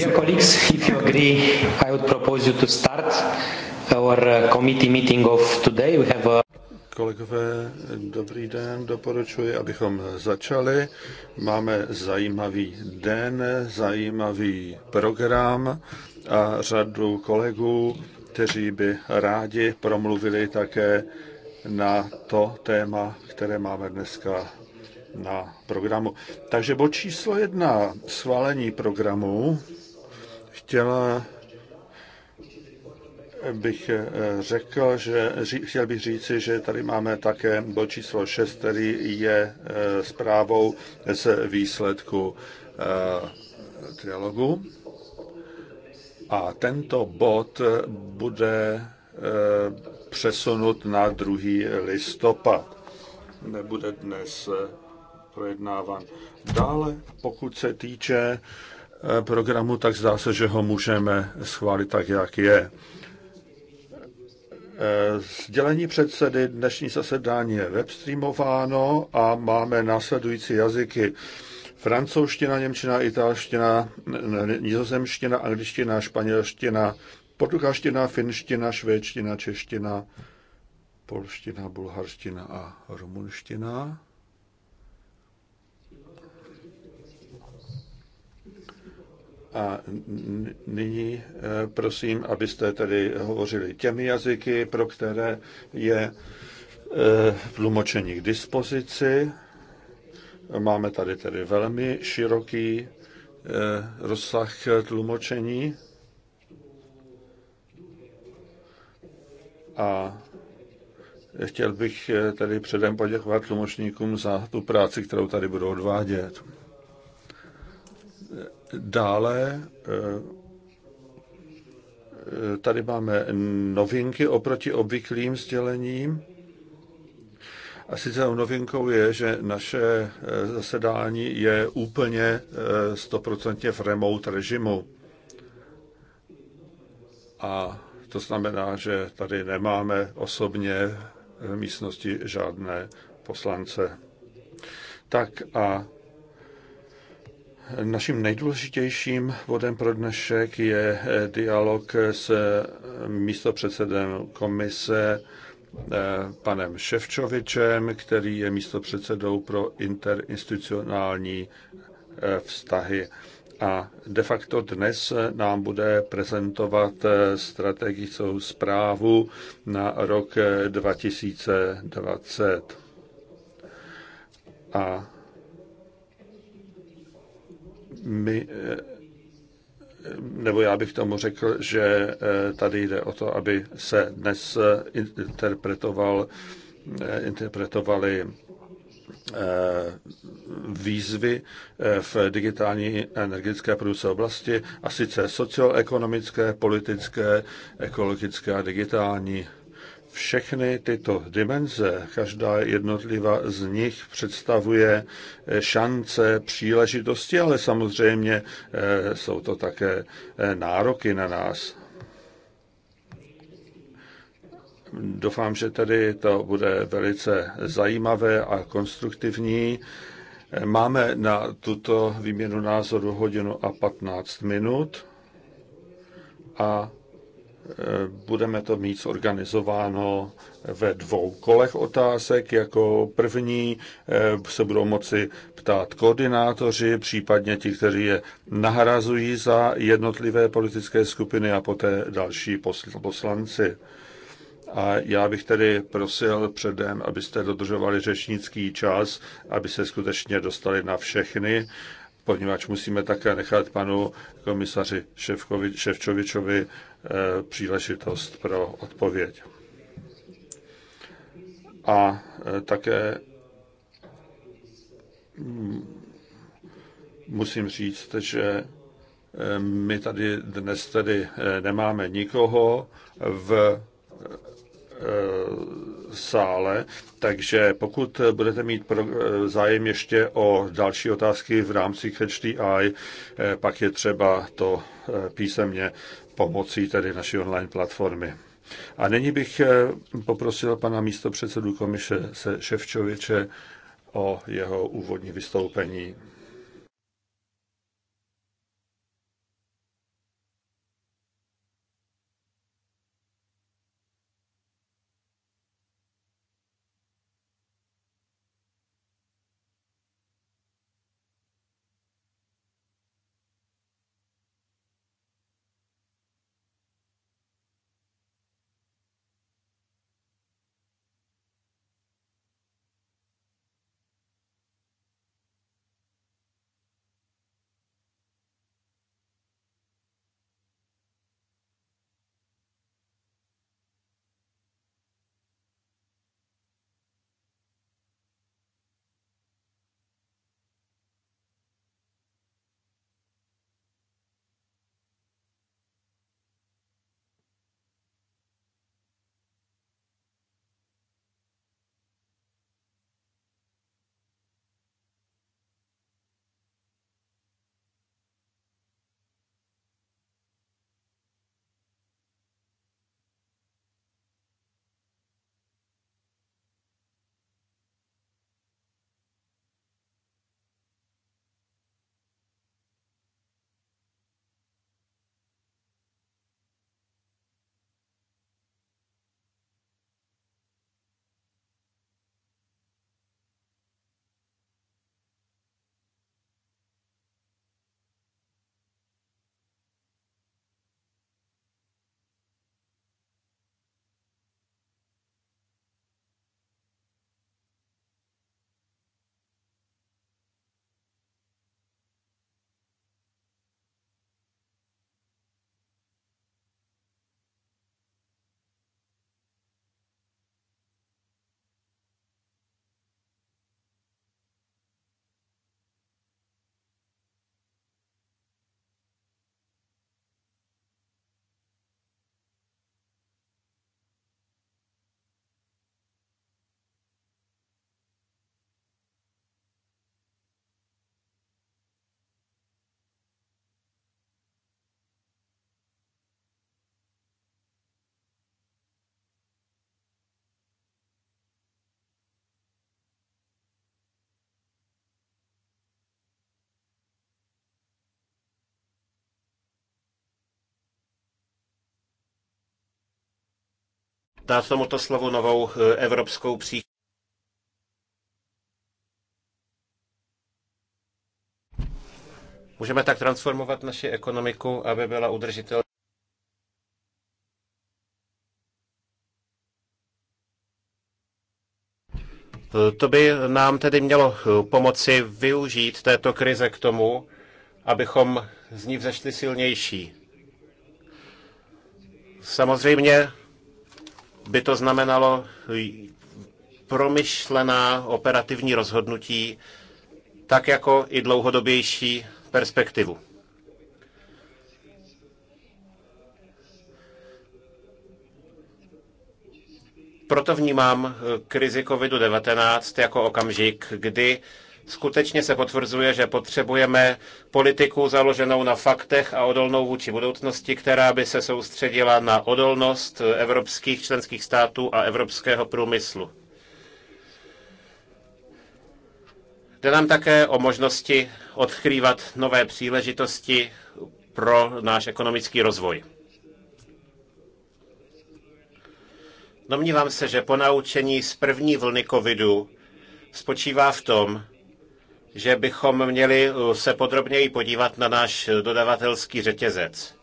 Dear colleagues, if you agree, I would propose you to start our uh, committee meeting of today. We have a Kolegové, dobrý den, doporučuji, abychom začali. Máme zajímavý den, zajímavý program a řadu kolegů, kteří by rádi promluvili také na to téma, které máme dneska na programu. Takže bod číslo jedna, schválení programu chtěla bych eh, řekl, že chtěl bych říci, že tady máme také bod číslo 6, který je eh, zprávou z výsledku eh, trialogu. A tento bod bude přesunut na 2. listopad. Nebude dnes projednávan. Dále, pokud se týče Eh, programu, tak zdá se, že ho můžeme schválit tak, jak je. Eh, sdělení předsedy dnešní zasedání je webstreamováno a máme následující jazyky. Francouzština, němčina, italština, nizozemština, angličtina, španělština, portugalština, finština, švédština, čeština, polština, bulharština a rumunština. A nyní eh, prosím, abyste tedy hovořili těmi jazyky, pro které je eh, tlumočení k dispozici. Máme tady tedy velmi široký eh, rozsah tlumočení. A chtěl bych tedy předem poděkovat tlumočníkům za tu práci, kterou tady budou odvádět. Dále eh, eh, tady máme novinky oproti obvyklým sdělením. A sice novinkou je, že naše eh, zasedání je úplně stoprocentně v remote režimu. A to znamená, že tady nemáme osobně v místnosti žádné poslance. Tak a Naším nejdůležitějším bodem pro dnešek je eh, dialog s eh, místopředsedem komise eh, panem Ševčovičem, který je místopředsedou pro interinstitucionální vztahy. A de facto dnes nám bude prezentovat strategickou zprávu na rok 2020. A my, eh, nebo já bych tomu řekl, že eh, tady jde o to, aby se dnes eh, interpretoval, interpretovali výzvy v digitální energetické produce oblasti, a sice socioekonomické, politické, ekologické a digitální všechny tyto dimenze, každá jednotlivá z nich představuje eh, šance, příležitosti, ale samozřejmě eh, jsou to také eh, nároky na nás. Doufám, že tedy to bude velice zajímavé a konstruktivní. Máme na tuto výměnu názoru hodinu a 15 minut a Eh, budeme to mít zorganizováno ve dvou kolech otázek. Jako první eh, se budou moci ptát koordinátoři, případně ti, kteří je nahrazují za jednotlivé politické skupiny a poté další poslanci. A já bych tedy prosil předem, abyste dodržovali řečnický čas, aby se skutečně dostali na všechny, poněvadž musíme také nechat panu komisaři Ševkovi, Ševčovičovi Eh, příležitost pro odpověď. A eh, také mm, musím říct, že eh, my tady dnes tedy nemáme nikoho v sále, takže pokud budete mít zájem ještě o další otázky v rámci Eye, pak je třeba to písemně pomocí tedy naší online platformy. A nyní bych eh, poprosil pana místopředsedu komise Ševčoviče o jeho úvodní vystoupení. dát tomuto slovu novou eh, evropskou příklad. Můžeme tak transformovat naši ekonomiku, aby byla udržitelná. Eh, to by nám tedy mělo eh, pomoci využít této krize k tomu, abychom z ní vzešli silnější. Samozřejmě by to znamenalo eh, promyšlená operativní rozhodnutí, tak jako i dlouhodobější perspektivu. Proto vnímám eh, krizi COVID-19 jako okamžik, kdy skutečně se potvrzuje, že potřebujeme politiku založenou na faktech a odolnou vůči budoucnosti, která by se soustředila na odolnost evropských členských států a evropského průmyslu. Jde nám také o možnosti odkrývat nové příležitosti pro náš ekonomický rozvoj. Domnívám se, že ponaučení z první vlny covidu spočívá v tom, že bychom měli uh, se podrobněji podívat na náš dodavatelský řetězec.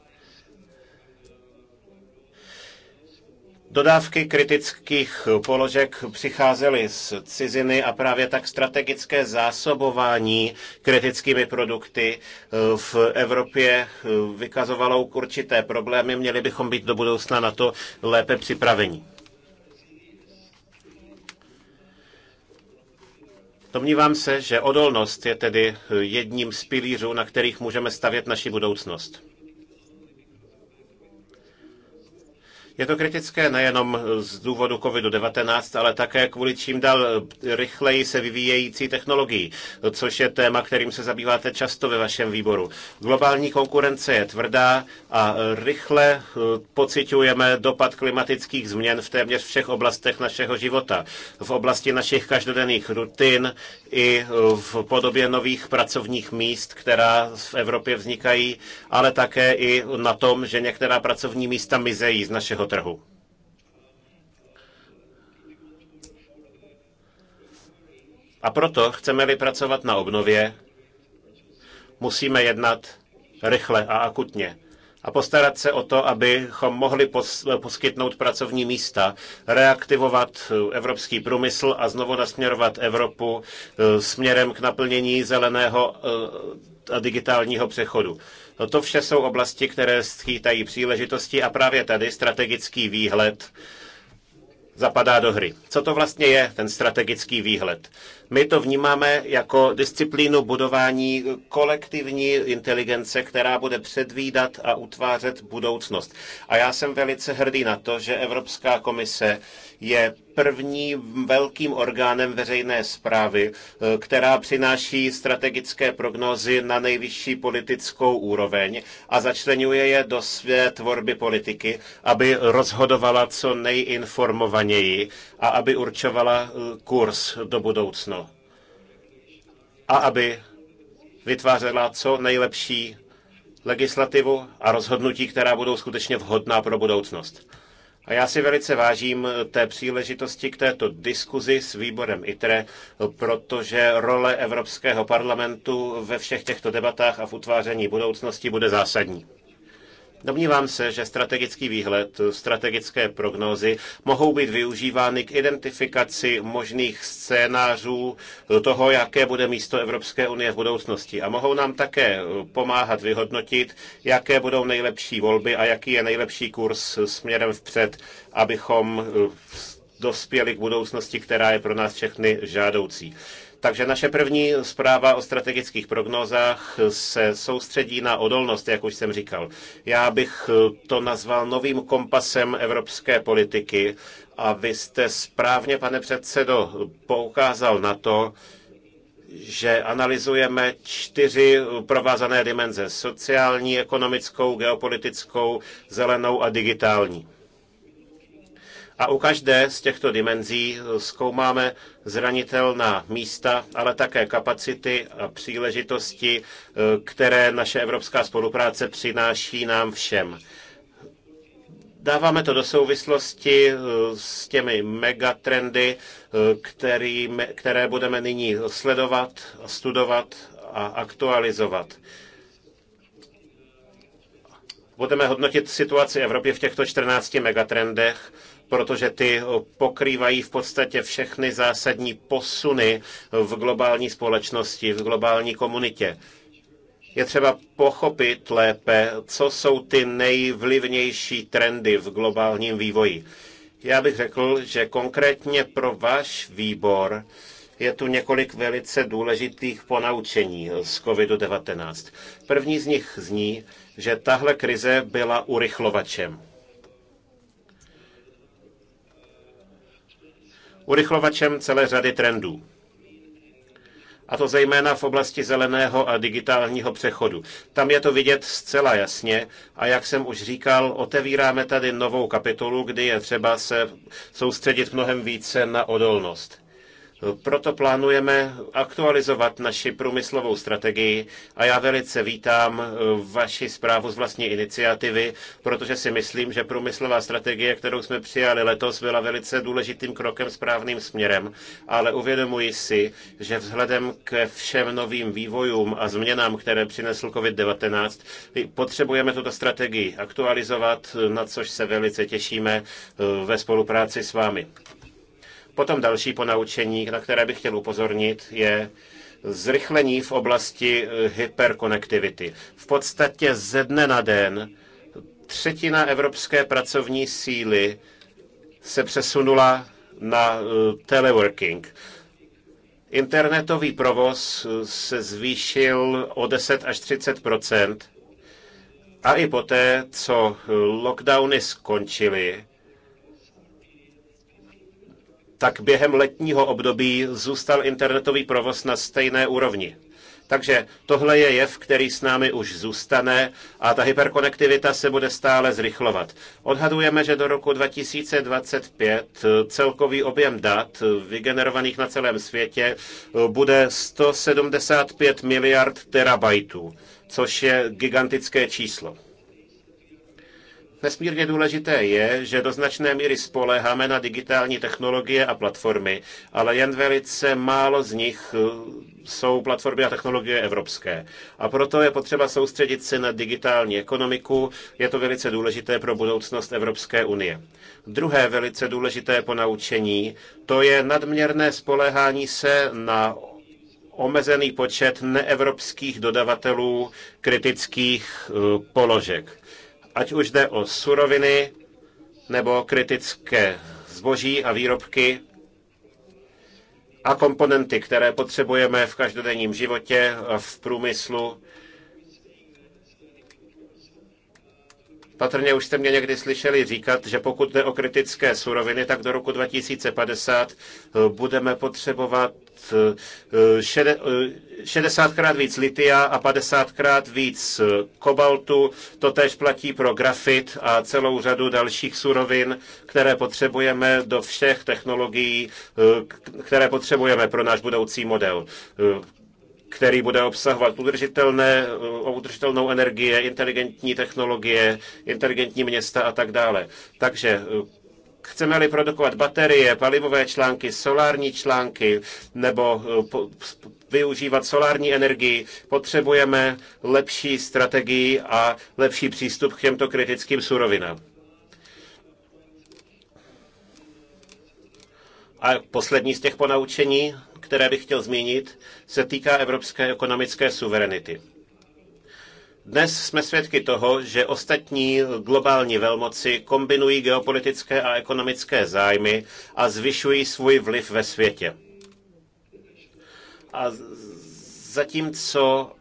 Dodávky kritických položek přicházely z ciziny a právě tak strategické zásobování kritickými produkty uh, v Evropě uh, vykazovalo určité problémy. Měli bychom být do budoucna na to lépe připraveni. Domnívám se, že odolnost je tedy jedním z pilířů, na kterých můžeme stavět naši budoucnost. Je to kritické nejenom z důvodu COVID-19, ale také kvůli čím dál rychleji se vyvíjející technologií, což je téma, kterým se zabýváte často ve vašem výboru. Globální konkurence je tvrdá a rychle eh, pociťujeme dopad klimatických změn v téměř všech oblastech našeho života. V oblasti našich každodenních rutin i eh, v podobě nových pracovních míst, která v Evropě vznikají, ale také i na tom, že některá pracovní místa mizejí z našeho trhu. A proto chceme-li pracovat na obnově, musíme jednat rychle a akutně a postarat se o to, abychom mohli poskytnout pracovní místa, reaktivovat evropský průmysl a znovu nasměrovat Evropu eh, směrem k naplnění zeleného eh, a digitálního přechodu to vše jsou oblasti, které schýtají příležitosti a právě tady strategický výhled zapadá do hry. Co to vlastně je, ten strategický výhled? My to vnímáme jako disciplínu budování kolektivní inteligence, která bude předvídat a utvářet budoucnost. A já jsem velice hrdý na to, že Evropská komise je prvním velkým orgánem veřejné zprávy, eh, která přináší strategické prognózy na nejvyšší politickou úroveň a začlenuje je do své tvorby politiky, aby rozhodovala co nejinformovaněji a aby určovala eh, kurz do budoucna. A aby vytvářela co nejlepší legislativu a rozhodnutí, která budou skutečně vhodná pro budoucnost. A já si velice vážím eh, té příležitosti k této diskuzi s výborem ITRE, eh, protože role Evropského parlamentu ve všech těchto debatách a v utváření budoucnosti bude zásadní. Domnívám se, že strategický výhled, strategické prognózy mohou být využívány k identifikaci možných scénářů toho, jaké bude místo Evropské unie v budoucnosti. A mohou nám také pomáhat vyhodnotit, jaké budou nejlepší volby a jaký je nejlepší kurz směrem vpřed, abychom dospěli k budoucnosti, která je pro nás všechny žádoucí. Takže naše první zpráva o strategických prognózách se soustředí na odolnost, jak už jsem říkal. Já bych to nazval novým kompasem evropské politiky a vy jste správně, pane předsedo, poukázal na to, že analyzujeme čtyři provázané dimenze. Sociální, ekonomickou, geopolitickou, zelenou a digitální. A u každé z těchto dimenzí eh, zkoumáme zranitelná místa, ale také kapacity a příležitosti, eh, které naše evropská spolupráce přináší nám všem. Dáváme to do souvislosti eh, s těmi megatrendy, který, které budeme nyní sledovat, studovat a aktualizovat. Budeme hodnotit situaci Evropy v těchto 14 megatrendech protože ty pokrývají v podstatě všechny zásadní posuny v globální společnosti, v globální komunitě je třeba pochopit lépe, co jsou ty nejvlivnější trendy v globálním vývoji. Já bych řekl, že konkrétně pro váš výbor je tu několik velice důležitých ponaučení z COVID-19. První z nich zní, že tahle krize byla urychlovačem. urychlovačem celé řady trendů. A to zejména v oblasti zeleného a digitálního přechodu. Tam je to vidět zcela jasně a jak jsem už říkal, otevíráme tady novou kapitolu, kdy je třeba se soustředit mnohem více na odolnost. Proto plánujeme aktualizovat naši průmyslovou strategii a já velice vítám eh, vaši zprávu z vlastní iniciativy, protože si myslím, že průmyslová strategie, kterou jsme přijali letos, byla velice důležitým krokem správným směrem, ale uvědomuji si, že vzhledem k všem novým vývojům a změnám, které přinesl COVID-19, potřebujeme tuto strategii aktualizovat, na což se velice těšíme eh, ve spolupráci s vámi. Potom další ponaučení, na které bych chtěl upozornit, je, zrychlení v oblasti eh, hyperkonektivity. V podstatě ze dne na den třetina evropské pracovní síly se přesunula na eh, teleworking. Internetový provoz eh, se zvýšil o 10 až 30 a i poté, co lockdowny skončily, tak během letního období zůstal internetový provoz na stejné úrovni. Takže tohle je jev, který s námi už zůstane a ta hyperkonektivita se bude stále zrychlovat. Odhadujeme, že do roku 2025 eh, celkový objem dat eh, vygenerovaných na celém světě eh, bude 175 miliard terabajtů, což je gigantické číslo. Nesmírně důležité je, že do značné míry spoléháme na digitální technologie a platformy, ale jen velice málo z nich eh, jsou platformy a technologie evropské. A proto je potřeba soustředit se na digitální ekonomiku, je to velice důležité pro budoucnost Evropské unie. Druhé velice důležité ponaučení, to je nadměrné spoléhání se na omezený počet neevropských dodavatelů kritických eh, položek ať už jde o suroviny nebo kritické zboží a výrobky a komponenty, které potřebujeme v každodenním životě, a v průmyslu. Patrně už jste mě někdy slyšeli říkat, že pokud jde o kritické suroviny, tak do roku 2050 budeme potřebovat 60krát eh, eh, víc litia a 50krát víc eh, kobaltu. To tež platí pro grafit a celou řadu dalších surovin, které potřebujeme do všech technologií, které potřebujeme pro náš budoucí model který bude obsahovat udržitelné, udržitelnou energie, inteligentní technologie, inteligentní města a tak dále. Takže Chceme-li produkovat baterie, palivové články, solární články nebo eh, využívat solární energii, potřebujeme lepší strategii a lepší přístup k těmto kritickým surovinám. A poslední z těch ponaučení, které bych chtěl zmínit, se týká evropské ekonomické suverenity. Dnes jsme svědky toho, že ostatní globální velmoci kombinují geopolitické a ekonomické zájmy a zvyšují svůj vliv ve světě. A zatímco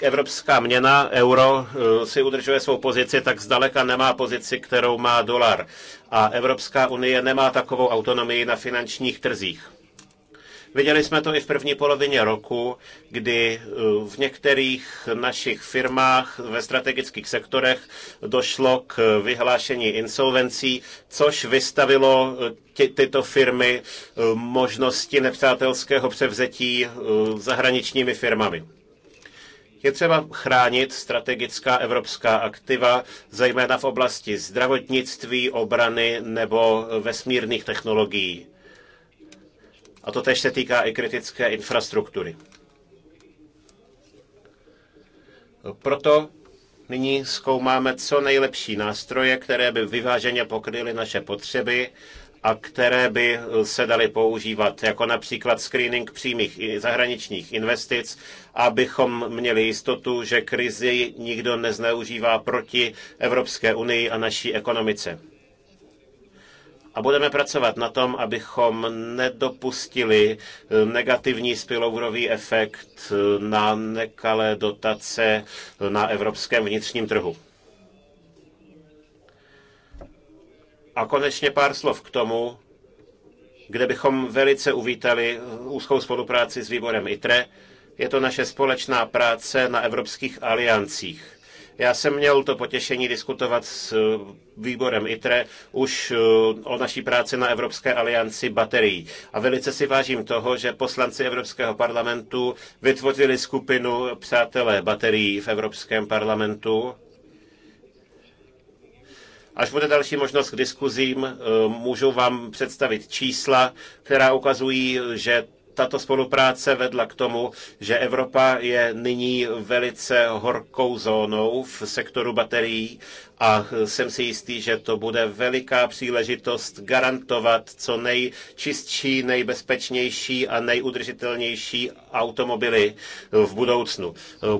evropská měna, euro, eh, si udržuje svou pozici, tak zdaleka nemá pozici, kterou má dolar. A Evropská unie nemá takovou autonomii na finančních trzích. Viděli jsme to i v první polovině roku, kdy eh, v některých našich firmách ve strategických sektorech došlo k eh, vyhlášení insolvencí, což vystavilo eh, ty, tyto firmy možnosti nepřátelského převzetí zahraničními firmami. Je třeba chránit strategická evropská aktiva, zejména v oblasti zdravotnictví, obrany nebo vesmírných technologií. A to tež se týká i kritické infrastruktury. Proto nyní zkoumáme co nejlepší nástroje, které by vyváženě pokryly naše potřeby a které by se daly používat, jako například screening přímých i zahraničních investic, abychom měli jistotu, že krizi nikdo nezneužívá proti Evropské unii a naší ekonomice. A budeme pracovat na tom, abychom nedopustili eh, negativní spillovrový efekt eh, na nekalé dotace eh, na evropském vnitřním trhu. A konečně pár slov k tomu, kde bychom velice uvítali úzkou spolupráci s výborem ITRE. Je to naše společná práce na evropských aliancích já jsem měl to potěšení diskutovat s eh, výborem ITRE už eh, o naší práci na Evropské alianci baterií. A velice si vážím toho, že poslanci Evropského parlamentu vytvořili skupinu přátelé baterií v Evropském parlamentu. Až bude další možnost k diskuzím, eh, můžu vám představit čísla, která ukazují, že tato spolupráce vedla k tomu, že Evropa je nyní velice horkou zónou v sektoru baterií a jsem si jistý, že to bude veliká příležitost garantovat co nejčistší, nejbezpečnější a nejudržitelnější automobily v budoucnu.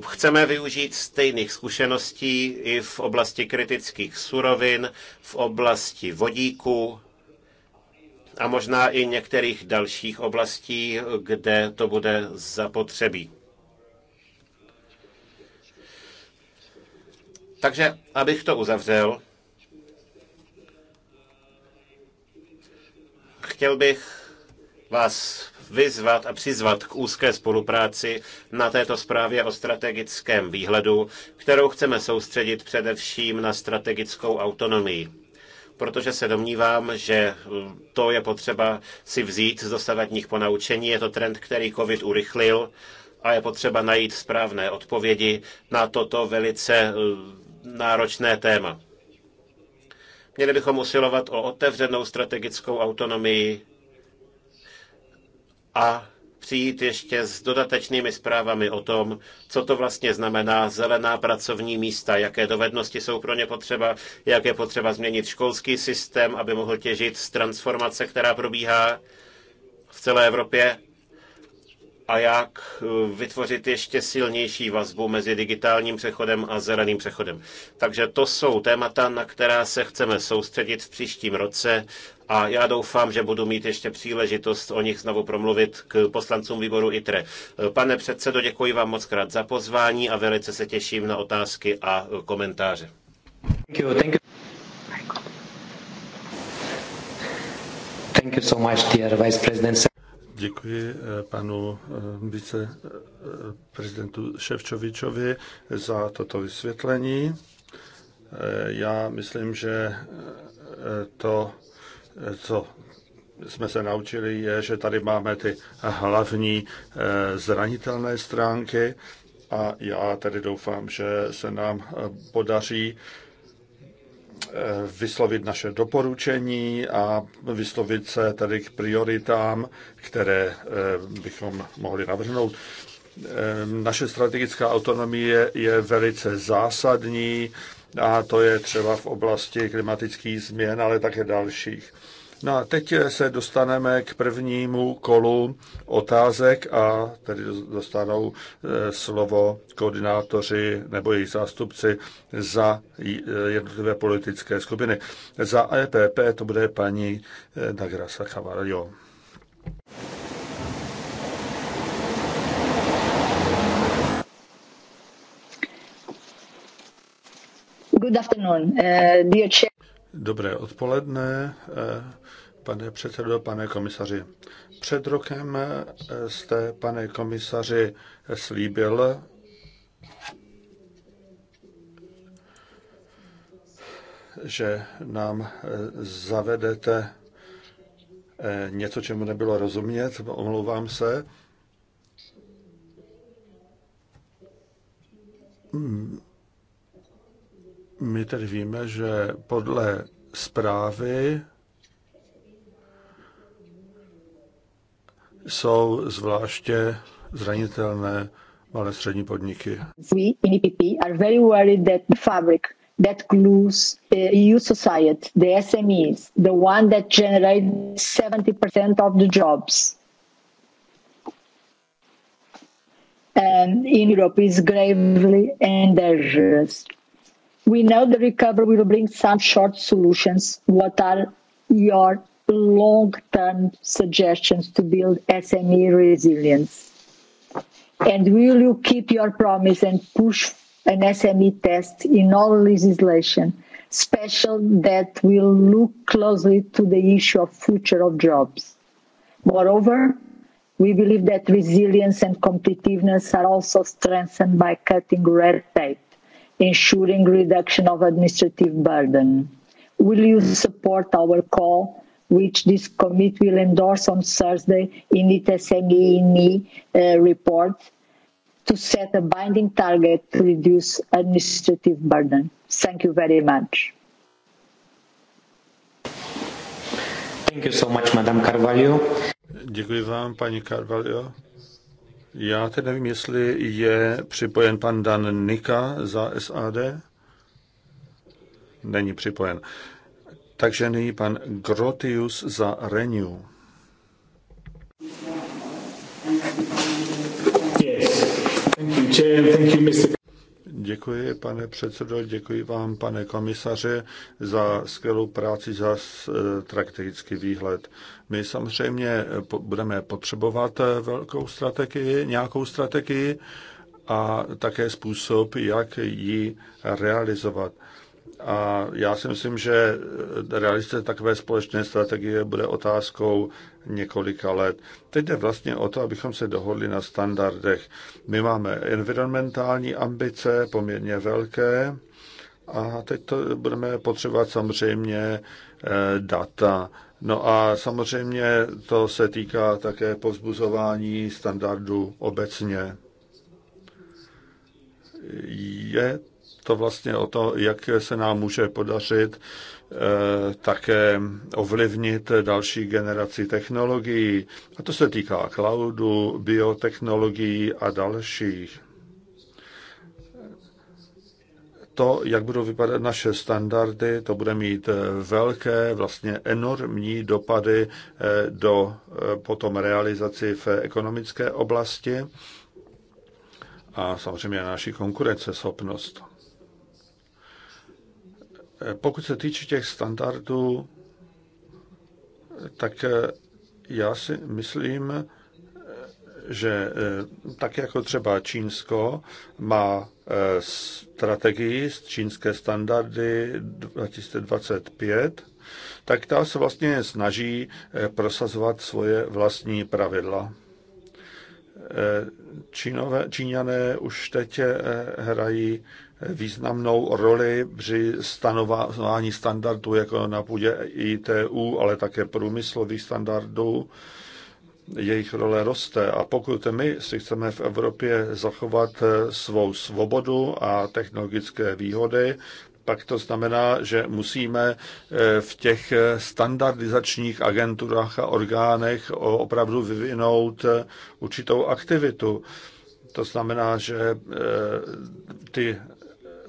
Chceme využít stejných zkušeností i v oblasti kritických surovin, v oblasti vodíku, a možná i některých dalších oblastí, kde to bude zapotřebí. Takže, abych to uzavřel, chtěl bych vás vyzvat a přizvat k úzké spolupráci na této zprávě o strategickém výhledu, kterou chceme soustředit především na strategickou autonomii protože se domnívám, že eh, to je potřeba si vzít z dostavadních ponaučení. Je to trend, který COVID urychlil a je potřeba najít správné odpovědi na toto velice eh, náročné téma. Měli bychom usilovat o otevřenou strategickou autonomii a přijít ještě s dodatečnými zprávami o tom, co to vlastně znamená zelená pracovní místa, jaké dovednosti jsou pro ně potřeba, jak je potřeba změnit školský systém, aby mohl těžit z transformace, která probíhá v celé Evropě a jak eh, vytvořit ještě silnější vazbu mezi digitálním přechodem a zeleným přechodem. Takže to jsou témata, na která se chceme soustředit v příštím roce a já doufám, že budu mít ještě příležitost o nich znovu promluvit k poslancům výboru ITRE. Pane předsedo, děkuji vám moc krát za pozvání a velice se těším na otázky a komentáře. Thank you, thank you. Thank you so much, dear Vice President. Děkuji eh, panu eh, viceprezidentu Ševčovičovi za toto vysvětlení. Eh, já myslím, že to co jsme se naučili, je, že tady máme ty hlavní eh, zranitelné stránky a já tedy doufám, že se nám eh, podaří eh, vyslovit naše doporučení a vyslovit se tady k prioritám, které bychom mohli navrhnout. Naše strategická autonomie je velice zásadní a to je třeba v oblasti klimatických změn, ale také dalších. No a teď se dostaneme k prvnímu kolu otázek a tedy dostanou e, slovo koordinátoři nebo jejich zástupci za e, jednotlivé politické skupiny. Za EPP to bude paní Dagrasa e, Cavallo. Good afternoon, uh, dear chair. Dobré odpoledne, eh, pane předsedo, pane komisaři. Před rokem eh, jste, pane komisaři, slíbil že nám eh, zavedete něco, čemu nebylo rozumět, omlouvám se. Hmm. My tedy víme, že podle zprávy jsou zvláště zranitelné malé střední podniky. We in EPP are very worried that the fabric that glues EU uh, society, the SMEs, the one that generates 70% of the jobs and um, in Europe is gravely endangered we know the recovery will bring some short solutions. What are your long-term suggestions to build SME resilience? And will you keep your promise and push an SME test in all legislation, special that will look closely to the issue of future of jobs? Moreover, we believe that resilience and competitiveness are also strengthened by cutting red tape ensuring reduction of administrative burden. Will you support our call, which this committee will endorse on Thursday in its SME e uh, report, to set a binding target to reduce administrative burden? Thank you very much. Thank you so much, Madam Carvalho. Děkuji vám, paní Carvalho. Já teď nevím, jestli je připojen pan Dan Nika za SAD. Není připojen. Takže nyní pan Grotius za Renew. Yes. Thank you, Chair. Thank you, Mr. Děkuji, pane předsedo, děkuji vám, pane komisaře, za skvělou práci, za e, strategický výhled. My samozřejmě budeme potřebovat e, velkou strategii, nějakou strategii a také způsob, jak ji realizovat. A já si myslím, že eh, realizace takové společné strategie bude otázkou několika let. Teď jde vlastně o to, abychom se dohodli na standardech. My máme environmentální ambice, poměrně velké, a teď to budeme potřebovat samozřejmě eh, data. No a samozřejmě to se týká také pozbuzování standardů obecně. Je to vlastně o to, jak se nám může podařit eh, také ovlivnit další generaci technologií. A to se týká cloudu, biotechnologií a dalších. To, jak budou vypadat naše standardy, to bude mít eh, velké, vlastně enormní dopady eh, do potom realizaci v ekonomické oblasti a samozřejmě naší konkurenceschopnost. Pokud se týče těch standardů, tak eh, já si myslím, že eh, tak jako třeba Čínsko má eh, strategii čínské standardy 2025, tak ta se vlastně snaží prosazovat svoje vlastní pravidla. Čínové, Číňané už teď hrají významnou roli při stanování standardů jako na půdě ITU, ale také průmyslových standardů. Jejich role roste a pokud my si chceme v Evropě zachovat eh, svou svobodu a technologické výhody, pak to znamená, že musíme eh, v těch eh, standardizačních agenturách a orgánech opravdu vyvinout určitou aktivitu. To znamená, že ty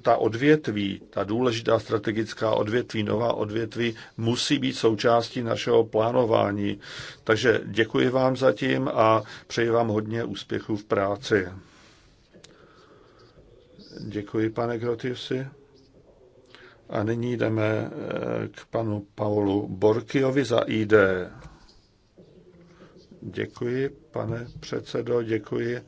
ta odvětví, ta důležitá strategická odvětví, nová odvětví, musí být součástí našeho plánování. Takže děkuji vám zatím a přeji vám hodně úspěchů v práci. Děkuji, pane Grotiusi. A nyní jdeme eh, k panu Paulu Borkiovi za ID. Děkuji, pane předsedo, děkuji,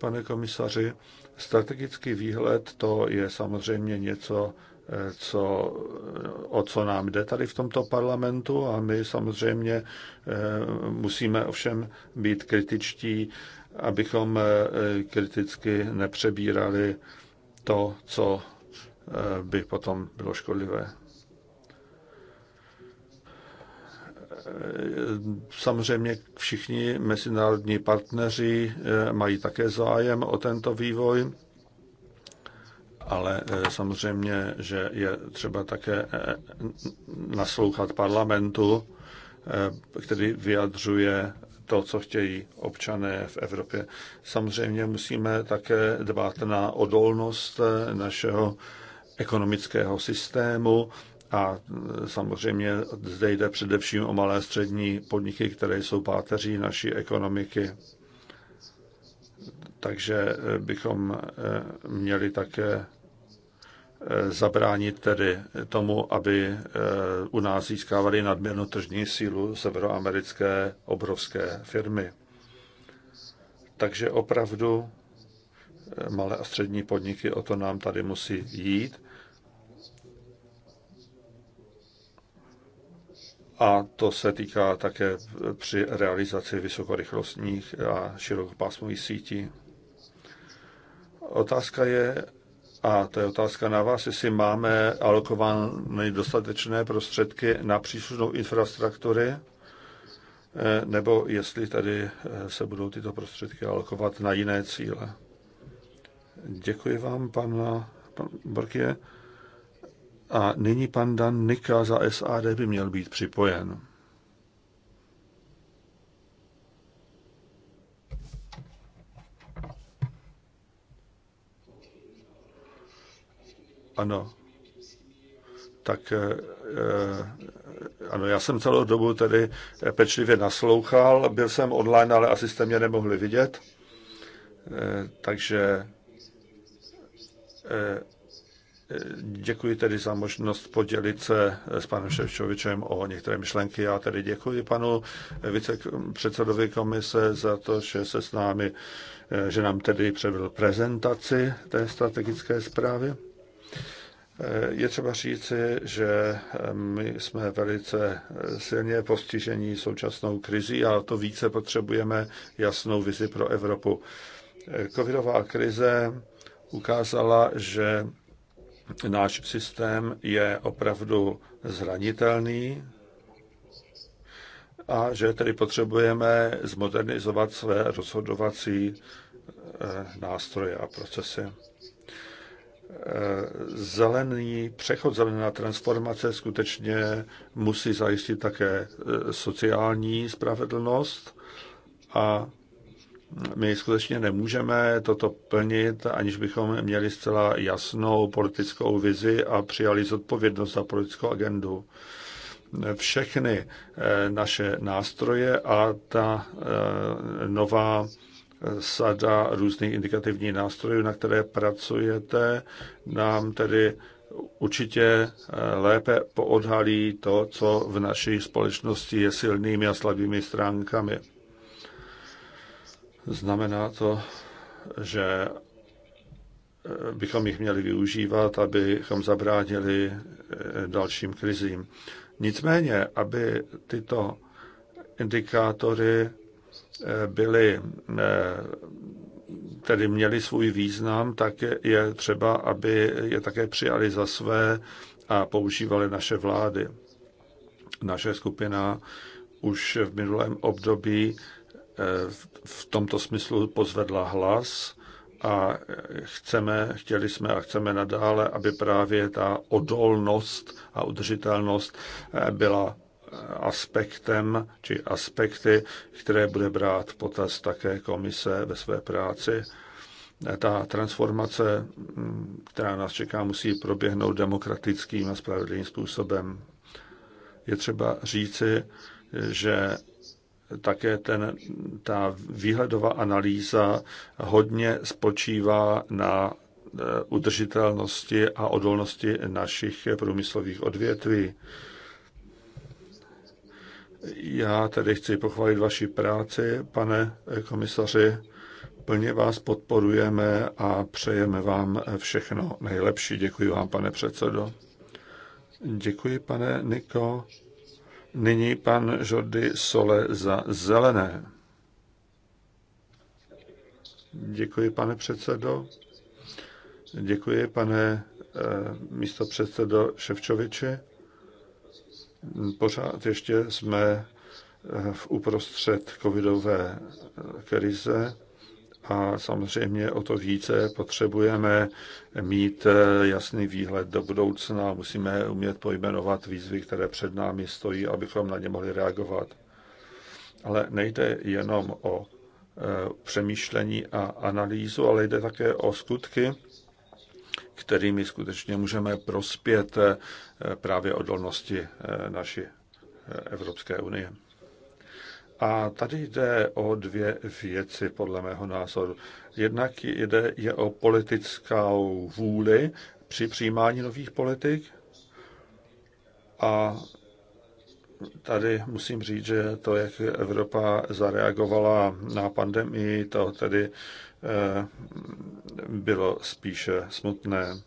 pane komisaři. Strategický výhled to je samozřejmě něco, eh, co, eh, o co nám jde tady v tomto parlamentu a my samozřejmě eh, musíme ovšem být kritičtí, abychom kriticky nepřebírali to, co by potom bylo škodlivé. Eh, samozřejmě všichni mezinárodní partneři eh, mají také zájem o tento vývoj, ale eh, samozřejmě, že je třeba také naslouchat parlamentu, který vyjadřuje to, co chtějí občané v Evropě. Samozřejmě musíme také dbát na odolnost našeho ekonomického systému, a e, samozřejmě zde jde především o malé střední podniky, které jsou páteří naší ekonomiky. Takže e, bychom e, měli také zabránit tedy tomu, aby u nás získávali nadměrnou tržní sílu severoamerické obrovské firmy. Takže opravdu malé a střední podniky, o to nám tady musí jít a to se týká také při realizaci vysokorychlostních a širokopásmových sítí. Otázka je, a to je otázka na vás, jestli máme alokovány dostatečné prostředky na příslušnou infrastruktury, nebo jestli tady eh, se budou tyto prostředky alokovat na jiné cíle. Děkuji vám, pan, pan Borkie. A nyní pan Dan Nika za SAD by měl být připojen. Ano. Tak eh, eh, ano, já jsem celou dobu tedy pečlivě naslouchal, byl jsem online, ale asi jste mě nemohli vidět. Eh, takže Děkuji tedy za možnost podělit se s panem Ševčovičem o některé myšlenky. Já tedy děkuji panu vicepředsedovi komise za to, že se s námi, že nám tedy převedl prezentaci té strategické zprávy. Je třeba říci, že my jsme velice silně postižení současnou krizí a to více potřebujeme jasnou vizi pro Evropu. Covidová krize ukázala, že náš systém je opravdu zranitelný a že tedy potřebujeme zmodernizovat své rozhodovací eh, nástroje a procesy. Eh, zelený přechod, zelená transformace skutečně musí zajistit také eh, sociální spravedlnost a my skutečně nemůžeme toto plnit, aniž bychom měli zcela jasnou politickou vizi a přijali zodpovědnost za politickou agendu. Všechny eh, naše nástroje a ta eh, nová eh, sada různých indikativních nástrojů, na které pracujete, nám tedy určitě lépe poodhalí to, co v naší společnosti je silnými a slabými stránkami. Znamená to, že eh, bychom jich měli využívat, abychom zabránili eh, dalším krizím. Nicméně, aby tyto indikátory eh, byly, tedy měly svůj význam, tak je třeba, aby je také přijali za své a používali naše vlády. Naše skupina už v minulém období Eh, v tomto smyslu pozvedla hlas a eh, chceme, chtěli jsme a chceme nadále, aby právě ta odolnost a udržitelnost eh, byla aspektem či aspekty, které bude brát potaz také komise ve své práci. Ta transformace, hm, která nás čeká, musí proběhnout demokratickým a spravedlivým způsobem. Je třeba říci, že také ten, ta výhledová analýza hodně spočívá na e, udržitelnosti a odolnosti našich průmyslových odvětví. Já tedy chci pochválit vaši práci, pane komisaři. Plně vás podporujeme a přejeme vám všechno nejlepší. Děkuji vám, pane předsedo. Děkuji, pane Niko. Nyní pan Jordi Sole za zelené. Děkuji, pane předsedo. Děkuji, pane eh, místo předsedo Ševčoviči. Pořád ještě jsme eh, v uprostřed covidové eh, krize a samozřejmě o to více potřebujeme mít eh, jasný výhled do budoucna. Musíme umět pojmenovat výzvy, které před námi stojí, abychom na ně mohli reagovat. Ale nejde jenom o eh, přemýšlení a analýzu, ale jde také o skutky, kterými skutečně můžeme prospět eh, právě odolnosti naší Evropské unie. A tady jde o dvě věci, podle mého názoru. Jednak jde je o politickou vůli při přijímání nových politik. A tady musím říct, že to, jak Evropa zareagovala na pandemii, to tedy eh, bylo spíše smutné.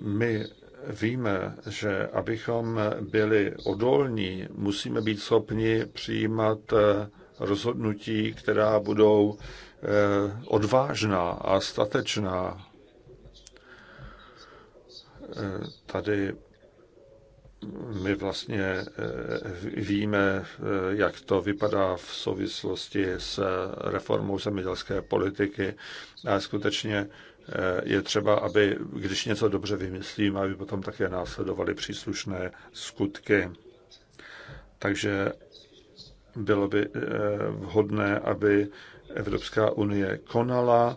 My víme, že abychom byli odolní, musíme být schopni přijímat eh, rozhodnutí, která budou eh, odvážná a statečná. Eh, tady my vlastně víme, jak to vypadá v souvislosti s reformou zemědělské politiky. A skutečně Eh, je třeba, aby když něco dobře vymyslím, aby potom také následovaly příslušné skutky. Takže bylo by eh, vhodné, aby Evropská unie konala,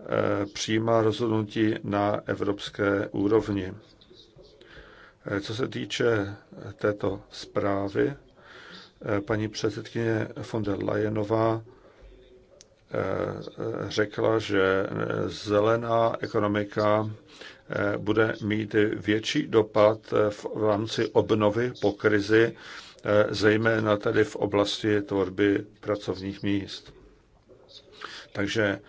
eh, přijímá rozhodnutí na evropské úrovni. Co se týče této zprávy, paní předsedkyně von der Leyenová Eh, řekla, že zelená ekonomika eh, bude mít větší dopad eh, v rámci obnovy po krizi, zejména tedy v oblasti tvorby pracovních míst. Takže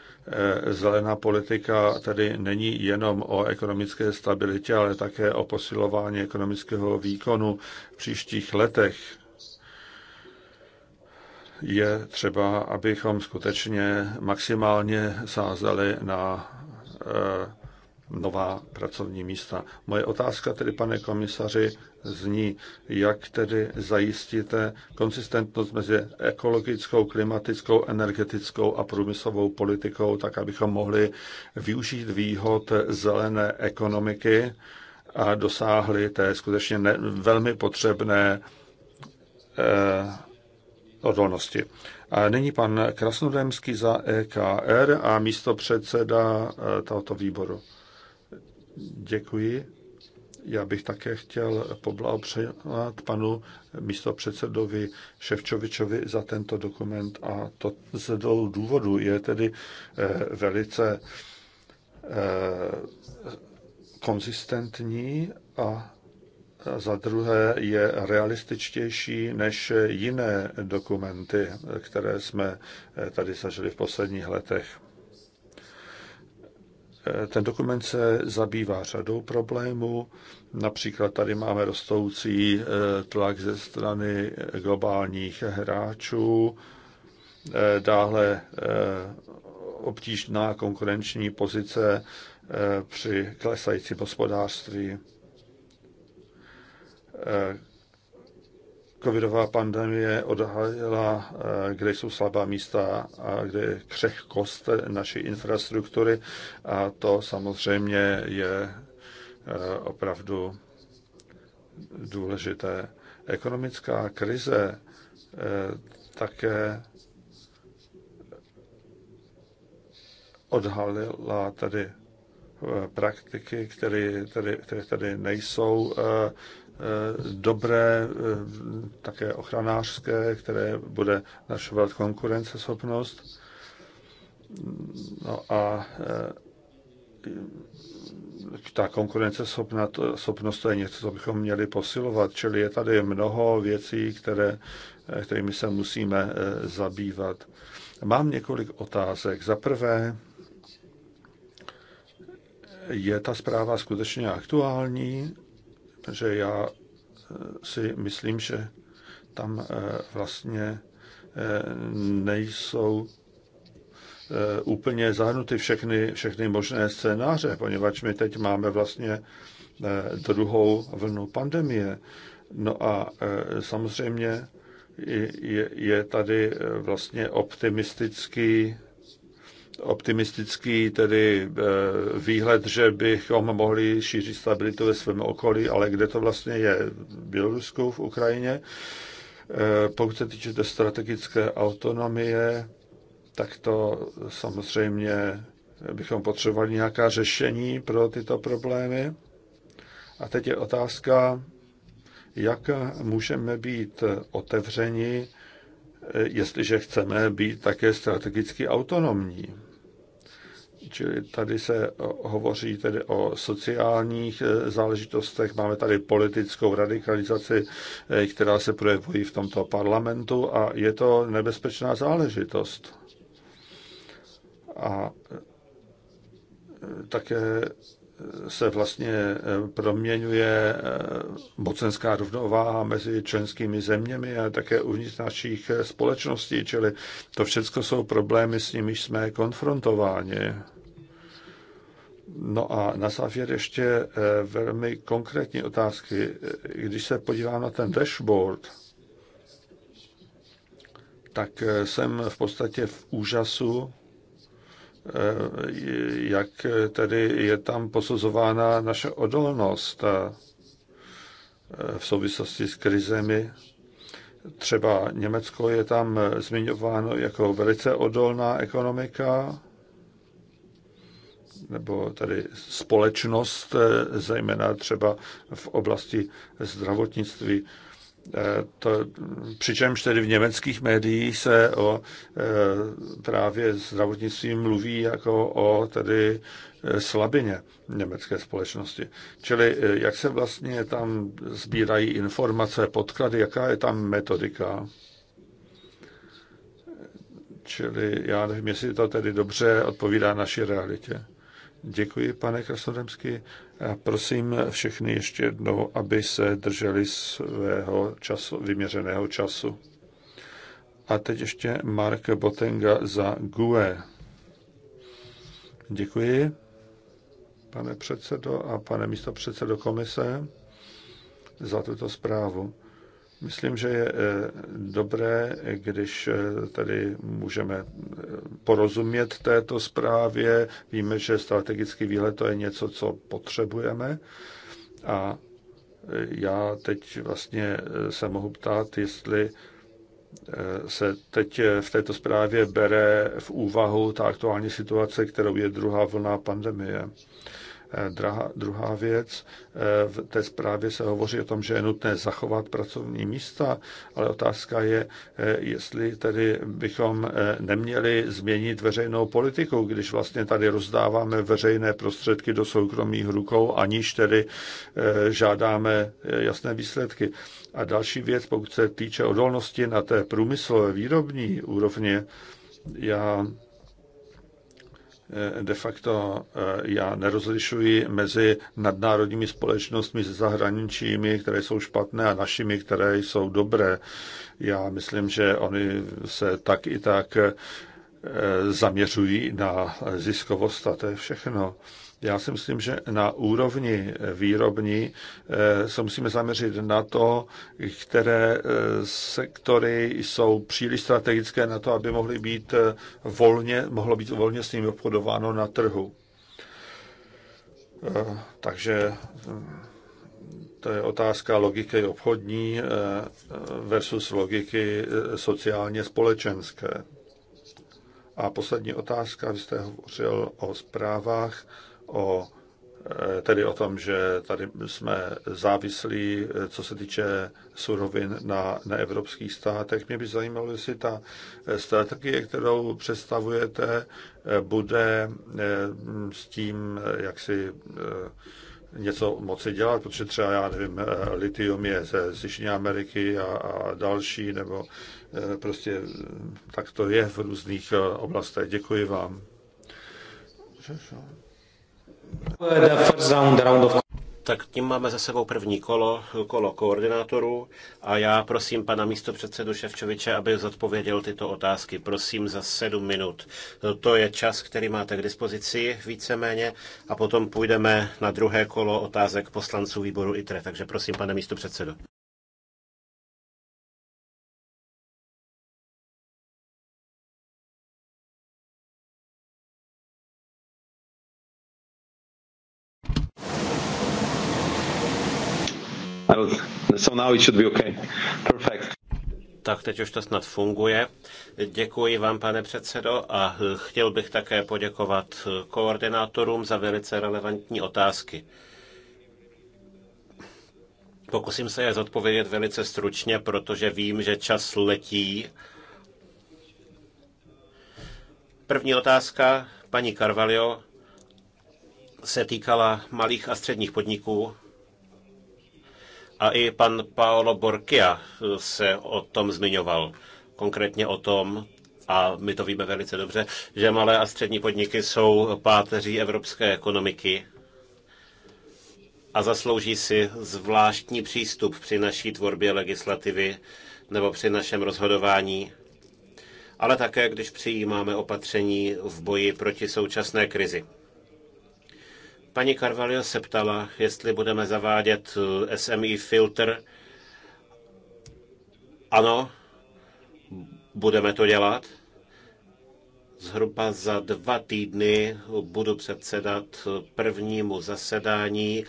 zelená politika tedy není jenom o ekonomické stabilitě, ale také o posilování ekonomického výkonu v příštích letech je třeba, abychom skutečně maximálně sázeli na eh, nová pracovní místa. Moje otázka tedy, pane komisaři, zní, jak tedy zajistíte konsistentnost mezi ekologickou, klimatickou, energetickou a průmyslovou politikou, tak abychom mohli využít výhod zelené ekonomiky a dosáhli té skutečně ne, velmi potřebné eh, odolnosti. A nyní pan Krasnodemský za EKR a místo předseda eh, tohoto výboru. Děkuji. Já bych také chtěl poblahopřát panu místopředsedovi Ševčovičovi za tento dokument a to z dvou důvodů je tedy eh, velice eh, konzistentní a za druhé je realističtější než jiné dokumenty, které jsme eh, tady zažili v posledních letech. Eh, ten dokument se zabývá řadou problémů. Například tady máme rostoucí eh, tlak ze strany globálních hráčů, dále obtížná konkurenční pozice při klesajícím hospodářství Eh, covidová pandemie odhalila, eh, kde jsou slabá místa a kde je křehkost naší infrastruktury a to samozřejmě je eh, opravdu důležité. Ekonomická krize také odhalila tady praktiky, které tady, které tady nejsou Eh, dobré, eh, také ochranářské, které bude našovat konkurenceschopnost. No a eh, ta konkurenceschopnost to je něco, co bychom měli posilovat, čili je tady mnoho věcí, které, kterými se musíme zabývat. Mám několik otázek. Za prvé, je ta zpráva skutečně aktuální že já eh, si myslím, že tam eh, vlastně eh, nejsou úplně zahrnuty všechny, všechny možné scénáře, poněvadž my teď máme vlastně druhou vlnu pandemie. No a samozřejmě je, je tady vlastně optimistický optimistický tedy eh, výhled, že bychom mohli šířit stabilitu ve svém okolí, ale kde to vlastně je? V Bělorusku, v Ukrajině. Eh, pokud se týče té strategické autonomie, tak to samozřejmě bychom potřebovali nějaká řešení pro tyto problémy. A teď je otázka, jak můžeme být otevřeni Eh, jestliže chceme být také strategicky autonomní. Čili tady se eh, hovoří tedy o sociálních eh, záležitostech. Máme tady politickou radikalizaci, která se projevují v tomto parlamentu a je to nebezpečná záležitost. A také se vlastně eh, proměňuje eh, mocenská rovnováha mezi členskými zeměmi a také uvnitř našich eh, společností, čili to všechno jsou problémy, s nimiž jsme konfrontováni. No a na závěr ještě velmi konkrétní otázky. Když se podívám na ten dashboard, tak jsem v podstatě v úžasu, Eh, jak tedy je tam posuzována naše odolnost eh, v souvislosti s krizemi. Třeba Německo je tam eh, zmiňováno jako velice odolná ekonomika, nebo tady společnost, zejména třeba v oblasti zdravotnictví. Eh, to, přičemž tedy v německých médiích se o eh, právě zdravotnictví mluví jako o tedy eh, slabině německé společnosti. Čili jak se vlastně tam sbírají informace, podklady, jaká je tam metodika? Čili já nevím, jestli to tedy dobře odpovídá naší realitě. Děkuji, pane Krasnodemský. A prosím všechny ještě jednou, aby se drželi svého času, vyměřeného času. A teď ještě Mark Botenga za GUE. Děkuji, pane předsedo a pane místopředsedo komise, za tuto zprávu. Myslím, že je eh, dobré, když eh, tady můžeme eh, porozumět této zprávě. Víme, že strategický výhled to je něco, co potřebujeme. A já teď vlastně se mohu ptát, jestli se teď v této zprávě bere v úvahu ta aktuální situace, kterou je druhá vlna pandemie. Eh, druhá, druhá věc, eh, v té zprávě se hovoří o tom, že je nutné zachovat pracovní místa, ale otázka je, eh, jestli tedy bychom neměli změnit veřejnou politiku, když vlastně tady rozdáváme veřejné prostředky do soukromých rukou, aniž tedy žádáme jasné výsledky. A další věc, pokud se týče odolnosti na té průmyslové výrobní úrovni, já Eh, de facto eh, já nerozlišuji mezi nadnárodními společnostmi se zahraničími, které jsou špatné, a našimi, které jsou dobré. Já myslím, že oni se tak i tak eh, zaměřují na ziskovost a to je všechno. Já si myslím, že na úrovni eh, výrobní eh, se musíme zaměřit na to, které eh, sektory jsou příliš strategické na to, aby mohly být volně, mohlo být volně s nimi obchodováno na trhu. Takže hm, to je otázka logiky obchodní versus logiky sociálně společenské. A poslední otázka, vy jste hovořil o zprávách o e, tedy o tom, že tady jsme závislí, e, co se týče surovin na, na evropských státech. Mě by zajímalo, jestli ta e, strategie, kterou představujete, bude s tím, jak si něco moci dělat, protože třeba, já nevím, litium je ze, Jižní Ameriky a, a další, nebo prostě tak to je v různých oblastech. Děkuji vám. Tak tím máme za sebou první kolo, kolo koordinátorů a já prosím pana předsedu Ševčoviče, aby zodpověděl tyto otázky. Prosím za sedm minut. To je čas, který máte k dispozici víceméně a potom půjdeme na druhé kolo otázek poslanců výboru ITRE. Takže prosím, pane místopředsedo. So now it should be okay. Perfect. Tak teď už to snad funguje. Děkuji vám, pane předsedo, a chtěl bych také poděkovat koordinátorům za velice relevantní otázky. Pokusím se je zodpovědět velice stručně, protože vím, že čas letí. První otázka, paní Carvalho, se týkala malých a středních podniků a i pan Paolo Borgia eh, se o tom zmiňoval. Konkrétně o tom, a my to víme velice dobře, že malé a střední podniky jsou páteří evropské ekonomiky a zaslouží si zvláštní přístup při naší tvorbě legislativy nebo při našem rozhodování, ale také když přijímáme opatření v boji proti současné krizi. Paní Carvalho se ptala, jestli budeme zavádět eh, SMI filtr. Ano, budeme to dělat. Zhruba za dva týdny budu předsedat prvnímu zasedání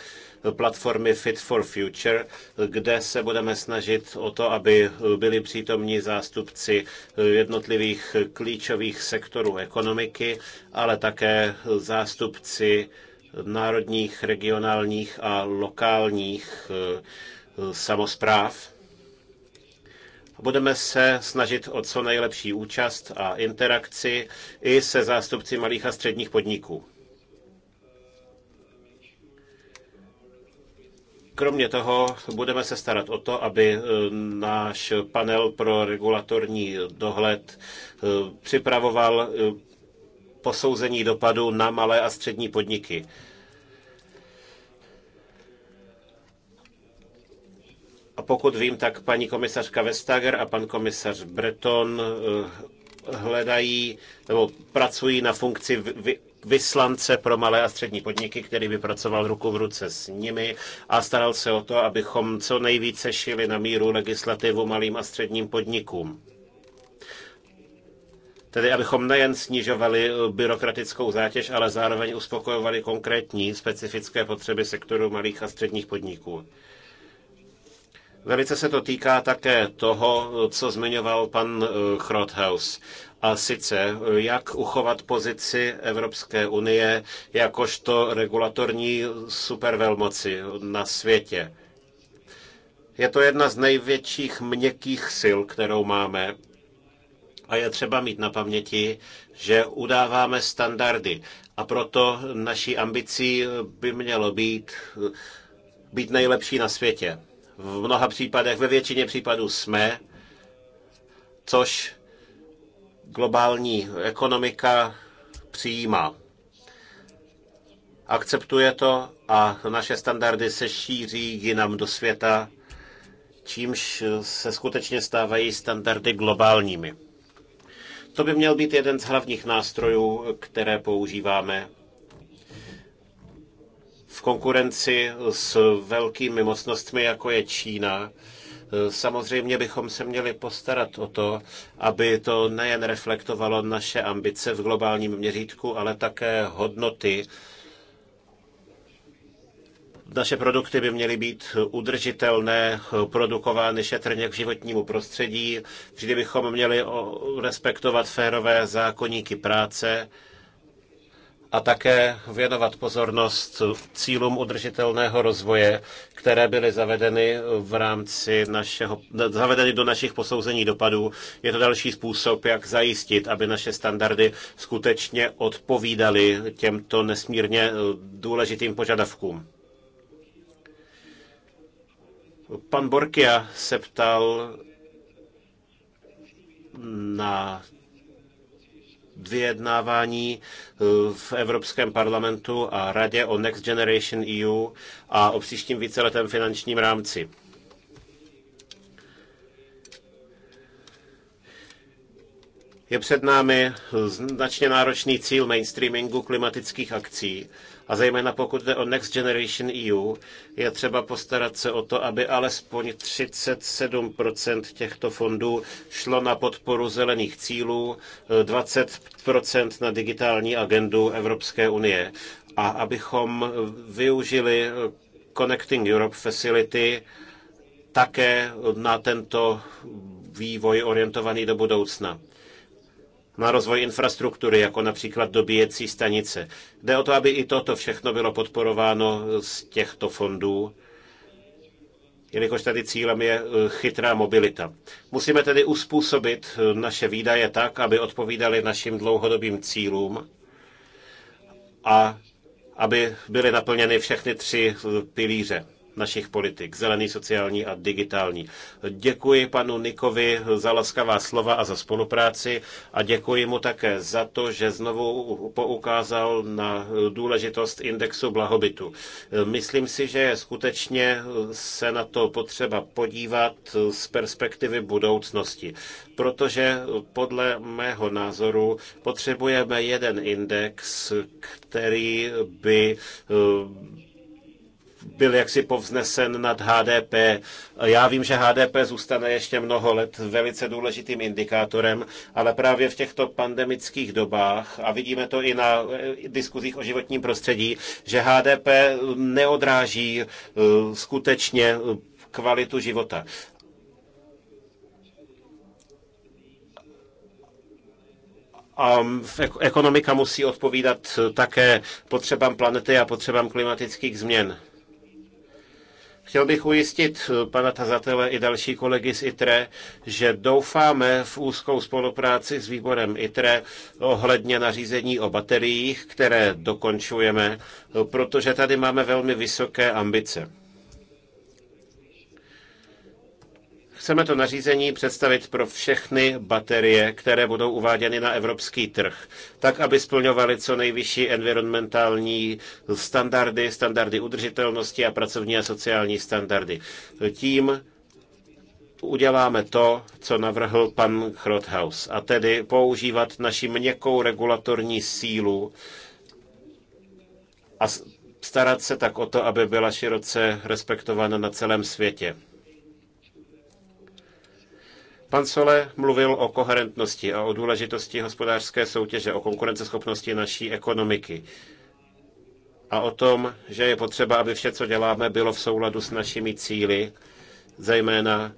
platformy Fit for Future, kde se budeme snažit o to, aby byli přítomní zástupci jednotlivých klíčových sektorů ekonomiky, ale také zástupci národních, regionálních a lokálních eh, samozpráv. Budeme se snažit o co nejlepší účast a interakci i se zástupci malých a středních podniků. Kromě toho budeme se starat o to, aby eh, náš panel pro regulatorní dohled eh, připravoval posouzení dopadu na malé a střední podniky. A pokud vím, tak paní komisařka Vestager a pan komisař Breton eh, hledají nebo pracují na funkci vyslance pro malé a střední podniky, který by pracoval ruku v ruce s nimi a staral se o to, abychom co nejvíce šili na míru legislativu malým a středním podnikům. Tedy abychom nejen snižovali eh, byrokratickou zátěž, ale zároveň uspokojovali konkrétní specifické potřeby sektoru malých a středních podniků. Velice se to týká také toho, eh, co zmiňoval pan eh, Krothaus. A sice, jak uchovat pozici Evropské unie jakožto regulatorní supervelmoci na světě. Je to jedna z největších měkkých sil, kterou máme a je třeba mít na paměti, že udáváme standardy. A proto naší ambicí by mělo být být nejlepší na světě. V mnoha případech, ve většině případů jsme, což globální ekonomika přijímá. Akceptuje to a naše standardy se šíří jinam do světa, čímž se skutečně stávají standardy globálními. To by měl být jeden z hlavních nástrojů, které používáme v konkurenci s velkými mocnostmi, jako je Čína. Samozřejmě bychom se měli postarat o to, aby to nejen reflektovalo naše ambice v globálním měřítku, ale také hodnoty, naše produkty by měly být udržitelné, produkovány šetrně k životnímu prostředí. Vždy bychom měli respektovat férové zákoníky práce a také věnovat pozornost cílům udržitelného rozvoje, které byly zavedeny v rámci našeho, zavedeny do našich posouzení dopadů. Je to další způsob, jak zajistit, aby naše standardy skutečně odpovídaly těmto nesmírně eh, důležitým požadavkům. Pan Borkia se ptal na vyjednávání eh, v Evropském parlamentu a radě o Next Generation EU a o příštím víceletém finančním rámci. Je před námi značně náročný cíl mainstreamingu klimatických akcí a zejména pokud jde o Next Generation EU, je třeba postarat se o to, aby alespoň 37% těchto fondů šlo na podporu zelených cílů, 20% na digitální agendu Evropské unie a abychom využili Connecting Europe Facility také na tento vývoj orientovaný do budoucna na rozvoj infrastruktury, jako například dobíjecí stanice. Jde o to, aby i toto všechno bylo podporováno z těchto fondů, jelikož tady cílem je eh, chytrá mobilita. Musíme tedy uspůsobit eh, naše výdaje tak, aby odpovídaly našim dlouhodobým cílům a aby byly naplněny všechny tři eh, pilíře našich politik, zelený, sociální a digitální. Děkuji panu Nikovi za laskavá slova a za spolupráci a děkuji mu také za to, že znovu poukázal na důležitost indexu blahobytu. Myslím si, že je skutečně se na to potřeba podívat z perspektivy budoucnosti, protože podle mého názoru potřebujeme jeden index, který by byl jaksi povznesen nad HDP. Já vím, že HDP zůstane ještě mnoho let velice důležitým indikátorem, ale právě v těchto pandemických dobách, a vidíme to i na eh, diskuzích o životním prostředí, že HDP neodráží eh, skutečně eh, kvalitu života. A ekonomika musí odpovídat také potřebám planety a potřebám klimatických změn. Chtěl bych ujistit eh, pana tazatele i další kolegy z ITRE, že doufáme v úzkou spolupráci s výborem ITRE ohledně nařízení o bateriích, které dokončujeme, eh, protože tady máme velmi vysoké ambice. Chceme to nařízení představit pro všechny baterie, které budou uváděny na evropský trh, tak, aby splňovaly co nejvyšší environmentální standardy, standardy udržitelnosti a pracovní a sociální standardy. Tím uděláme to, co navrhl pan Chrothaus, a tedy používat naši měkkou regulatorní sílu a starat se tak o to, aby byla široce respektována na celém světě. Pan Sole mluvil o koherentnosti a o důležitosti hospodářské soutěže, o konkurenceschopnosti naší ekonomiky a o tom, že je potřeba, aby vše, co děláme, bylo v souladu s našimi cíly, zejména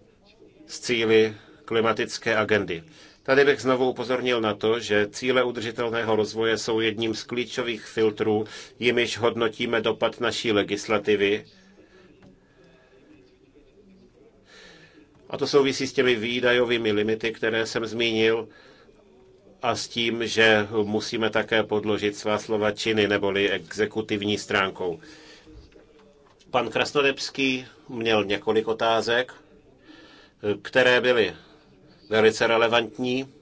s cíly klimatické agendy. Tady bych znovu upozornil na to, že cíle udržitelného rozvoje jsou jedním z klíčových filtrů, jimiž hodnotíme dopad naší legislativy A to souvisí s těmi výdajovými limity, které jsem zmínil, a s tím, že musíme také podložit svá slova činy, neboli exekutivní stránkou. Pan Krasnodebský měl několik otázek, které byly velice relevantní.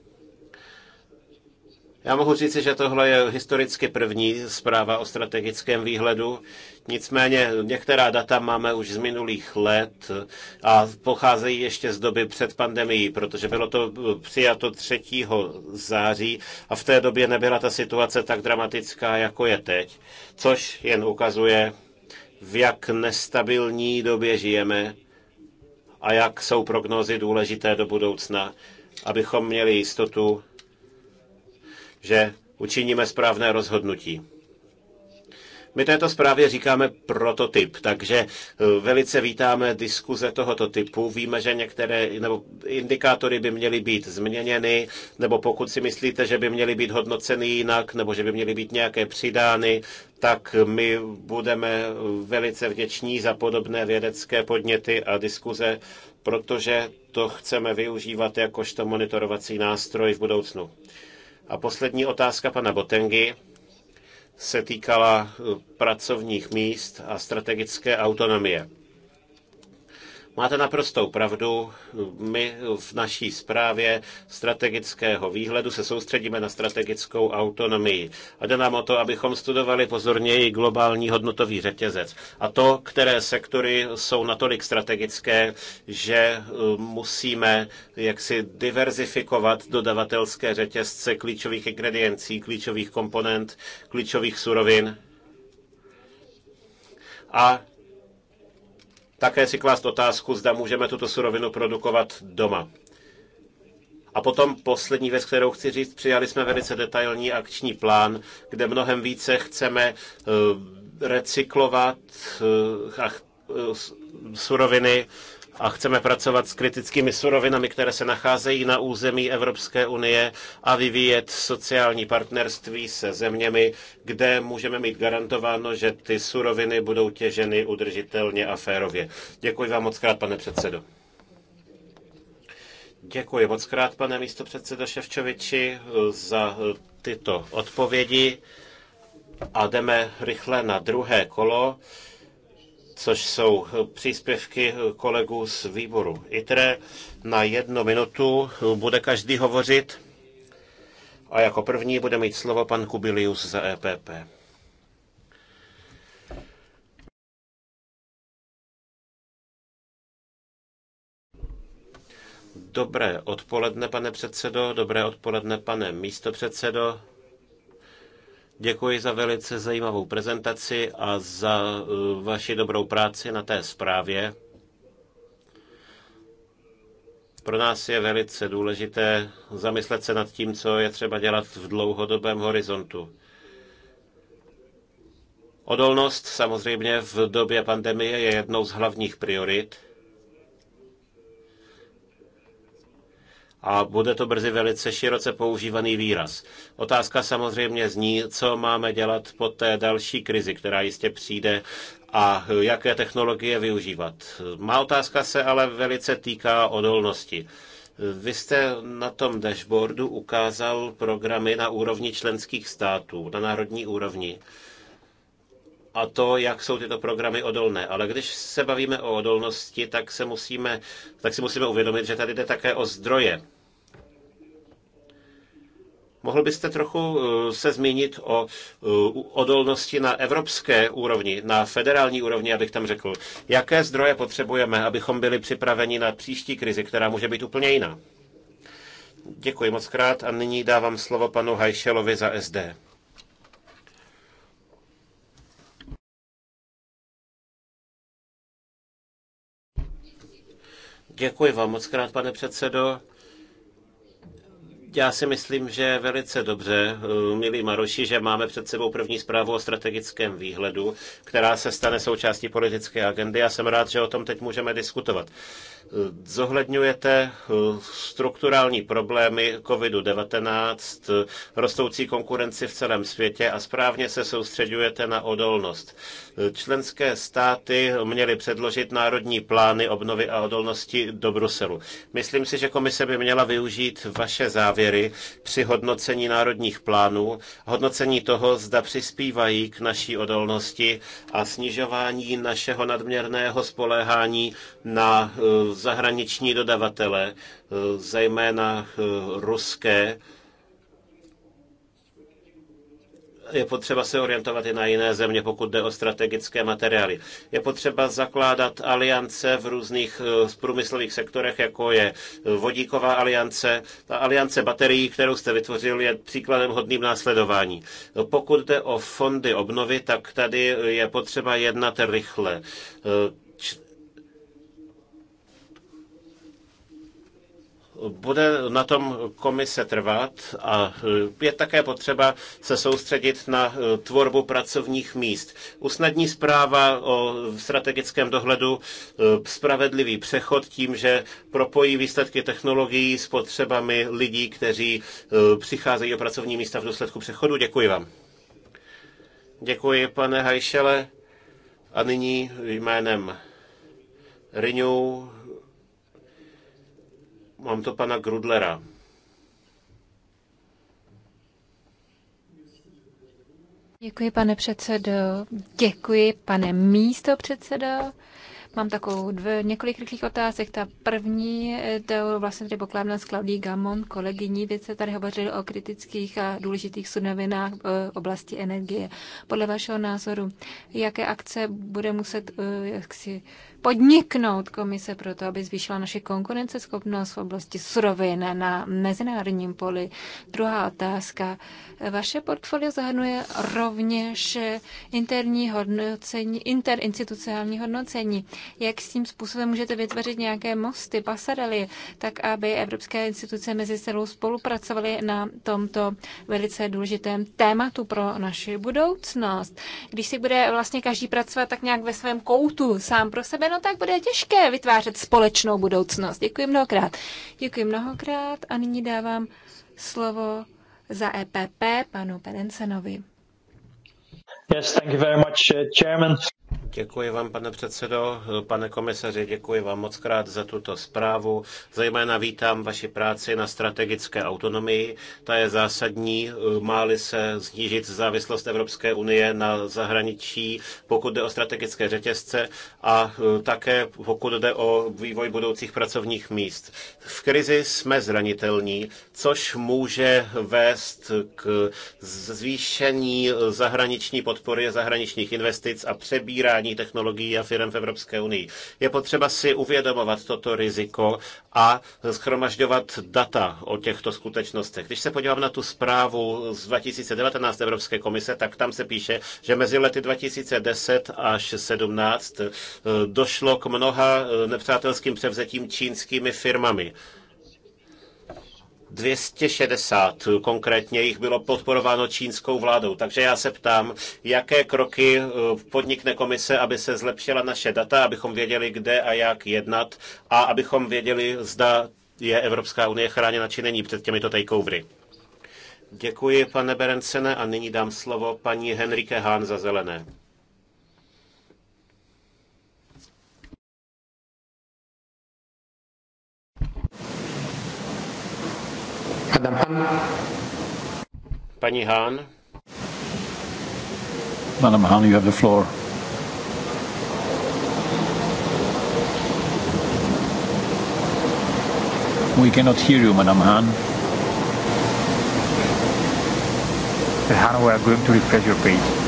Já mohu říci, že tohle je historicky první zpráva o strategickém výhledu. Nicméně některá data máme už z minulých let a pocházejí ještě z doby před pandemií, protože bylo to přijato 3. září a v té době nebyla ta situace tak dramatická, jako je teď, což jen ukazuje, v jak nestabilní době žijeme a jak jsou prognózy důležité do budoucna, abychom měli jistotu, že učiníme správné rozhodnutí. My této zprávě říkáme prototyp, takže eh, velice vítáme diskuze tohoto typu. Víme, že některé nebo indikátory by měly být změněny, nebo pokud si myslíte, že by měly být hodnoceny jinak, nebo že by měly být nějaké přidány, tak my budeme eh, velice vděční za podobné vědecké podněty a diskuze, protože to chceme využívat jakožto monitorovací nástroj v budoucnu. A poslední otázka pana Botengy se týkala eh, pracovních míst a strategické autonomie. Máte naprostou pravdu. My v naší zprávě strategického výhledu se soustředíme na strategickou autonomii. A jde nám o to, abychom studovali pozorněji globální hodnotový řetězec. A to, které sektory jsou natolik strategické, že eh, musíme jaksi diverzifikovat dodavatelské řetězce klíčových ingrediencí, klíčových komponent, klíčových surovin a také si klást otázku, zda můžeme tuto surovinu produkovat doma. A potom poslední věc, kterou chci říct, přijali jsme velice detailní akční plán, kde mnohem více chceme eh, recyklovat eh, eh, suroviny a chceme pracovat s kritickými surovinami, které se nacházejí na území Evropské unie a vyvíjet sociální partnerství se zeměmi, kde můžeme mít garantováno, že ty suroviny budou těženy udržitelně a férově. Děkuji vám moc krát, pane předsedo. Děkuji moc krát, pane místo předsedo Ševčoviči, za tyto odpovědi a jdeme rychle na druhé kolo což jsou eh, příspěvky eh, kolegů z výboru ITRE. Na jednu minutu eh, bude každý hovořit a jako první bude mít slovo pan Kubilius za EPP. Dobré odpoledne, pane předsedo, dobré odpoledne, pane místopředsedo. Děkuji za velice zajímavou prezentaci a za eh, vaši dobrou práci na té zprávě. Pro nás je velice důležité zamyslet se nad tím, co je třeba dělat v dlouhodobém horizontu. Odolnost samozřejmě v době pandemie je jednou z hlavních priorit. a bude to brzy velice široce používaný výraz. Otázka samozřejmě zní, co máme dělat po té další krizi, která jistě přijde a jaké technologie využívat. Má otázka se ale velice týká odolnosti. Vy jste na tom dashboardu ukázal programy na úrovni členských států, na národní úrovni a to, jak jsou tyto programy odolné. Ale když se bavíme o odolnosti, tak, se musíme, tak si musíme uvědomit, že tady jde také o zdroje Mohl byste trochu eh, se zmínit o eh, odolnosti na evropské úrovni, na federální úrovni, abych tam řekl, jaké zdroje potřebujeme, abychom byli připraveni na příští krizi, která může být úplně jiná? Děkuji moc krát a nyní dávám slovo panu Hajšelovi za SD. Děkuji vám moc krát, pane předsedo. Já si myslím, že velice dobře, eh, milí Maroši, že máme před sebou první zprávu o strategickém výhledu, která se stane součástí politické agendy a jsem rád, že o tom teď můžeme diskutovat. Zohledňujete eh, strukturální problémy COVID-19, eh, rostoucí konkurenci v celém světě a správně se soustředujete na odolnost. Eh, členské státy měly předložit národní plány obnovy a odolnosti do Bruselu. Myslím si, že komise by měla využít vaše závěry při hodnocení národních plánů, hodnocení toho, zda přispívají k naší odolnosti a snižování našeho nadměrného spoléhání na zahraniční dodavatele, eh, zejména eh, ruské, je potřeba se orientovat i na jiné země, pokud jde o strategické materiály. Je potřeba zakládat aliance v různých eh, průmyslových sektorech, jako je vodíková aliance. Ta aliance baterií, kterou jste vytvořil, je příkladem hodným následování. Pokud jde o fondy obnovy, tak tady je potřeba jednat rychle bude na tom komise trvat a je také potřeba se soustředit na tvorbu pracovních míst. Usnadní zpráva o strategickém dohledu spravedlivý přechod tím, že propojí výsledky technologií s potřebami lidí, kteří eh, přicházejí o pracovní místa v důsledku přechodu. Děkuji vám. Děkuji, pane Hajšele. A nyní jménem Renew Mám to pana Grudlera. Děkuji, pane předsedo. Děkuji, pane místo předsedo. Mám takovou dvě, několik rychlých otázek. Ta první, to vlastně tady pokládám s Klaudí Gamon, kolegyní. Vy jste tady hovořili o kritických a důležitých surovinách e, v oblasti energie. Podle vašeho názoru, jaké akce bude muset e, jak si, podniknout komise pro to, aby zvýšila naše konkurenceschopnost v oblasti surovin na mezinárodním poli? Druhá otázka. Vaše portfolio zahrnuje rovněž interní hodnocení, interinstitucionální hodnocení. Jak s tím způsobem můžete vytvořit nějaké mosty, pasarely, tak aby evropské instituce mezi sebou spolupracovaly na tomto velice důležitém tématu pro naši budoucnost? Když si bude vlastně každý pracovat tak nějak ve svém koutu sám pro sebe, no tak bude těžké vytvářet společnou budoucnost. Děkuji mnohokrát. Děkuji mnohokrát a nyní dávám slovo za EPP panu Perencenovi. Yes, thank you very much, uh, chairman. Děkuji vám, pane předsedo. Pane komisaři, děkuji vám moc krát za tuto zprávu. Zejména vítám vaši práci na strategické autonomii. Ta je zásadní, máli se snížit závislost Evropské unie na zahraničí, pokud jde o strategické řetězce a e, také pokud jde o vývoj budoucích pracovních míst. V krizi jsme zranitelní, což může vést k zvýšení zahraniční podpory zahraničních investic a přebírání využívání technologií a firm v Evropské unii. Je potřeba si uvědomovat toto riziko a schromažďovat data o těchto skutečnostech. Když se podívám na tu zprávu z 2019 Evropské komise, tak tam se píše, že mezi lety 2010 až 2017 eh, došlo k mnoha eh, nepřátelským převzetím čínskými firmami. 260 konkrétně jich bylo podporováno čínskou vládou. Takže já se ptám, jaké kroky eh, podnikne komise, aby se zlepšila naše data, abychom věděli, kde a jak jednat a abychom věděli, zda je Evropská unie chráněna či není před těmito takeovery. Děkuji, pane Berencene, a nyní dám slovo paní Henrike Hán za zelené. Adam Han. Paní Hán. Madam Han, you have the floor. We cannot hear you, Madam Han. Han, we are going to refresh your page.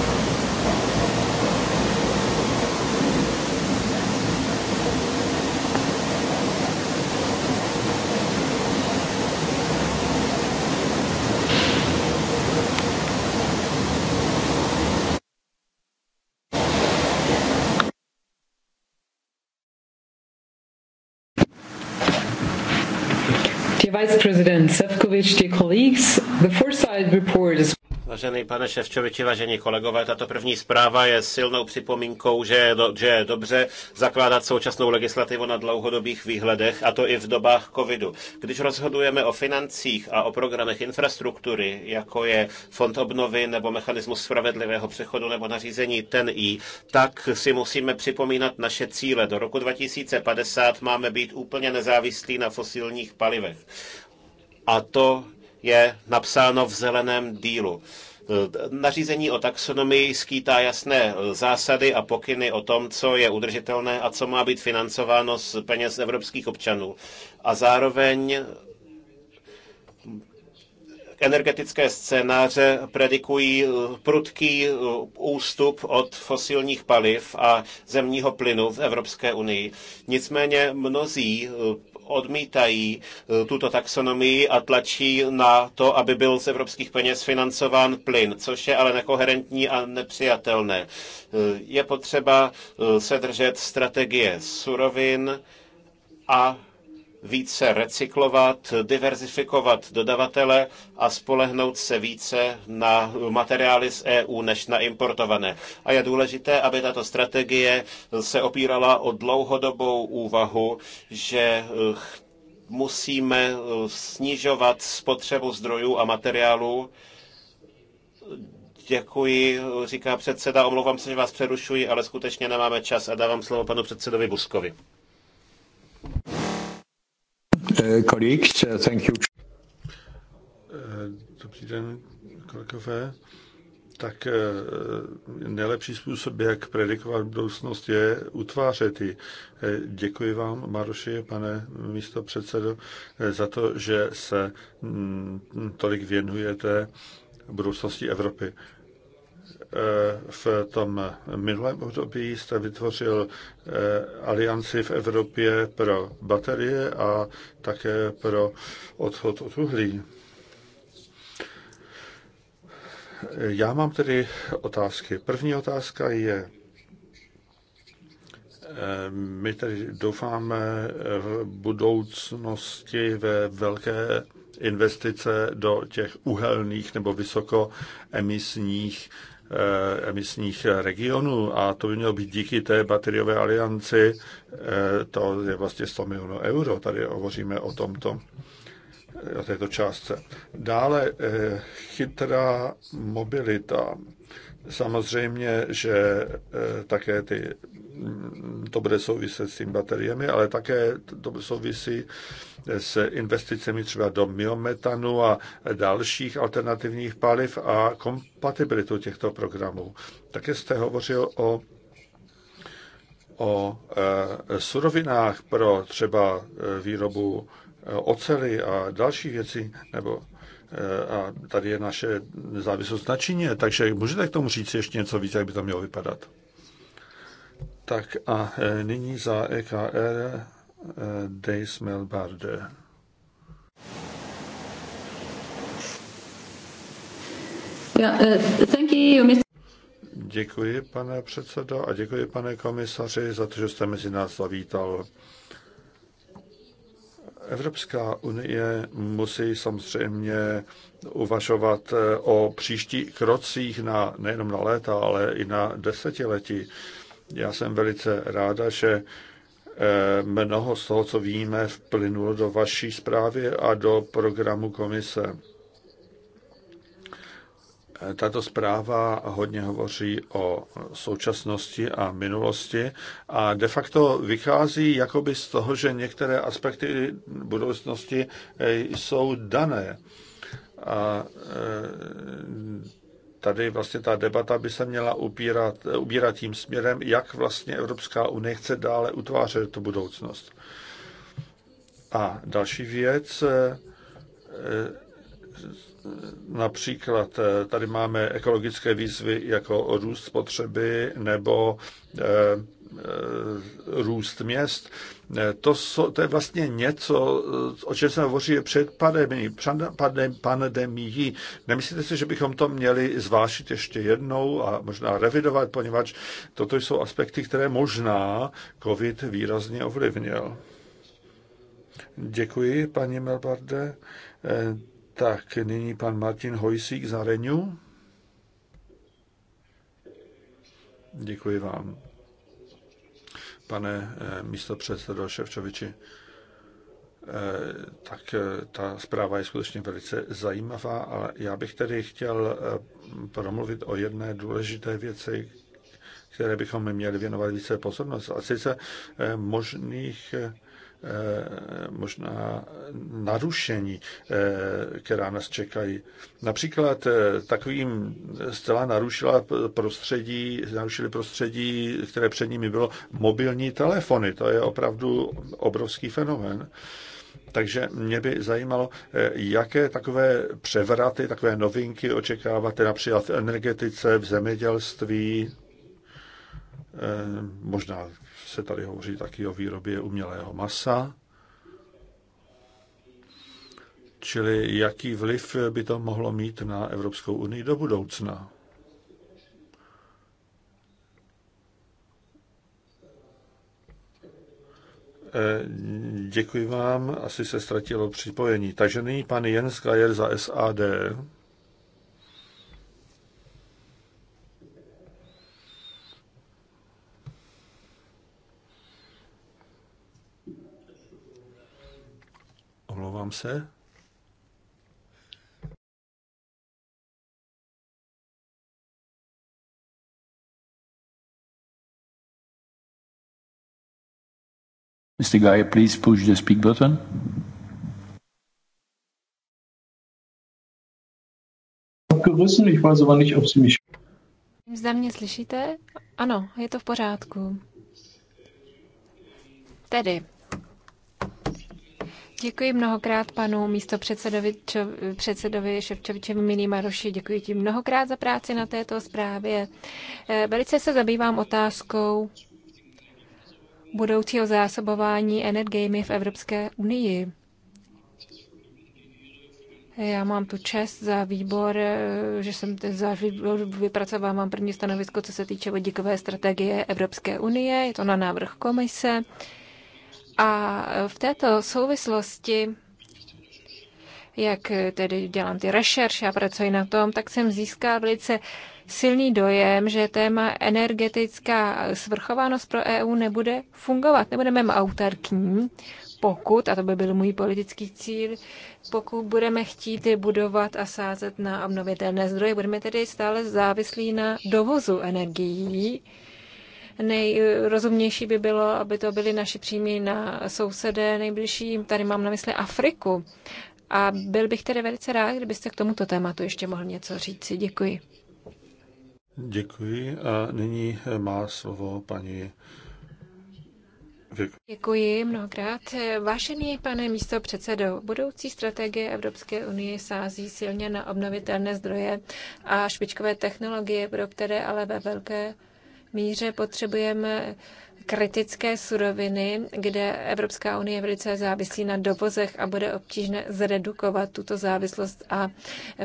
Vážený pane Ševčoviči, vážení kolegové, tato první zpráva je silnou připomínkou, že je, do, že je dobře zakládat současnou legislativu na dlouhodobých výhledech, a to i v dobách covidu. Když rozhodujeme o financích a o programech infrastruktury, jako je Fond obnovy nebo Mechanismus spravedlivého přechodu nebo nařízení TEN-I, tak si musíme připomínat naše cíle. Do roku 2050 máme být úplně nezávislí na fosilních palivech a to je napsáno v zeleném dílu. E, nařízení o taxonomii skýtá jasné zásady a pokyny o tom, co je udržitelné a co má být financováno z peněz evropských občanů. A zároveň energetické scénáře predikují e, prudký e, ústup od fosilních paliv a zemního plynu v Evropské unii. Nicméně mnozí odmítají eh, tuto taxonomii a tlačí na to, aby byl z evropských peněz financován plyn, což je ale nekoherentní a nepřijatelné. Eh, je potřeba eh, se držet strategie surovin a více recyklovat, diverzifikovat dodavatele a spolehnout se více na materiály z EU než na importované. A je důležité, aby tato strategie se opírala o dlouhodobou úvahu, že eh, musíme eh, snižovat spotřebu zdrojů a materiálů. Děkuji, říká předseda. Omlouvám se, že vás přerušuji, ale skutečně nemáme čas a dávám slovo panu předsedovi Buskovi. Eh, eh, thank you. Eh, dobrý den, kolegové. Tak nejlepší způsob, jak predikovat budoucnost, je utvářet ji. Děkuji vám, Maroši, pane místo předsedo, za to, že se mm, tolik věnujete budoucnosti Evropy v tom minulém období jste vytvořil eh, alianci v Evropě pro baterie a také pro odchod od uhlí. Já mám tedy otázky. První otázka je, eh, my tedy doufáme v budoucnosti ve velké investice do těch uhelných nebo vysokoemisních Eh, emisních regionů a to by mělo být díky té bateriové alianci, eh, to je vlastně 100 milionů euro, tady hovoříme o tomto eh, o této částce. Dále chytrá mobilita. Samozřejmě, že eh, také ty, mm, to bude souviset s tím bateriemi, ale také to souvisí eh, s investicemi třeba do biometanu a dalších alternativních paliv a kompatibilitu těchto programů. Také jste hovořil o o eh, surovinách pro třeba výrobu ocely a další věci nebo Eh, a tady je naše nezávislost na Číně, takže můžete k tomu říct ještě něco víc, jak by to mělo vypadat? Tak a eh, nyní za EKR eh, Dejs Melbarde. Děkuji, pane předsedo, a děkuji, pane komisaři, za to, že jste mezi nás zavítal. Evropská unie musí samozřejmě uvažovat eh, o příští krocích na, nejenom na léta, ale i na desetiletí. Já jsem velice ráda, že eh, mnoho z toho, co víme, vplynulo do vaší zprávy a do programu komise. Tato zpráva hodně hovoří o současnosti a minulosti a de facto vychází jakoby z toho, že některé aspekty budoucnosti eh, jsou dané. A eh, tady vlastně ta debata by se měla upírat, ubírat tím směrem, jak vlastně Evropská unie chce dále utvářet tu budoucnost. A další věc, eh, Například eh, tady máme ekologické výzvy jako růst spotřeby nebo eh, eh, růst měst. To, so, to je vlastně něco, o čem jsme hovoří před pandemí, pandem, pandemií. Nemyslíte si, že bychom to měli zvážit ještě jednou a možná revidovat, poněvadž toto jsou aspekty, které možná COVID výrazně ovlivnil. Děkuji, paní Melbarde. Tak nyní pan Martin Hojsík za Renu. Děkuji vám, pane eh, místo předsedo Ševčoviči. Eh, tak eh, ta zpráva je skutečně velice zajímavá, ale já bych tedy chtěl promluvit o jedné důležité věci, které bychom měli věnovat více pozornost, a sice možných Eh, možná narušení, eh, která nás čekají. Například eh, takovým zcela narušila prostředí, narušili prostředí, které před nimi bylo mobilní telefony. To je opravdu obrovský fenomén. Takže mě by zajímalo, jaké takové převraty, takové novinky očekáváte například v energetice, v zemědělství, Eh, možná se tady hovoří taky o výrobě umělého masa, čili jaký vliv by to mohlo mít na Evropskou unii do budoucna. Eh, děkuji vám, asi se ztratilo připojení. Takže nyní pan Jens Gajer za SAD. omlouvám se. Mr. Gaia, please push the speak button. Abgerissen, ich weiß aber nicht, ob Sie mich... Zda mě slyšíte? Ano, je to v pořádku. Tedy, Děkuji mnohokrát panu místo předsedovi Ševčovičovi Milí Maroši. Děkuji ti mnohokrát za práci na této zprávě. Eh, velice se zabývám otázkou budoucího zásobování energiemi v Evropské unii. Já mám tu čest za výbor, eh, že jsem za výbor vypracovávám první stanovisko, co se týče vodíkové strategie Evropské unie. Je to na návrh komise. A v této souvislosti jak tedy dělám ty rešerše a pracuji na tom, tak jsem získal velice silný dojem, že téma energetická svrchovanost pro EU nebude fungovat. Nebudeme autarkní, pokud, a to by byl můj politický cíl, pokud budeme chtít budovat a sázet na obnovitelné zdroje, budeme tedy stále závislí na dovozu energií Nejrozumnější by bylo, aby to byly naši příjmy na sousedé nejbližší, tady mám na mysli Afriku. A byl bych tedy velice rád, kdybyste k tomuto tématu ještě mohl něco říct. Děkuji. Děkuji a nyní má slovo paní Děkuji mnohokrát. Vážený pane místo předsedo, budoucí strategie Evropské unie sází silně na obnovitelné zdroje a špičkové technologie, pro které ale ve velké míře potřebujeme kritické suroviny, kde Evropská unie je velice závislí na dovozech a bude obtížné zredukovat tuto závislost a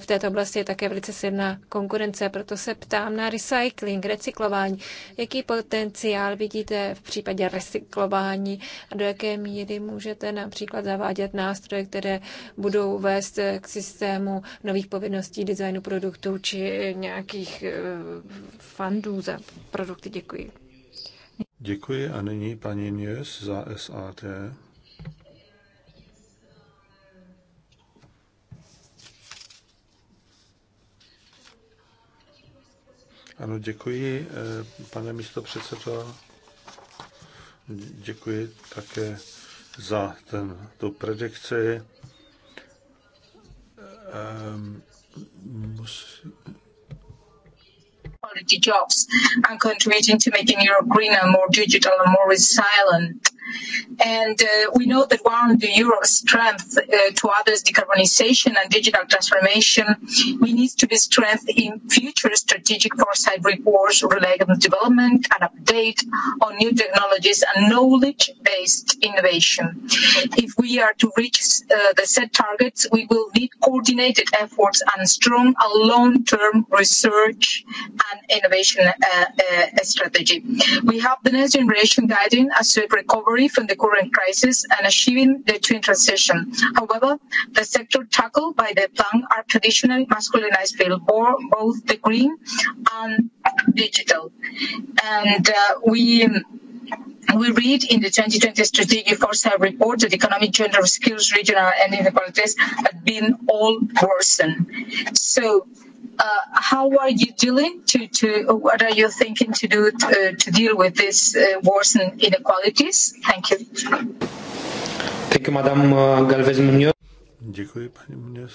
v této oblasti je také velice silná konkurence. Proto se ptám na recycling, recyklování. Jaký potenciál vidíte v případě recyklování a do jaké míry můžete například zavádět nástroje, které budou vést k systému nových povinností designu produktů či nějakých eh, fandů za produkty? Děkuji. Děkuji a nyní paní Nies za SAT. Ano, děkuji, eh, pane místo předsedo. Děkuji také za ten, tu predikci. Um, ehm, musí, quality jobs and contributing to making Europe greener, more digital and more resilient. And uh, we know that one of the Euro's strength uh, towards decarbonization and digital transformation, we need to be strength in future strategic foresight reports related to development and update on new technologies and knowledge-based innovation. If we are to reach uh, the set targets, we will need coordinated efforts and strong and long-term research and innovation uh, uh, strategy. We have the next generation guiding as we recover recovery from the current crisis and achieving the twin transition. However, the sector tackled by the plan are traditionally masculinized field, both the green and digital. And uh, we We read in the 2020 Strategic Foresight report that economic gender skills, regional and inequalities have been all worsened. So Uh, how are you dealing to, to what are you thinking to do to, uh, to deal with this uh, worsening inequalities? Thank you. Thank you, Madam uh, Galvez Munoz. Děkuji, paní Munoz.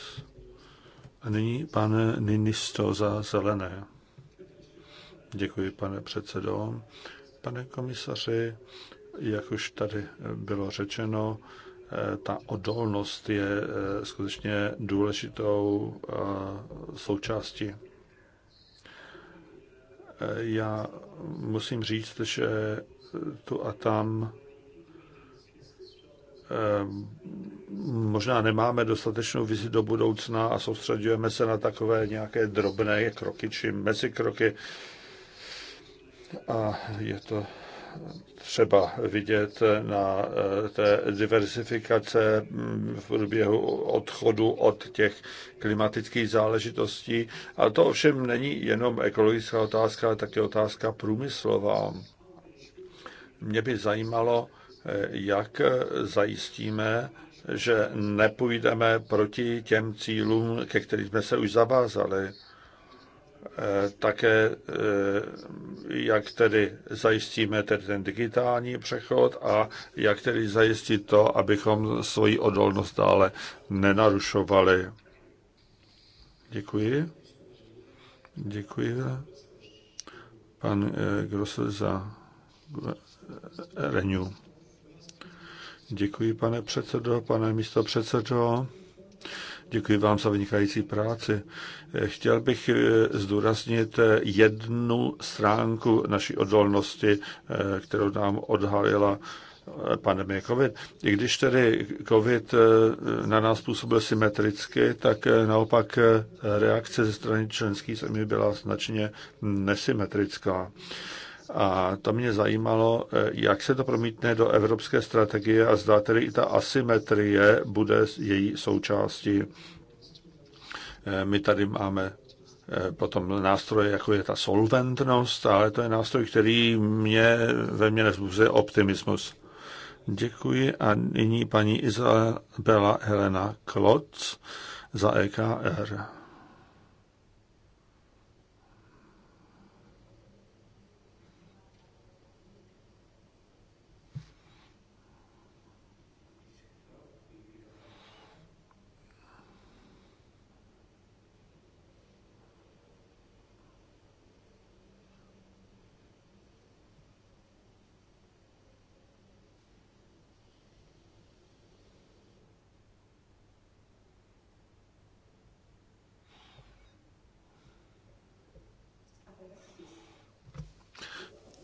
A nyní pane ministro za zelené. Děkuji, pane předsedo. Pane komisaři, jak už tady bylo řečeno, ta odolnost je eh, skutečně důležitou eh, součástí. Eh, já musím říct, že tu a tam možná nemáme dostatečnou vizi do budoucna a soustředujeme se na takové nějaké drobné kroky či mezikroky. A je to třeba vidět na eh, té diversifikace mm, v průběhu odchodu od těch klimatických záležitostí. A to ovšem není jenom ekologická otázka, ale také otázka průmyslová. Mě by zajímalo, eh, jak zajistíme, že nepůjdeme proti těm cílům, ke kterým jsme se už zavázali Eh, také, eh, jak tedy zajistíme tedy ten digitální přechod a jak tedy zajistit to, abychom svoji odolnost dále nenarušovali. Děkuji. Děkuji. Pan eh, Grosel za Renew. Děkuji, pane předsedo, pane místo předsedo. Děkuji vám za vynikající práci. Eh, chtěl bych eh, zdůraznit eh, jednu stránku naší odolnosti, kterou nám odhalila pandemie COVID. I když tedy COVID na nás působil symetricky, tak naopak reakce ze strany členských zemí byla značně mm, nesymetrická. A to mě zajímalo, eh, jak se to promítne do evropské strategie a zda tedy i ta asymetrie bude její součástí. Eh, my tady máme eh, potom nástroje, jako je ta solventnost, ale to je nástroj, který mě, ve mně nevzbuzuje optimismus. Děkuji a nyní paní Izabela Helena Kloc za EKR.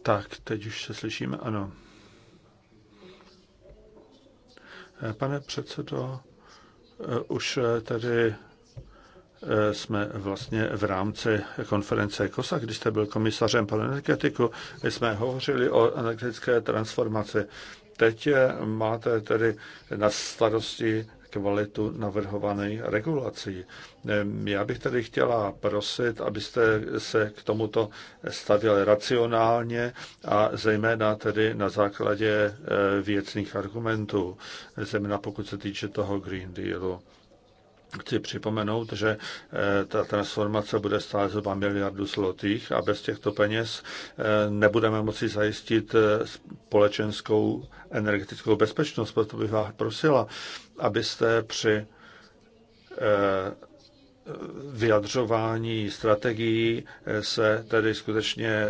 Tak, teď už se slyšíme, ano. Eh, pane předsedo, eh, už eh, tady jsme vlastně v rámci konference COSA, když jste byl komisařem pro energetiku, jsme hovořili o energetické transformaci. Teď máte tedy na starosti kvalitu navrhované regulací. Já bych tedy chtěla prosit, abyste se k tomuto stavili racionálně a zejména tedy na základě e, věcných argumentů, zejména pokud se týče toho Green Dealu. Chci připomenout, že eh, ta transformace bude stát zhruba miliardu zlotých a bez těchto peněz eh, nebudeme moci zajistit eh, společenskou energetickou bezpečnost. Proto bych vás prosila, abyste při vyjadřování strategií se tedy skutečně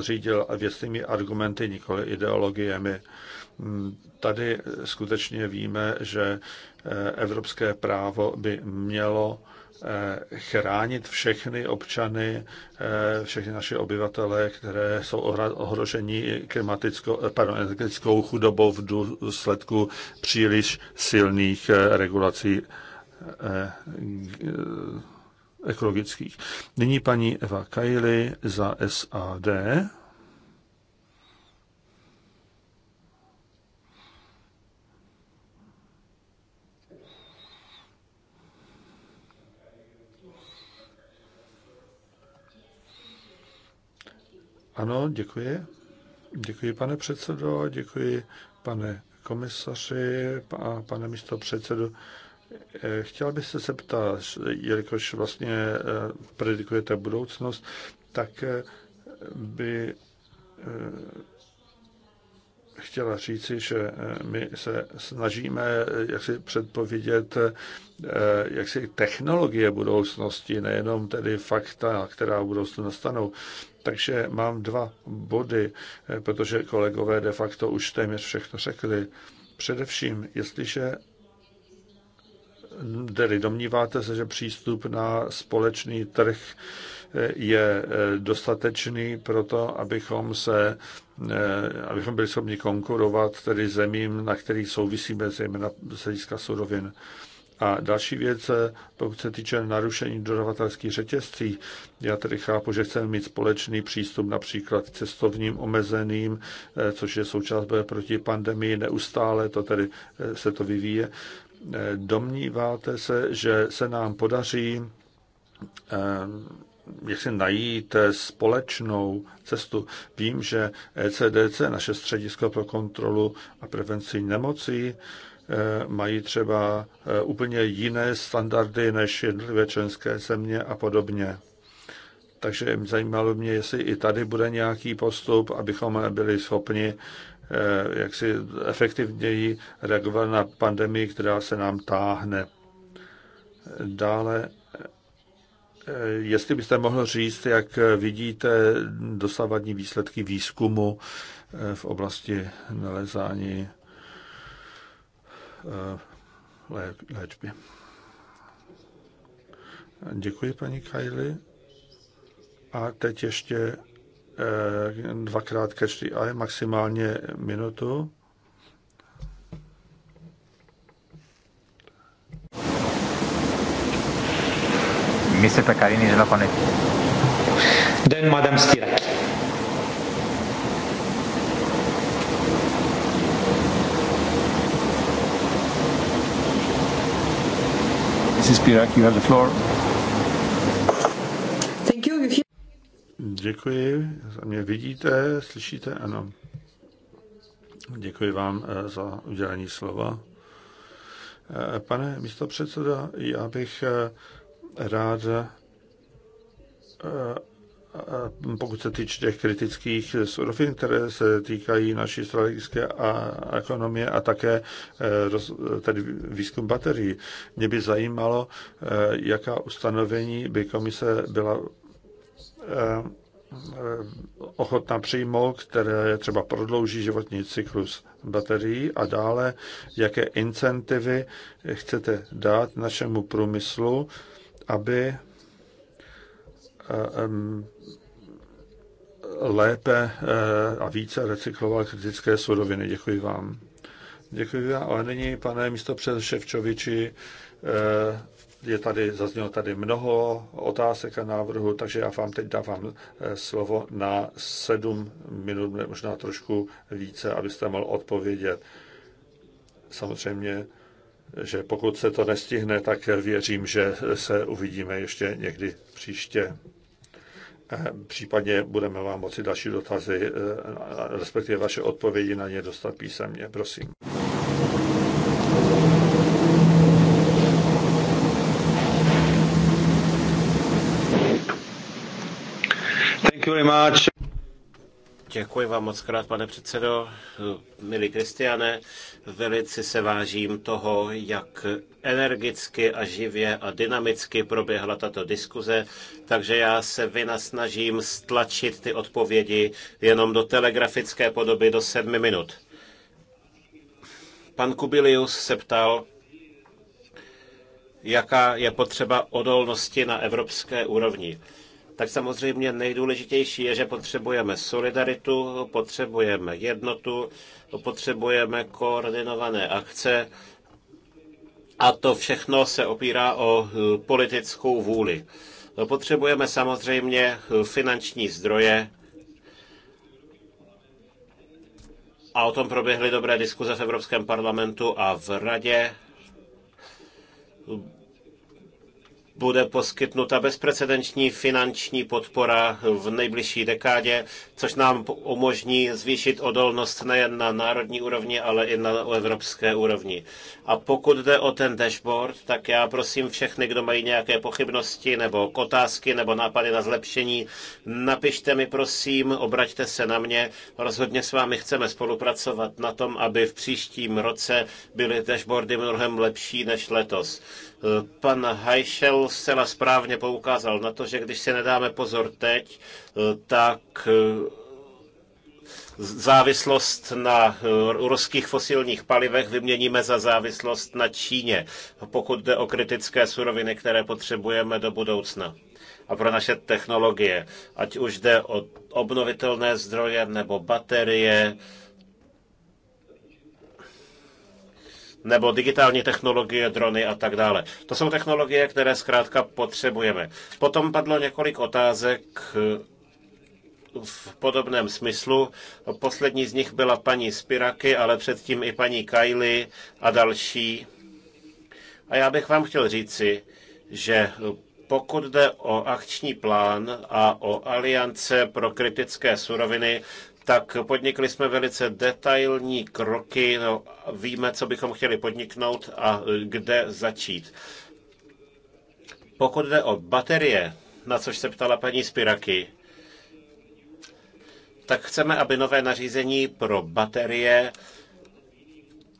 řídil věcnými argumenty, nikoli ideologiemi. Tady skutečně víme, že eh, evropské právo by mělo eh, chránit všechny občany, eh, všechny naše obyvatele, které jsou ohroženi energetickou chudobou v důsledku příliš silných regulací ekologických. Nyní paní Eva Kajli za SAD. Ano, děkuji. Děkuji, pane předsedo, děkuji, pane komisaři a pane místo předsedo. Eh, chtěl bych se zeptat, jelikož vlastně eh, predikujete budoucnost, tak eh, by chtěla říci, že my se snažíme jak si předpovědět jak si technologie budoucnosti, nejenom tedy fakta, která v budoucnu nastanou. Takže mám dva body, eh, protože kolegové de facto už téměř všechno řekli. Především, jestliže tedy domníváte se, že přístup na společný trh eh, je eh, dostatečný pro to, abychom se abychom byli schopni konkurovat tedy zemím, na kterých souvisíme zejména z hlediska surovin. A další věc, eh, pokud se týče narušení dodavatelských řetězcí, já tedy chápu, že chceme mít společný přístup například cestovním omezeným, eh, což je součást boje proti pandemii neustále, to tedy eh, se to vyvíje. Domníváte se, že se nám podaří jak si najít společnou cestu. Vím, že ECDC, naše středisko pro kontrolu a prevenci nemocí, Eh, mají třeba eh, úplně jiné standardy než jednotlivé členské země a podobně. Takže zajímalo mě, jestli i tady bude nějaký postup, abychom byli schopni eh, jak si efektivněji reagovat na pandemii, která se nám táhne. Dále, jestli byste mohl říct, jak vidíte dosavadní výsledky výzkumu v oblasti nalezání Eh, léčby. Děkuji, paní Kajli. A teď ještě eh, dvakrát každý a maximálně minutu. Mr. Pecarini je not konec. Den, Madam Stiraki. Mrs. Pirak, you have the floor. Thank you. Děkuji. Mě vidíte, slyšíte? Ano. Děkuji vám eh, za udělení slova. Eh, pane místo předseda, já bych eh, rád pokud se týče těch kritických surovin, které se týkají naší strategické a ekonomie a také e, roz, tedy výzkum baterií. Mě by zajímalo, e, jaká ustanovení by komise byla e, ochotná přijmout, které třeba prodlouží životní cyklus baterií a dále, jaké incentivy chcete dát našemu průmyslu, aby lépe eh, a více recykloval kritické suroviny. Děkuji vám. Děkuji vám, ale nyní, pane místo před Ševčoviči, eh, je tady, zaznělo tady mnoho otázek a návrhu takže já vám teď dávám eh, slovo na sedm minut, možná trošku více, abyste mohl odpovědět. Samozřejmě, že pokud se to nestihne, tak věřím, že se uvidíme ještě někdy příště. Ehm, případně budeme vám moci další dotazy, eh, respektive vaše odpovědi na ně dostat písemně. Prosím. Thank you very much. Děkuji vám moc krát, pane předsedo. Milí Kristiane, velice se vážím toho, jak energicky a živě a dynamicky proběhla tato diskuze, takže já se vynasnažím stlačit ty odpovědi jenom do telegrafické podoby do sedmi minut. Pan Kubilius se ptal, jaká je potřeba odolnosti na evropské úrovni tak samozřejmě nejdůležitější je, že potřebujeme solidaritu, potřebujeme jednotu, potřebujeme koordinované akce a to všechno se opírá o eh, politickou vůli. Potřebujeme samozřejmě eh, finanční zdroje, a o tom proběhly dobré diskuze v Evropském parlamentu a v radě bude poskytnuta bezprecedenční finanční podpora v nejbližší dekádě, což nám umožní zvýšit odolnost nejen na národní úrovni, ale i na evropské úrovni. A pokud jde o ten dashboard, tak já prosím všechny, kdo mají nějaké pochybnosti nebo otázky nebo nápady na zlepšení, napište mi prosím, obraťte se na mě. Rozhodně s vámi chceme spolupracovat na tom, aby v příštím roce byly dashboardy mnohem lepší než letos. Eh, pan Heichel zcela správně poukázal na to, že když se nedáme pozor teď, eh, tak eh, závislost na ruských fosilních palivech vyměníme za závislost na Číně, pokud jde o kritické suroviny, které potřebujeme do budoucna a pro naše technologie, ať už jde o obnovitelné zdroje nebo baterie, nebo digitální technologie, drony a tak dále. To jsou technologie, které zkrátka potřebujeme. Potom padlo několik otázek eh, v podobném smyslu. Poslední z nich byla paní Spiraky, ale předtím i paní Kajly a další. A já bych vám chtěl říci, že pokud jde o akční plán a o aliance pro kritické suroviny, tak podnikli jsme velice detailní kroky, no, víme, co bychom chtěli podniknout a kde začít. Pokud jde o baterie, na což se ptala paní Spiraky, tak chceme, aby nové nařízení pro baterie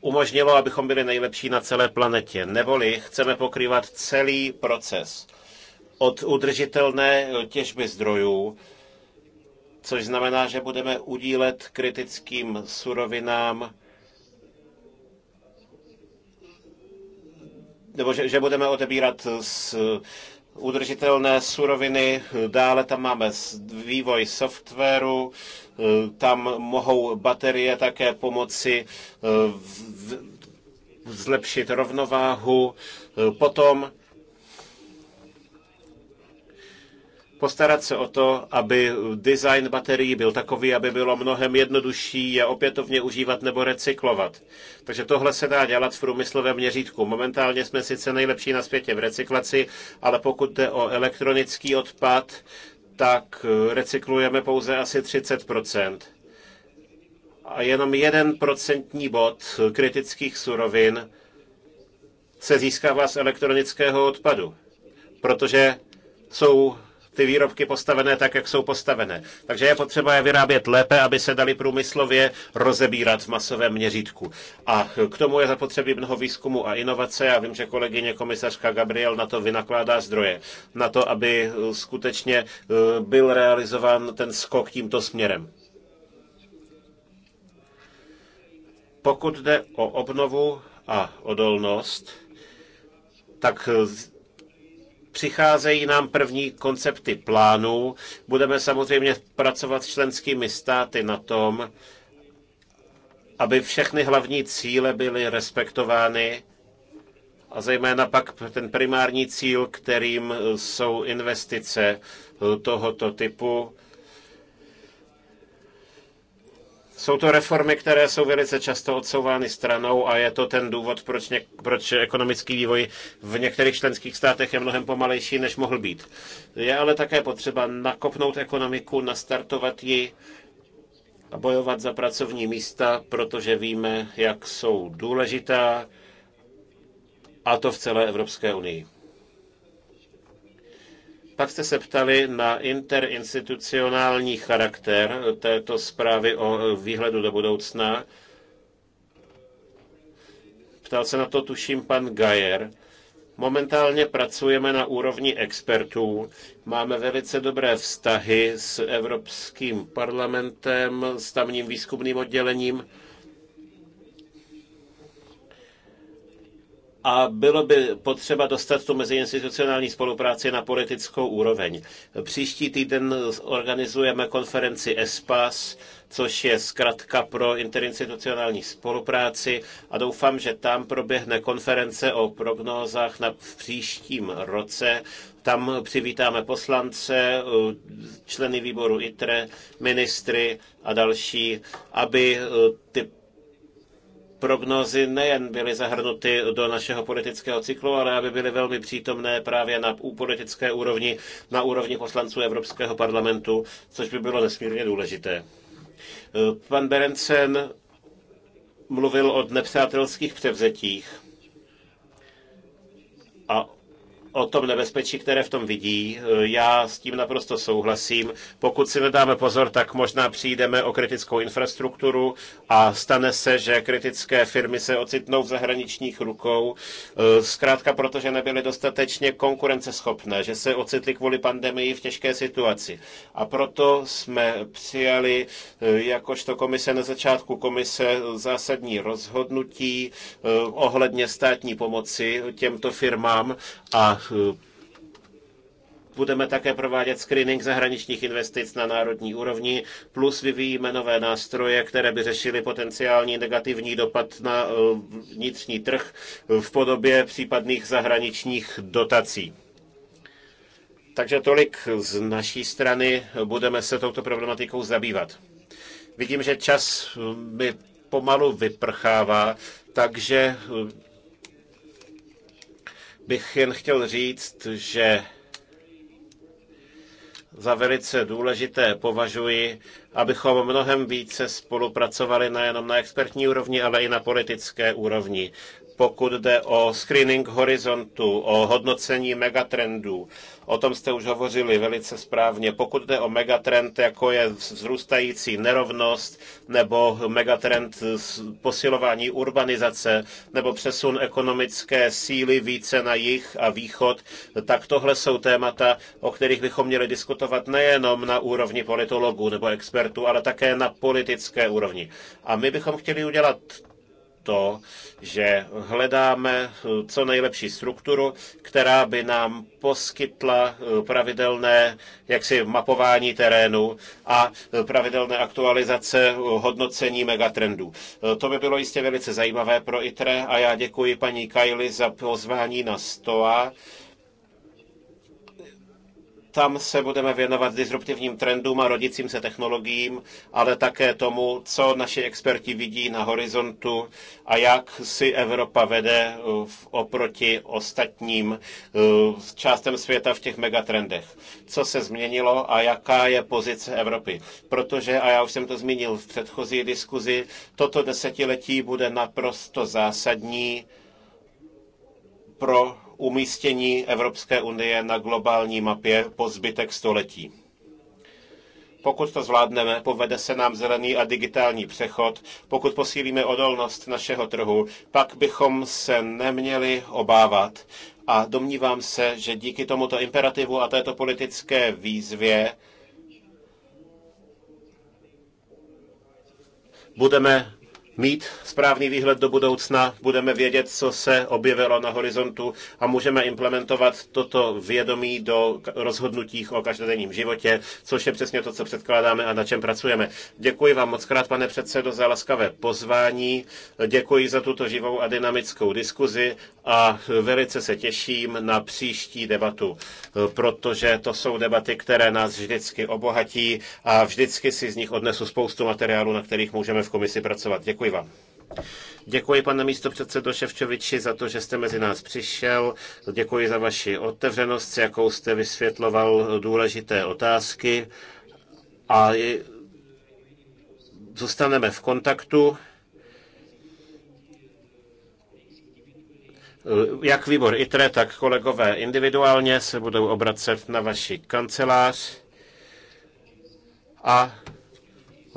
umožnilo, abychom byli nejlepší na celé planetě. Neboli chceme pokrývat celý proces od udržitelné těžby zdrojů což znamená, že budeme udílet kritickým surovinám nebo že, že budeme odebírat z udržitelné suroviny. Dále tam máme vývoj softwaru, tam mohou baterie také pomoci eh, v, v, zlepšit rovnováhu. Potom postarat se o to, aby design baterií byl takový, aby bylo mnohem jednodušší je opětovně užívat nebo recyklovat. Takže tohle se dá dělat v průmyslovém měřítku. Momentálně jsme sice nejlepší na světě v recyklaci, ale pokud jde o elektronický odpad, tak recyklujeme pouze asi 30 a jenom jeden procentní bod kritických surovin se získává z elektronického odpadu, protože jsou ty výrobky postavené tak, jak jsou postavené. Takže je potřeba je vyrábět lépe, aby se dali průmyslově rozebírat v masovém měřítku. A k tomu je zapotřebí mnoho výzkumu a inovace. Já vím, že kolegyně komisařka Gabriel na to vynakládá zdroje, na to, aby eh, skutečně eh, byl realizován ten skok tímto směrem. Pokud jde o obnovu a odolnost, tak eh, Přicházejí nám první koncepty plánů. Budeme samozřejmě pracovat s členskými státy na tom, aby všechny hlavní cíle byly respektovány a zejména pak ten primární cíl, kterým jsou investice tohoto typu, Jsou to reformy, které jsou velice často odsouvány stranou a je to ten důvod, proč, něk, proč ekonomický vývoj v některých členských státech je mnohem pomalejší, než mohl být. Je ale také potřeba nakopnout ekonomiku, nastartovat ji a bojovat za pracovní místa, protože víme, jak jsou důležitá a to v celé Evropské unii. Pak jste se ptali na interinstitucionální charakter této zprávy o e, výhledu do budoucna. Ptal se na to, tuším, pan Gajer. Momentálně pracujeme na úrovni expertů. Máme velice dobré vztahy s Evropským parlamentem, s tamním výzkumným oddělením a bylo by potřeba dostat tu meziinstitucionální spolupráci na politickou úroveň. Příští týden organizujeme konferenci ESPAS, což je zkratka pro interinstitucionální spolupráci a doufám, že tam proběhne konference o prognózách na, v příštím roce. Tam přivítáme poslance, členy výboru ITRE, ministry a další, aby eh, ty prognozy nejen byly zahrnuty do našeho politického cyklu, ale aby byly velmi přítomné právě na politické úrovni, na úrovni poslanců Evropského parlamentu, což by bylo nesmírně důležité. Pan Berencen mluvil o nepřátelských převzetích a o tom nebezpečí, které v tom vidí. E, já s tím naprosto souhlasím. Pokud si nedáme pozor, tak možná přijdeme o kritickou infrastrukturu a stane se, že kritické firmy se ocitnou v zahraničních rukou, e, zkrátka protože nebyly dostatečně konkurenceschopné, že se ocitly kvůli pandemii v těžké situaci. A proto jsme přijali e, jakožto komise na začátku komise zásadní rozhodnutí ohledně státní pomoci těmto firmám a Eh, budeme také provádět screening zahraničních investic na národní úrovni, plus vyvíjíme nové nástroje, které by řešily potenciální negativní dopad na eh, vnitřní trh v podobě případných zahraničních dotací. Takže tolik z naší strany budeme se touto problematikou zabývat. Vidím, že čas eh, mi pomalu vyprchává, takže bych jen chtěl říct, že za velice důležité považuji, abychom mnohem více spolupracovali nejenom na expertní úrovni, ale i na politické úrovni pokud jde o screening horizontu, o hodnocení megatrendů. O tom jste už hovořili velice správně. Pokud jde o megatrend, jako je vzrůstající nerovnost, nebo megatrend posilování urbanizace, nebo přesun ekonomické síly více na jih a východ, tak tohle jsou témata, o kterých bychom měli diskutovat nejenom na úrovni politologů nebo expertů, ale také na politické úrovni. A my bychom chtěli udělat to, že hledáme eh, co nejlepší strukturu, která by nám poskytla eh, pravidelné jaksi mapování terénu a eh, pravidelné aktualizace hodnocení megatrendů. To by bylo jistě velice zajímavé pro ITRE a já děkuji paní Kajli za pozvání na STOA. Tam se budeme věnovat disruptivním trendům a rodicím se technologiím, ale také tomu, co naši experti vidí na horizontu a jak si Evropa vede eh, oproti ostatním eh, částem světa v těch megatrendech. Co se změnilo a jaká je pozice Evropy. Protože, a já už jsem to zmínil v předchozí diskuzi, toto desetiletí bude naprosto zásadní pro umístění Evropské unie na globální mapě po zbytek století. Pokud to zvládneme, povede se nám zelený a digitální přechod, pokud posílíme odolnost našeho trhu, pak bychom se neměli obávat. A domnívám se, že díky tomuto imperativu a této politické výzvě budeme mít správný výhled do budoucna, budeme vědět, co se objevilo na horizontu a můžeme implementovat toto vědomí do rozhodnutí o každodenním životě, což je přesně to, co předkládáme a na čem pracujeme. Děkuji vám moc krát, pane předsedo, za laskavé pozvání. Děkuji za tuto živou a dynamickou diskuzi a velice se těším na příští debatu, protože to jsou debaty, které nás vždycky obohatí a vždycky si z nich odnesu spoustu materiálu, na kterých můžeme v komisi pracovat. Děkuji. Děkuji vám. Děkuji, pane místo předsedo Ševčoviči, za to, že jste mezi nás přišel. Děkuji za vaši otevřenost, s jakou jste vysvětloval důležité otázky. A zůstaneme v kontaktu. Jak výbor ITRE, tak kolegové individuálně se budou obracet na vaši kancelář. A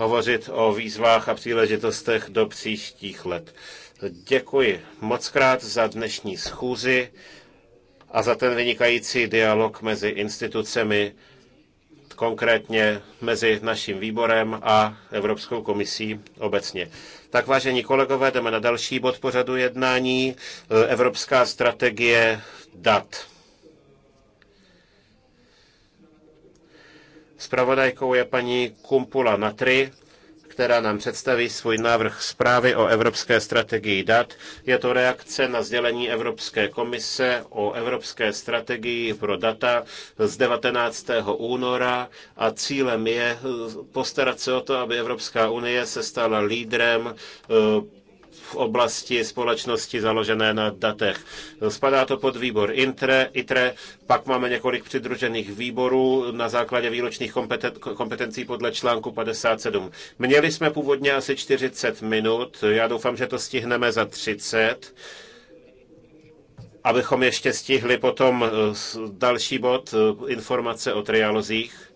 hovořit o výzvách a příležitostech do příštích let. Děkuji moc krát za dnešní schůzi a za ten vynikající dialog mezi institucemi, konkrétně mezi naším výborem a Evropskou komisí obecně. Tak vážení kolegové, jdeme na další bod pořadu jednání. Evropská strategie dat. Spravodajkou je paní Kumpula Natry, která nám představí svůj návrh zprávy o evropské strategii dat. Je to reakce na sdělení Evropské komise o evropské strategii pro data z 19. února a cílem je postarat se o to, aby Evropská unie se stala lídrem eh, v oblasti společnosti založené na datech. Spadá to pod výbor INTRE, ITRE, pak máme několik přidružených výborů na základě výročních kompetencí podle článku 57. Měli jsme původně asi 40 minut, já doufám, že to stihneme za 30 abychom ještě stihli potom eh, další bod eh, informace o trialozích.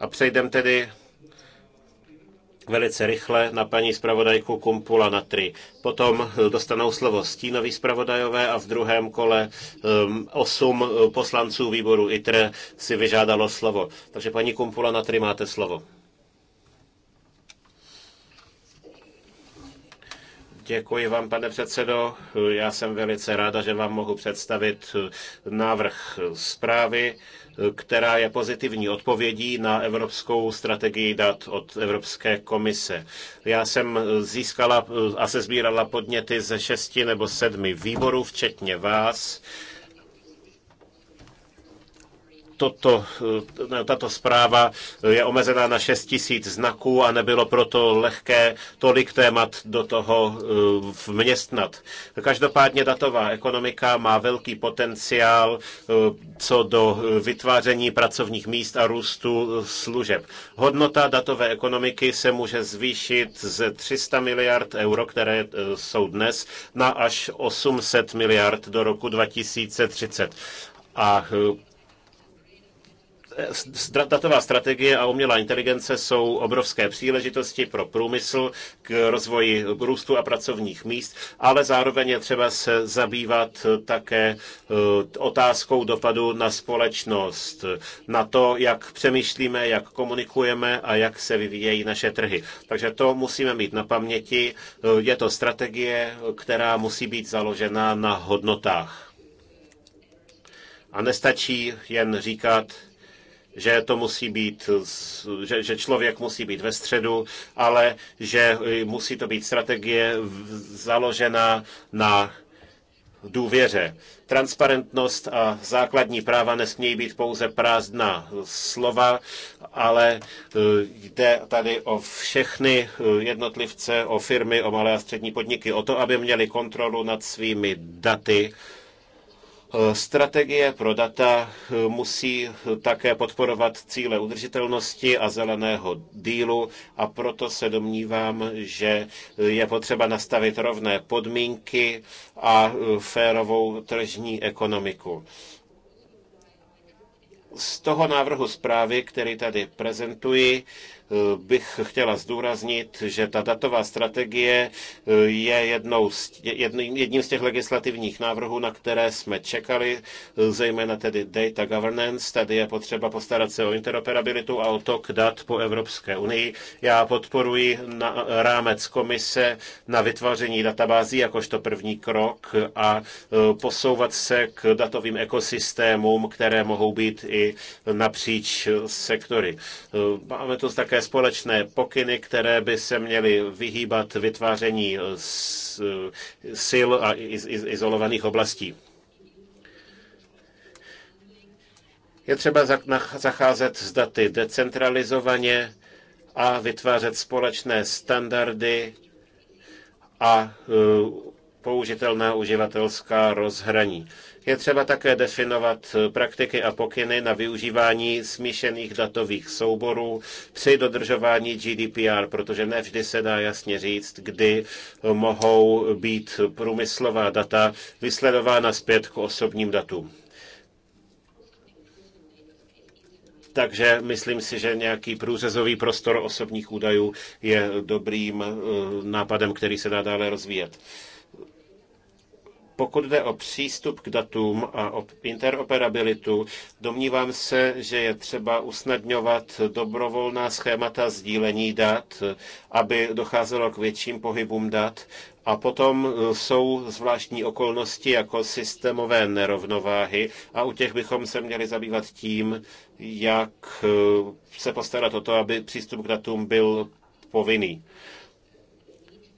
A přejdeme tedy velice rychle na paní zpravodajku Kumpula na tri. Potom eh, dostanou slovo stínoví zpravodajové a v druhém kole um, osm eh, poslanců výboru ITRE si vyžádalo slovo. Takže paní Kumpula na tri máte slovo. Děkuji vám, pane předsedo. Já jsem velice ráda, že vám mohu představit návrh zprávy, která je pozitivní odpovědí na evropskou strategii dat od Evropské komise. Já jsem získala a sezbírala podněty ze šesti nebo sedmi výborů, včetně vás toto, eh, tato zpráva je omezená na 6 tisíc znaků a nebylo proto lehké tolik témat do toho eh, vměstnat. Každopádně datová ekonomika má velký potenciál eh, co do vytváření pracovních míst a růstu služeb. Hodnota datové ekonomiky se může zvýšit z 300 miliard euro, které jsou dnes, na až 800 miliard do roku 2030. A datová strategie a umělá inteligence jsou obrovské příležitosti pro průmysl k rozvoji růstu a pracovních míst, ale zároveň je třeba se zabývat také e, otázkou dopadu na společnost, na to, jak přemýšlíme, jak komunikujeme a jak se vyvíjejí naše trhy. Takže to musíme mít na paměti. E, je to strategie, která musí být založena na hodnotách. A nestačí jen říkat, že to musí být, že, že člověk musí být ve středu, ale že musí to být strategie založená na důvěře. Transparentnost a základní práva nesmějí být pouze prázdná slova, ale e, jde tady o všechny e, jednotlivce, o firmy, o malé a střední podniky, o to, aby měli kontrolu nad svými daty Eh, strategie pro data eh, musí eh, také podporovat cíle udržitelnosti a zeleného dílu a proto se domnívám, že je potřeba nastavit rovné podmínky a férovou tržní ekonomiku z toho návrhu zprávy, který tady prezentuji, bych chtěla zdůraznit, že ta datová strategie eh, je jednou z, jedním z těch legislativních návrhů, na které jsme čekali, eh, zejména tedy data governance. Tady je potřeba postarat se o interoperabilitu a o tok dat po Evropské unii. Já podporuji na rámec komise na vytváření databází jakožto první krok a eh, posouvat se k datovým ekosystémům, které mohou být i napříč sektory. Máme tu také společné pokyny, které by se měly vyhýbat vytváření sil a izolovaných oblastí. Je třeba zacházet s daty decentralizovaně a vytvářet společné standardy a e, použitelná uživatelská rozhraní. Je třeba také definovat eh, praktiky a pokyny na využívání smíšených datových souborů při dodržování GDPR, protože nevždy se dá jasně říct, kdy eh, mohou být průmyslová data vysledována zpět k osobním datům. Takže myslím si, že nějaký průřezový prostor osobních údajů je dobrým eh, nápadem, který se dá dále rozvíjet. Pokud jde o přístup k datům a o interoperabilitu, domnívám se, že je třeba usnadňovat dobrovolná schémata sdílení dat, aby docházelo k větším pohybům dat. A potom e, jsou zvláštní okolnosti jako systémové nerovnováhy a u těch bychom se měli zabývat tím, jak e, se postarat o to, aby přístup k datům byl povinný.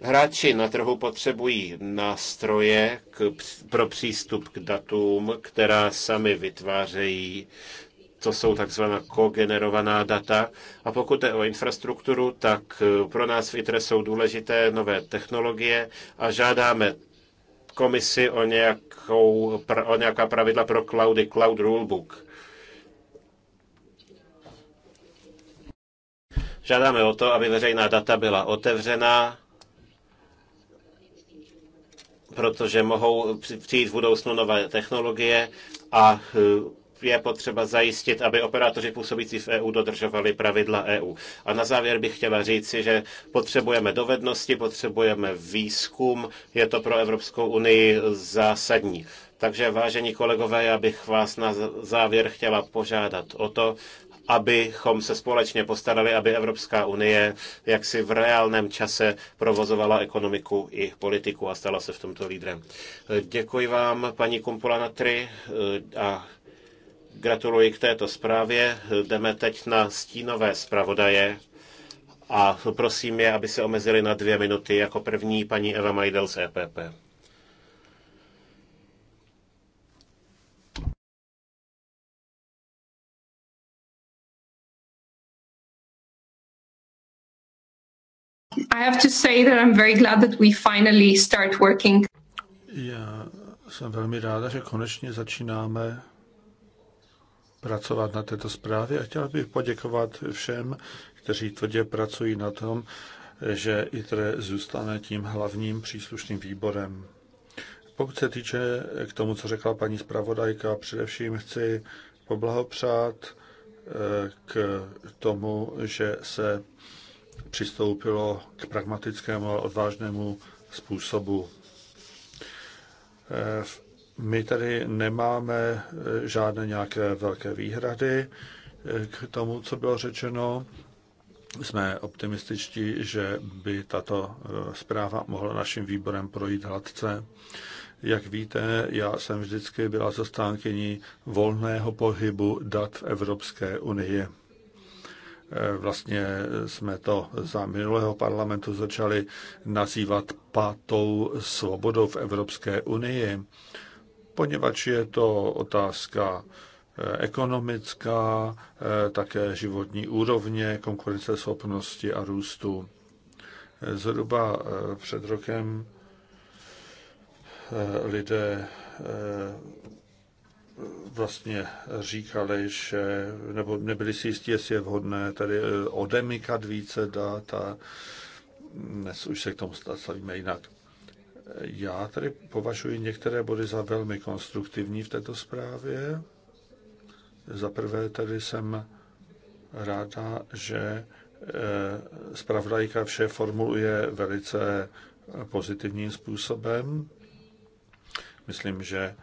Hráči na trhu potřebují nástroje k, pro přístup k datům, která sami vytvářejí. To jsou takzvaná kogenerovaná data. A pokud jde o infrastrukturu, tak eh, pro nás v ITRE jsou důležité nové technologie a žádáme komisi o, nějakou, o nějaká pravidla pro cloudy, cloud rulebook. Žádáme o to, aby veřejná data byla otevřená protože mohou přijít v budoucnu nové technologie a eh, je potřeba zajistit, aby operátoři působící v EU dodržovali pravidla EU. A na závěr bych chtěla říci, že potřebujeme dovednosti, potřebujeme výzkum, je to pro Evropskou unii zásadní. Takže vážení kolegové, já bych vás na závěr chtěla požádat o to, abychom se společně postarali, aby Evropská unie jaksi v reálném čase provozovala ekonomiku i politiku a stala se v tomto lídrem. Děkuji vám, paní Kumpula Natry, a gratuluji k této zprávě. Jdeme teď na stínové zpravodaje a prosím je, aby se omezili na dvě minuty. Jako první paní Eva Majdel z EPP. I have to say that I'm very glad that we finally start working. Já jsem velmi ráda, že konečně začínáme pracovat na této zprávě a chtěl bych poděkovat všem, kteří tvrdě pracují na tom, že ITRE zůstane tím hlavním příslušným výborem. Pokud se týče k tomu, co řekla paní zpravodajka, především chci poblahopřát eh, k tomu, že se přistoupilo k pragmatickému a odvážnému způsobu. Eh, my tady nemáme eh, žádné nějaké velké výhrady eh, k tomu, co bylo řečeno. Jsme optimističtí, že by tato zpráva mohla naším výborem projít hladce. Jak víte, já jsem vždycky byla zastánkyní volného pohybu dat v Evropské unii. Eh, vlastně jsme to za minulého parlamentu začali nazývat pátou svobodou v Evropské unii, poněvadž je to otázka eh, ekonomická, eh, také životní úrovně, konkurenceschopnosti a růstu. Zhruba před rokem lidé vlastně říkali, že nebo nebyli si jistí, jestli je vhodné tady eh, odemykat více dat a dnes už se k tomu stavíme jinak. Já tady považuji některé body za velmi konstruktivní v této zprávě. Za prvé tady jsem ráda, že eh, zpravodajka vše formuluje velice pozitivním způsobem. Myslím, že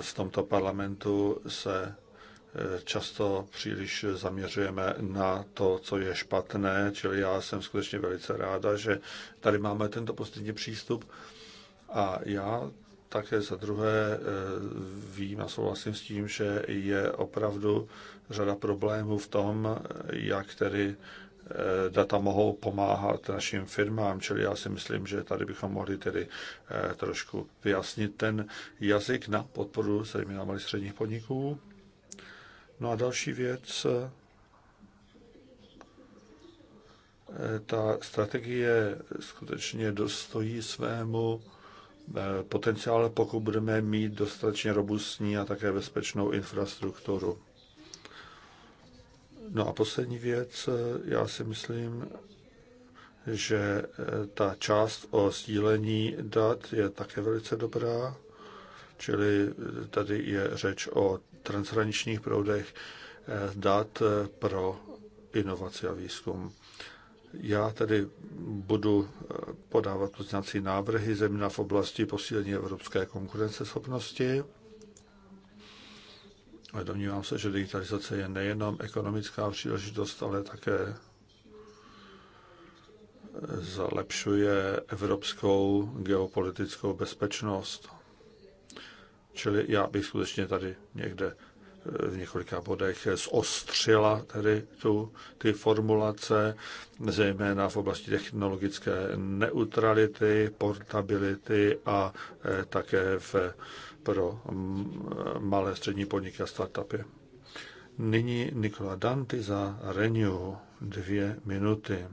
v tomto parlamentu se eh, často příliš zaměřujeme na to, co je špatné, čili já jsem skutečně velice ráda, že tady máme tento pozitivní přístup a já také za druhé eh, vím a souhlasím s tím, že je opravdu řada problémů v tom, eh, jak tedy Eh, data mohou pomáhat našim firmám, čili já si myslím, že tady bychom mohli tedy eh, trošku vyjasnit ten jazyk na podporu zejména malých středních podniků. No a další věc, eh, ta strategie skutečně dostojí svému potenciále, pokud budeme mít dostatečně robustní a také bezpečnou infrastrukturu. No a poslední věc, eh, já si myslím, že eh, ta část o sdílení dat je také velice dobrá, čili eh, tady je řeč o transhraničních proudech dat pro inovaci a výzkum. Já tady budu podávat poznací návrhy, zejména v oblasti posílení evropské konkurenceschopnosti ale domnívám se, že digitalizace je nejenom ekonomická příležitost, ale také zlepšuje evropskou geopolitickou bezpečnost. Čili já bych skutečně tady někde eh, v několika bodech zostřila tedy tu, ty formulace, zejména v oblasti technologické neutrality, portability a eh, také v pro mm, malé střední podniky a startupy. Nyní Nikola Danti za Renew. Dvě minuty.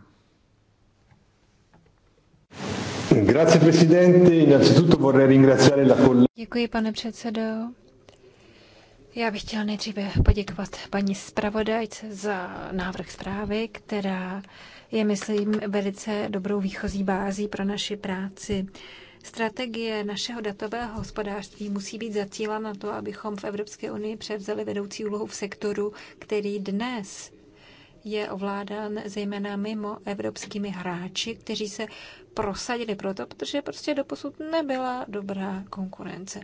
Děkuji pane předsedo. Já bych chtěl nejdříve poděkovat paní zpravodajce za návrh zprávy, která je, myslím, velice dobrou výchozí bází pro naši práci. Strategie našeho datového hospodářství musí být zacílena na to, abychom v Evropské unii převzali vedoucí úlohu v sektoru, který dnes je ovládán zejména mimo evropskými hráči, kteří se prosadili proto, protože prostě doposud nebyla dobrá konkurence.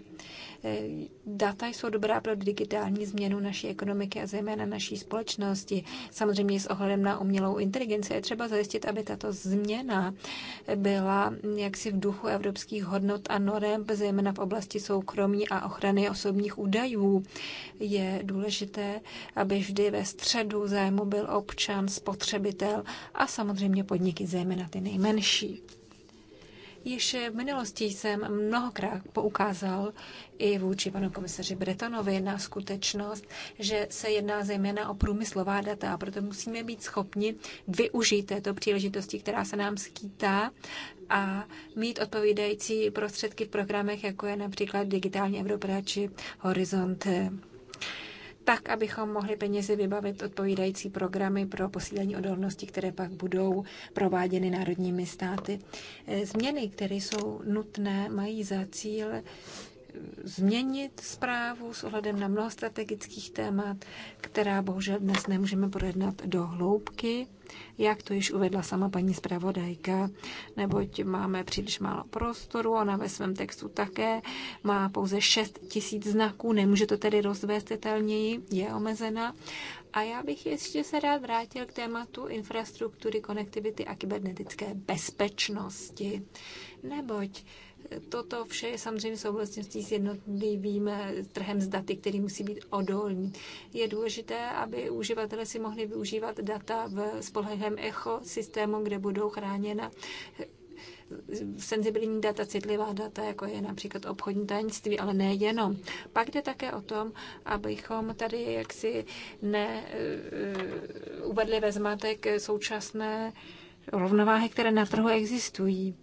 E, data jsou dobrá pro digitální změnu naší ekonomiky a zejména naší společnosti. Samozřejmě s ohledem na umělou inteligenci je třeba zajistit, aby tato změna byla jaksi v duchu evropských hodnot a norem, zejména v oblasti soukromí a ochrany osobních údajů. Je důležité, aby vždy ve středu zájmu byl občan, spotřebitel a samozřejmě podniky, zejména ty nejmenší. Již v minulosti jsem mnohokrát poukázal i vůči panu komisaři Bretonovi na skutečnost, že se jedná zejména o průmyslová data a proto musíme být schopni využít této příležitosti, která se nám skýtá a mít odpovídající prostředky v programech, jako je například Digitální Evropa či Horizont tak, abychom mohli penězi vybavit odpovídající programy pro posílení odolnosti, které pak budou prováděny národními státy. E, změny, které jsou nutné, mají za cíl změnit zprávu s ohledem na mnoho strategických témat, která bohužel dnes nemůžeme projednat do hloubky, jak to již uvedla sama paní zpravodajka, neboť máme příliš málo prostoru, ona ve svém textu také má pouze 6 tisíc znaků, nemůže to tedy rozvést detailněji, je omezena. A já bych ještě se rád vrátil k tématu infrastruktury, konektivity a kybernetické bezpečnosti, neboť Toto vše je samozřejmě souvislostí s jednotlivým eh, trhem s daty, který musí být odolný. Je důležité, aby uživatelé si mohli využívat data v spolehlivém echo systému, kde budou chráněna eh, senzibilní data, citlivá data, jako je například obchodní tajemství, ale nejenom. Pak jde také o tom, abychom tady jaksi neuvedli eh, ve zmatek současné uh, rovnováhy, které na trhu existují.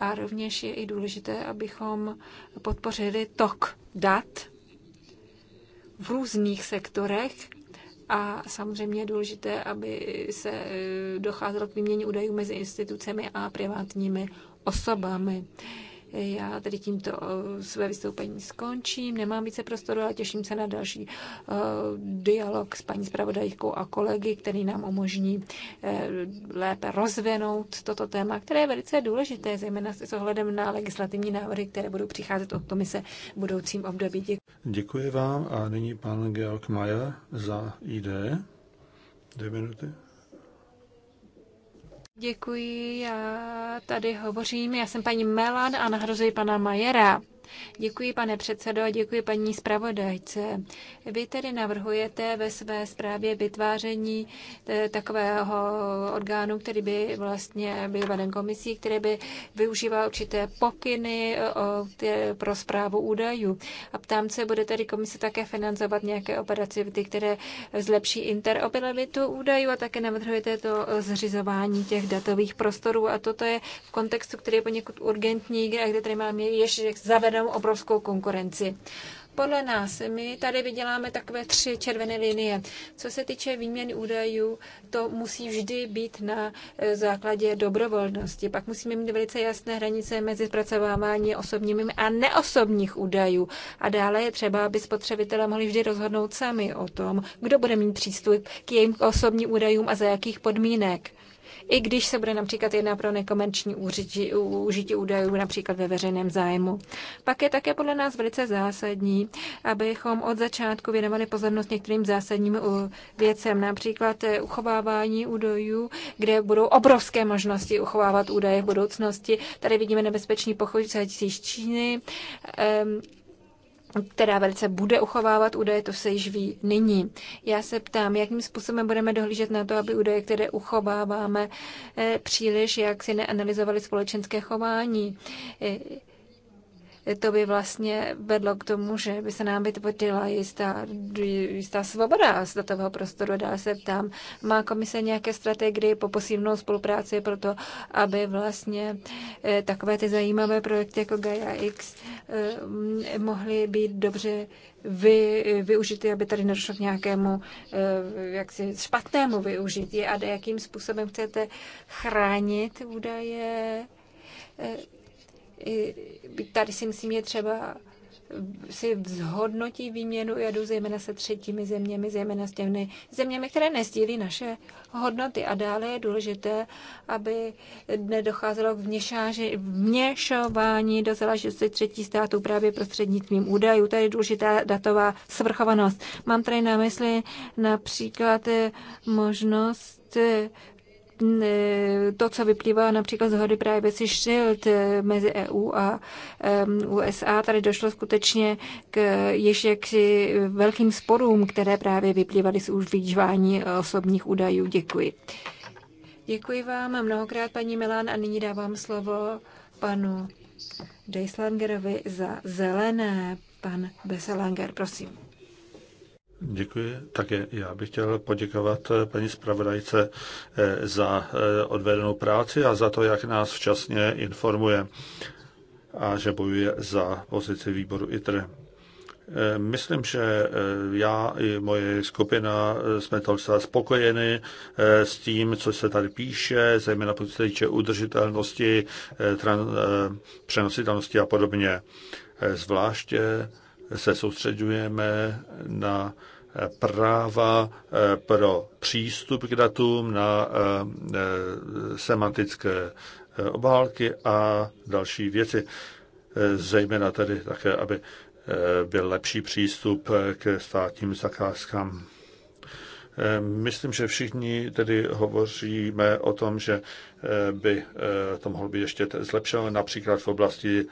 A rovněž je i důležité, abychom podpořili tok dat v různých sektorech a samozřejmě je důležité, aby se e, docházelo k výměně údajů mezi institucemi a privátními osobami. Já tedy tímto eh, své vystoupení skončím, nemám více prostoru a těším se na další eh, dialog s paní zpravodajkou a kolegy, který nám umožní eh, lépe rozvinout toto téma, které je velice důležité, zejména s ohledem na legislativní návrhy, které budou přicházet od komise v budoucím období. Děkuji. Děkuji vám a nyní pan Georg Mayer za ID. Dvě minuty. Děkuji, já tady hovořím, já jsem paní Melan a nahrazuji pana Majera. Děkuji, pane předsedo, děkuji paní zpravodajce. Vy tedy navrhujete ve své zprávě vytváření eh, takového orgánu, který by vlastně byl veden komisí, který by využíval určité pokyny eh, pro zprávu údajů. A ptám se, bude tedy komise také financovat nějaké operativity, které zlepší interoperabilitu údajů a také navrhujete to eh, zřizování těch datových prostorů. A toto je v kontextu, který je poněkud urgentní, kde tady máme ještě zavedenou jenom obrovskou konkurenci. Podle nás my tady vyděláme takové tři červené linie. Co se týče výměny údajů, to musí vždy být na e, základě dobrovolnosti. Pak musíme mít velice jasné hranice mezi zpracovávání osobními a neosobních údajů. A dále je třeba, aby spotřebitelé mohli vždy rozhodnout sami o tom, kdo bude mít přístup k jejím osobním údajům a za jakých podmínek i když se bude například jedná pro nekomerční užití, užití údajů, například ve veřejném zájmu. Pak je také podle nás velice zásadní, abychom od začátku věnovali pozornost některým zásadním uh, věcem, například eh, uchovávání údajů, kde budou obrovské možnosti uchovávat údaje v budoucnosti. Tady vidíme nebezpečný pochod z Číny. Ehm, která velice bude uchovávat údaje, to se již ví nyní. Já se ptám, jakým způsobem budeme dohlížet na to, aby údaje, které uchováváme eh, příliš, jak si neanalizovali společenské chování. Eh, to by vlastně vedlo k tomu, že by se nám vytvořila jistá, jistá svoboda z toho prostoru. Dále se ptám, má komise nějaké strategie po posílnou spolupráci pro to, aby vlastně eh, takové ty zajímavé projekty jako Gaia X eh, mohly být dobře vy, využity, aby tady nedošlo k nějakému eh, jaksi špatnému využití a jakým způsobem chcete chránit údaje tady si myslím, je třeba si vzhodnotí výměnu jadu zejména se třetími zeměmi, zejména s těmi zeměmi, které nestílí naše hodnoty. A dále je důležité, aby nedocházelo k vněšování do záležitosti třetí států právě prostřednictvím údajů. Tady je důležitá datová svrchovanost. Mám tady na mysli například eh, možnost eh, to, co vyplývá například z hody Privacy Shield mezi EU a USA, tady došlo skutečně k ještě k velkým sporům, které právě vyplývaly z užívání osobních údajů. Děkuji. Děkuji vám mnohokrát, paní Milán, a nyní dávám slovo panu Deislangerovi za zelené. Pan Beselanger, prosím. Děkuji. Také já bych chtěl poděkovat eh, paní zpravodajce eh, za eh, odvedenou práci a za to, jak nás včasně informuje a že bojuje za pozici výboru ITR. Myslím, že já i moje skupina jsme to spokojeni s tím, co se tady píše, zejména pokud se týče udržitelnosti, přenositelnosti a podobně. Zvláště se soustředujeme na eh, práva eh, pro přístup k datům, na eh, semantické obálky a další věci. Zejména tedy také, aby byl lepší přístup k státním zakázkám. Ehm, myslím, že všichni tedy hovoříme o tom, že eh, by eh, to mohlo být ještě zlepšeno, například v oblasti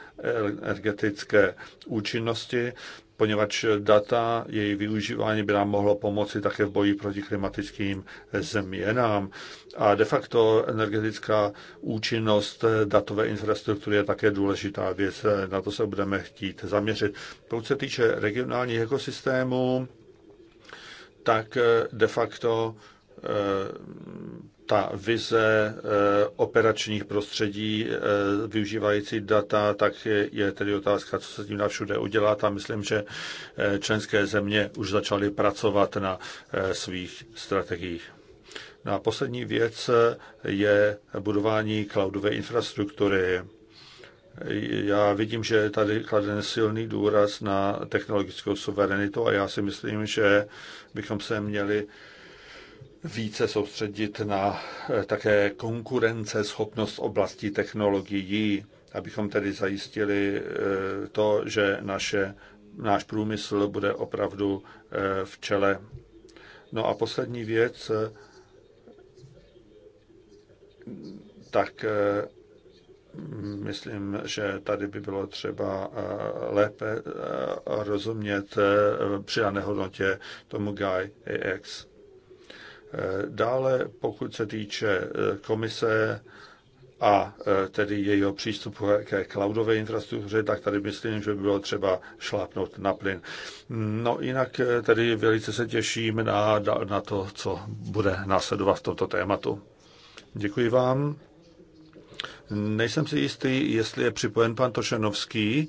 energetické účinnosti, poněvadž data, její využívání by nám mohlo pomoci také v boji proti klimatickým eh, změnám. A de facto energetická účinnost datové infrastruktury je také důležitá věc, na to se budeme chtít zaměřit. Pokud se týče regionálních ekosystémů, tak eh, de facto eh, ta vize eh, operačních prostředí využívající data, tak je tedy otázka, co se tím dá všude udělá. a myslím, že členské země už začaly pracovat na svých strategiích. No a poslední věc je budování cloudové infrastruktury já vidím, že je tady kladen silný důraz na technologickou suverenitu a já si myslím, že bychom se měli více soustředit na eh, také konkurenceschopnost oblasti technologií, abychom tedy zajistili eh, to, že naše, náš průmysl bude opravdu eh, v čele. No a poslední věc, tak myslím, že tady by bylo třeba eh, lépe eh, rozumět eh, přidané hodnotě tomu Guy AX. Dále, pokud se týče komise a tedy jejího přístupu ke cloudové infrastruktuře, tak tady myslím, že by bylo třeba šlápnout na plyn. No jinak tedy velice se těším na, na to, co bude následovat v tomto tématu. Děkuji vám. Nejsem si jistý, jestli je připojen pan Tošenovský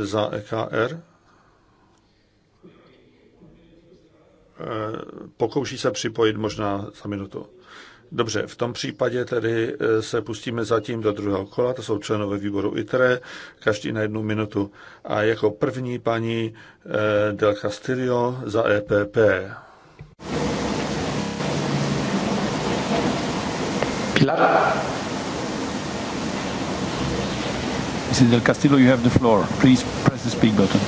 eh, za EKR. Eh, pokouší se připojit možná za minutu. Dobře, v tom případě tedy eh, se pustíme zatím do druhého kola, to jsou členové výboru ITRE, každý na jednu minutu. A jako první paní Del Castillo za EPP. Pilar. Mr. Del Castillo, you have the floor. Please press the speak button.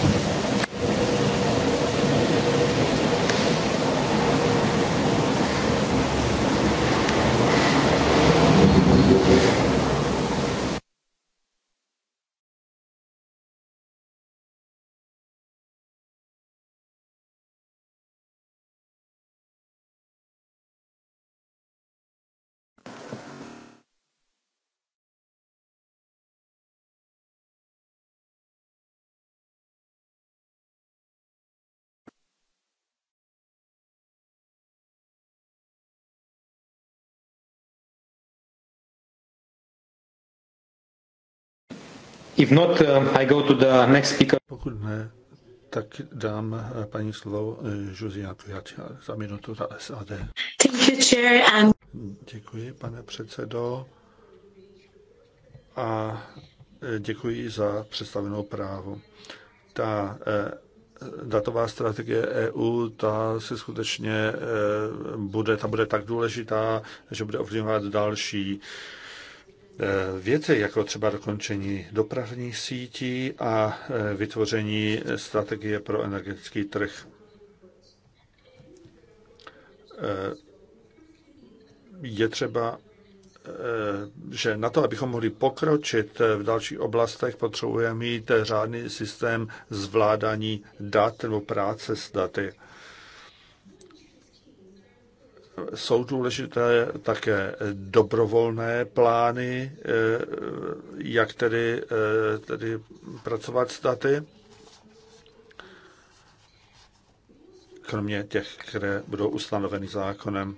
If not, uh, I go to the next speaker. Pokud ne, tak dám eh, paní slovo eh, Josiane Kujat za minutu za SAD. Thank you, chair, and... Děkuji, pane předsedo. A eh, děkuji za představenou právu. Ta datová strategie EU, ta se skutečně bude, ta bude tak důležitá, že bude ovlivňovat další Eh, věci jako třeba dokončení dopravních sítí a eh, vytvoření strategie pro energetický trh. Eh, je třeba, že na to, abychom mohli pokročit v dalších oblastech, potřebujeme mít řádný systém zvládání dat nebo práce s daty. Jsou důležité také dobrovolné plány, eh, jak tedy, eh, tedy pracovat s daty, kromě těch, které budou ustanoveny zákonem.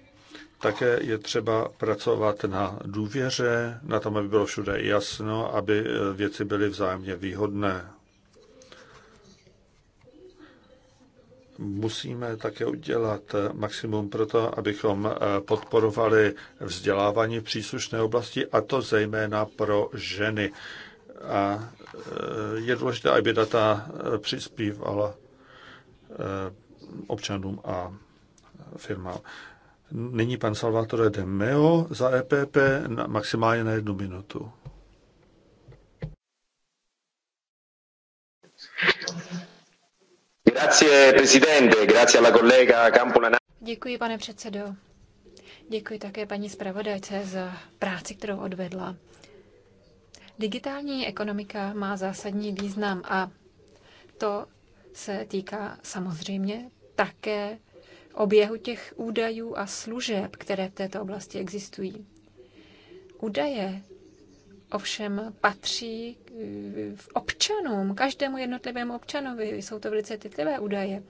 Také je třeba pracovat na důvěře, na tom, aby bylo všude jasno, aby eh, věci byly vzájemně výhodné. musíme také udělat maximum pro to, abychom eh, podporovali vzdělávání v příslušné oblasti, a to zejména pro ženy. A eh, je důležité, aby data eh, přispívala občanům a firmám. Nyní pan Salvatore de Meo za EPP maximálně na jednu minutu. Děkuji, pane předsedo. Děkuji také paní zpravodajce za práci, kterou odvedla. Digitální ekonomika má zásadní význam a to se týká samozřejmě také oběhu těch údajů a služeb, které v této oblasti existují. Údaje ovšem patří eh, občanům, každému jednotlivému občanovi. Jsou to velice citlivé údaje.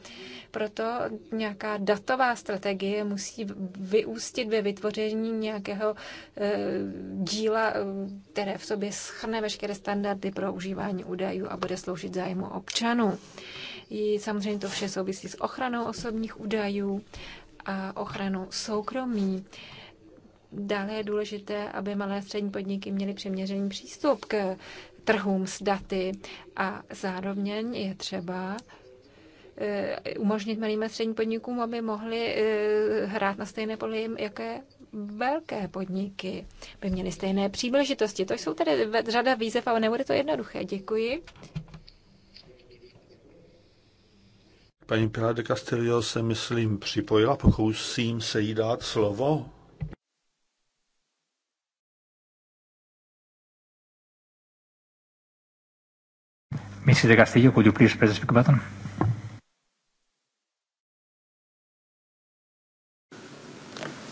Proto nějaká datová strategie musí vyústit ve vytvoření nějakého eh, díla, eh, které v sobě schrne veškeré standardy pro užívání údajů a bude sloužit zájmu občanů. I samozřejmě to vše souvisí s ochranou osobních údajů a ochranou soukromí. Dále je důležité, aby malé a střední podniky měly přeměřený přístup k trhům s daty a zároveň je třeba eh, umožnit malým a středním podnikům, aby mohli eh, hrát na stejné poli, jaké velké podniky by měly stejné příležitosti. To jsou tedy řada výzev, ale nebude to jednoduché. Děkuji. Paní Pilar de Castillo se, myslím, připojila, pokusím se jí dát slovo. Mr. de Castillo, could you please press the speaker button?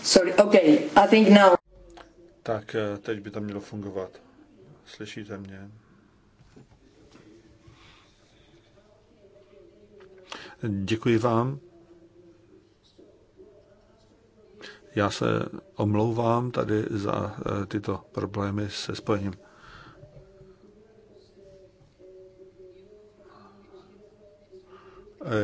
Sorry, okay, I think now. Tak eh, teď by to mělo fungovat. Slyšíte mě? Děkuji vám. Já se omlouvám tady za eh, tyto problémy se spojením.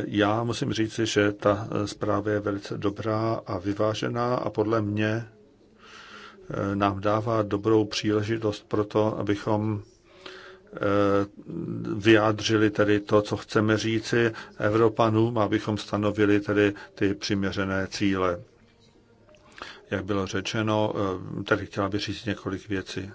Já musím říci, že ta zpráva je velice dobrá a vyvážená a podle mě eh, nám dává dobrou příležitost pro to, abychom eh, vyjádřili tedy to, co chceme říci Evropanům, abychom stanovili tedy ty přiměřené cíle. Jak bylo řečeno, eh, tady chtěla bych říct několik věcí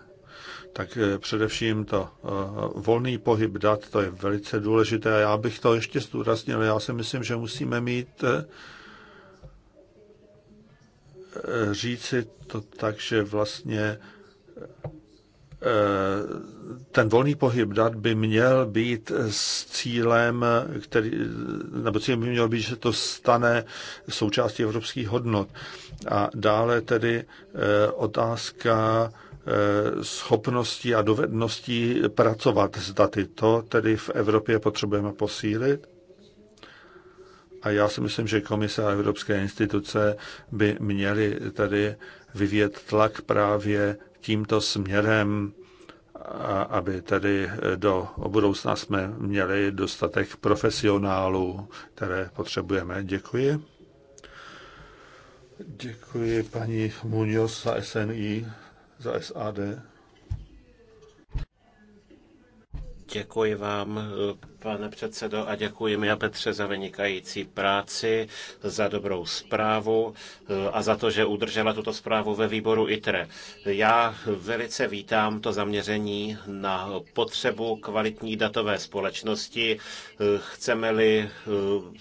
tak eh, především to eh, volný pohyb dat, to je velice důležité. Já bych to ještě zdůraznil. Já si myslím, že musíme mít eh, říci to tak, že vlastně ten volný pohyb dat by měl být s cílem, který, nebo cílem by měl být, že to stane součástí evropských hodnot. A dále tedy otázka Eh, schopností a dovedností pracovat s daty. To tedy v Evropě potřebujeme posílit. A já si myslím, že komise a evropské instituce by měly tady vyvíjet tlak právě tímto směrem, aby tedy do budoucna jsme měli dostatek profesionálů, které potřebujeme. Děkuji. Děkuji paní Munoz za SNI za SAD. Děkuji vám, pane předsedo, a děkuji mi a Petře za vynikající práci, za dobrou zprávu a za to, že udržela tuto zprávu ve výboru ITRE. Já velice vítám to zaměření na potřebu kvalitní datové společnosti. Chceme-li eh,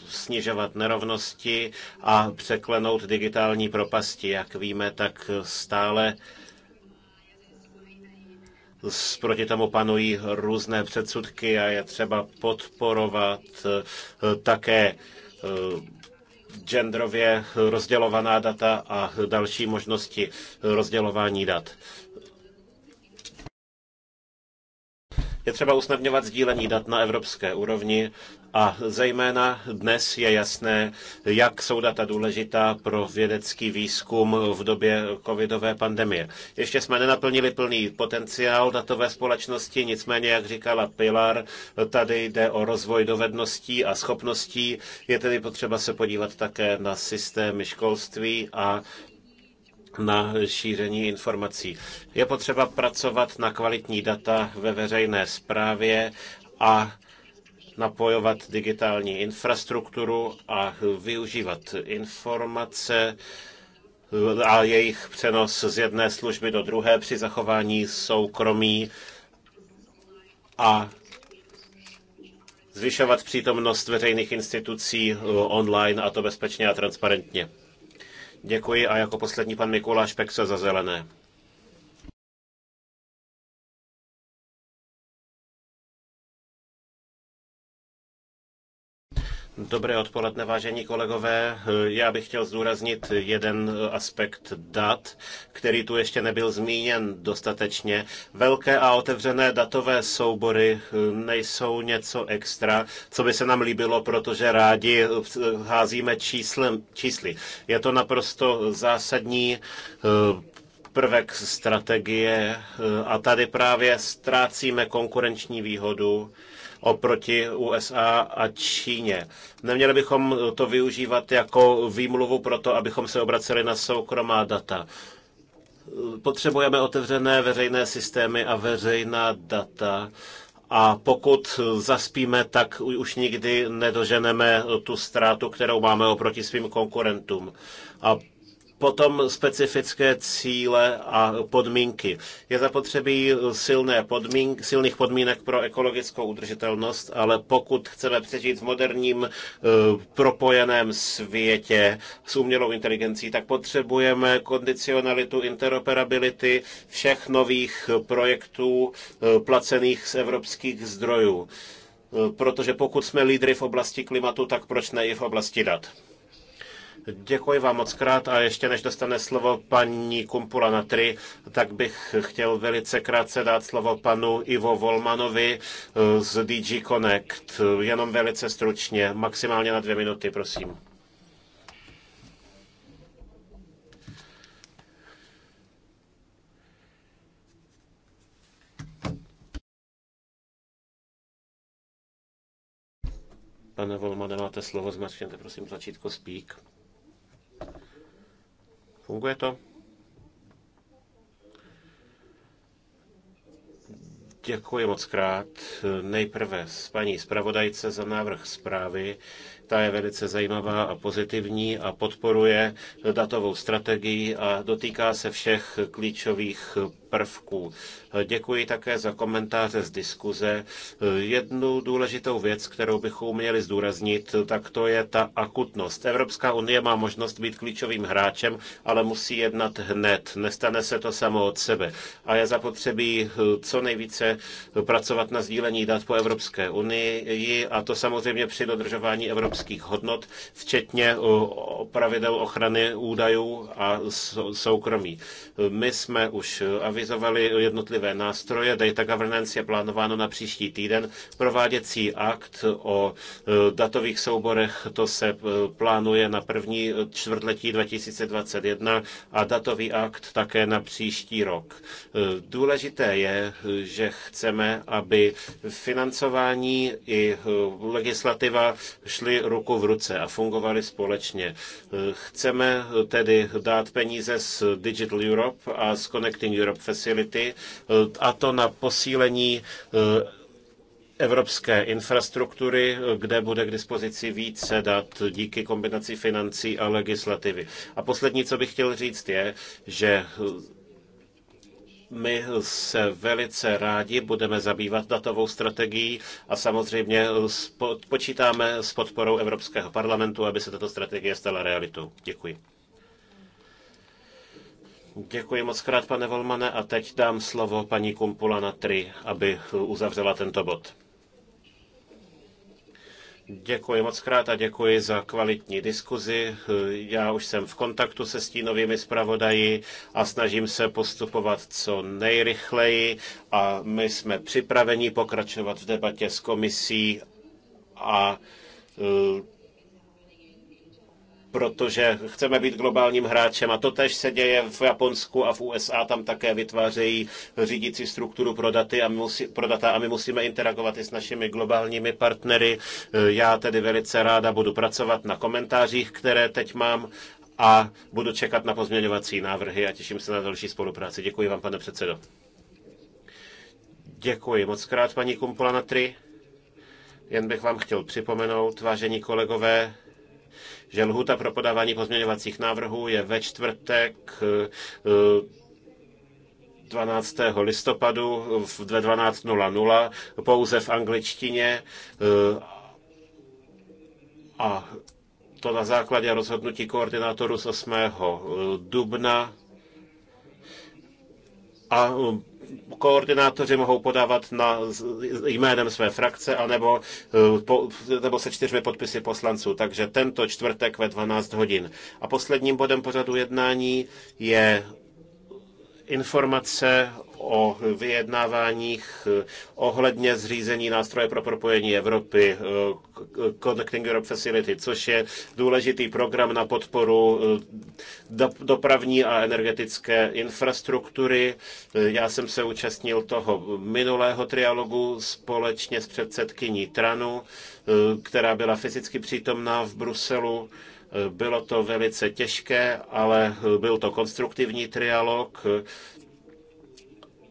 snižovat nerovnosti a překlenout digitální propasti, jak víme, tak stále proti tomu panují různé předsudky a je třeba podporovat eh, také eh, genderově rozdělovaná data a další možnosti rozdělování dat. Je třeba usnadňovat sdílení dat na evropské úrovni a zejména dnes je jasné, jak jsou data důležitá pro vědecký výzkum v době covidové pandemie. Ještě jsme nenaplnili plný potenciál datové společnosti, nicméně, jak říkala Pilar, tady jde o rozvoj dovedností a schopností. Je tedy potřeba se podívat také na systémy školství a na šíření informací. Je potřeba pracovat na kvalitní data ve veřejné správě a napojovat digitální infrastrukturu a využívat informace a jejich přenos z jedné služby do druhé při zachování soukromí a zvyšovat přítomnost veřejných institucí online a to bezpečně a transparentně. Děkuji a jako poslední pan Mikuláš Peksa za zelené. Dobré odpoledne, vážení kolegové. Já bych chtěl zdůraznit jeden aspekt dat, který tu ještě nebyl zmíněn dostatečně. Velké a otevřené datové soubory eh, nejsou něco extra, co by se nám líbilo, protože rádi eh, házíme číslem, čísly. Je to naprosto zásadní eh, prvek strategie a tady právě ztrácíme konkurenční výhodu oproti USA a Číně. Neměli bychom to využívat jako výmluvu pro to, abychom se obraceli na soukromá data. Potřebujeme otevřené veřejné systémy a veřejná data. A pokud zaspíme, tak už nikdy nedoženeme tu ztrátu, kterou máme oproti svým konkurentům. A Potom specifické cíle a podmínky. Je zapotřebí silné podmínk, silných podmínek pro ekologickou udržitelnost, ale pokud chceme přežít v moderním e, propojeném světě s umělou inteligencí, tak potřebujeme kondicionalitu, interoperability všech nových projektů e, placených z evropských zdrojů. E, protože pokud jsme lídry v oblasti klimatu, tak proč ne i v oblasti dat? Děkuji vám moc krát a ještě než dostane slovo paní Kumpula na tri, tak bych chtěl velice krátce dát slovo panu Ivo Volmanovi eh, z DG Connect. Jenom velice stručně, maximálně na dvě minuty, prosím. Pane Volmane, máte slovo, zmačněte prosím tlačítko Speak. Funguje to? Děkuji moc krát. Nejprve s paní zpravodajce za návrh zprávy. Ta je velice zajímavá a pozitivní a podporuje datovou strategii a dotýká se všech klíčových prvků. Děkuji také za komentáře z diskuze. Jednu důležitou věc, kterou bychom měli zdůraznit, tak to je ta akutnost. Evropská unie má možnost být klíčovým hráčem, ale musí jednat hned. Nestane se to samo od sebe. A je zapotřebí eh, co nejvíce pracovat na sdílení dat po Evropské unii a to samozřejmě při dodržování evropských hodnot, včetně eh, pravidel ochrany údajů a soukromí. My jsme už eh, avizovali, analyzovali jednotlivé nástroje. Data governance je plánováno na příští týden. Prováděcí akt o e, datových souborech, to se e, plánuje na první čtvrtletí 2021 a datový akt také na příští rok. E, důležité je, že chceme, aby financování i legislativa šly ruku v ruce a fungovaly společně. Chceme tedy dát peníze z Digital Europe a z Connecting Europe Facility, eh, a to na posílení eh, evropské infrastruktury, eh, kde bude k dispozici více dat díky kombinaci financí a legislativy. A poslední, co bych chtěl říct, je, že my se velice rádi budeme zabývat datovou strategií a samozřejmě počítáme s podporou Evropského parlamentu, aby se tato strategie stala realitou. Děkuji. Děkuji moc krát, pane Volmane, a teď dám slovo paní Kumpula na tri, aby uzavřela tento bod. Děkuji moc krát a děkuji za kvalitní diskuzi. Já už jsem v kontaktu se stínovými zpravodaji a snažím se postupovat co nejrychleji a my jsme připraveni pokračovat v debatě s komisí a e, protože chceme být globálním hráčem a to tež se děje v Japonsku a v USA, tam také vytvářejí řídící strukturu pro, daty a musí, pro data a my musíme interagovat i s našimi globálními partnery. Já tedy velice ráda budu pracovat na komentářích, které teď mám a budu čekat na pozměňovací návrhy a těším se na další spolupráci. Děkuji vám, pane předsedo. Děkuji moc krát, paní Kumpula Jen bych vám chtěl připomenout, vážení kolegové, že lhuta pro podávání pozměňovacích návrhů je ve čtvrtek 12. Eh, listopadu v 12.00 pouze v angličtině eh, a to na základě rozhodnutí koordinátoru z 8. Eh, dubna a um, koordinátoři mohou podávat na jménem své frakce anebo uh, po, nebo se čtyřmi podpisy poslanců. Takže tento čtvrtek ve 12 hodin. A posledním bodem pořadu jednání je informace o vyjednáváních eh, ohledně zřízení nástroje pro propojení Evropy, eh, Connecting Europe Facility, což je důležitý program na podporu eh, dopravní a energetické infrastruktury. Já jsem se účastnil toho minulého trialogu společně s předsedkyní Tranu, která byla fyzicky přítomná v Bruselu. Bylo to velice těžké, ale byl to konstruktivní trialog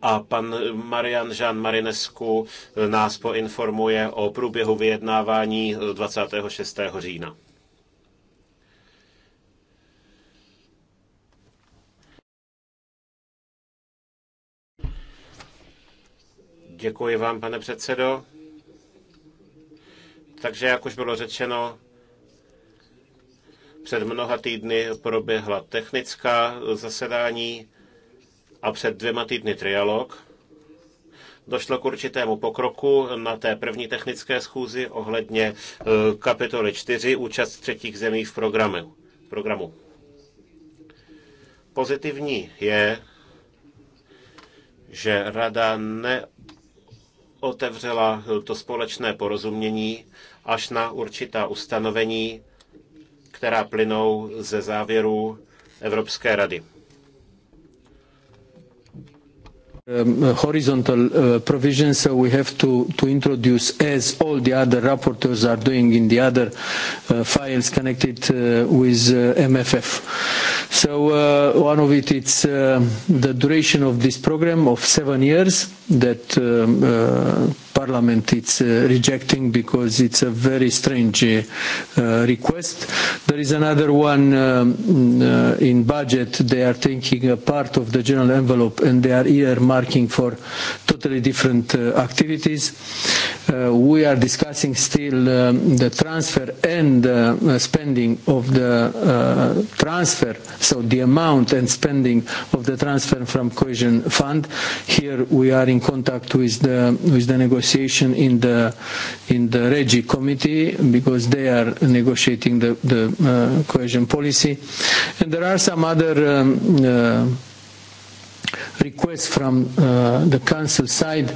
a pan Marian Jean Marinescu nás poinformuje o průběhu vyjednávání 26. října. Děkuji vám, pane předsedo. Takže, jak už bylo řečeno, před mnoha týdny proběhla technická zasedání a před dvěma týdny trialog. Došlo k určitému pokroku na té první technické schůzi ohledně e, kapitoly 4 účast třetích zemí v programu. programu. Pozitivní je, že rada neotevřela to společné porozumění až na určitá ustanovení, která plynou ze závěrů Evropské rady. Um, horizontal uh, provisions so we have to, to introduce, as all the other rapporteurs are doing in the other uh, files connected uh, with uh, MFF. So uh, one of it, it's uh, the duration of this program of seven years that um, uh, Parliament is uh, rejecting because it's a very strange uh, request. There is another one um, uh, in budget. They are taking a part of the general envelope and they are earmarking for totally different uh, activities. Uh, we are discussing still um, the transfer and uh, spending of the uh, transfer, so the amount and spending of the transfer from cohesion fund. Here we are in contact with the with the negotiation in the in the Regi committee because they are negotiating the the uh, cohesion policy, and there are some other. Um, uh, request from uh, the council side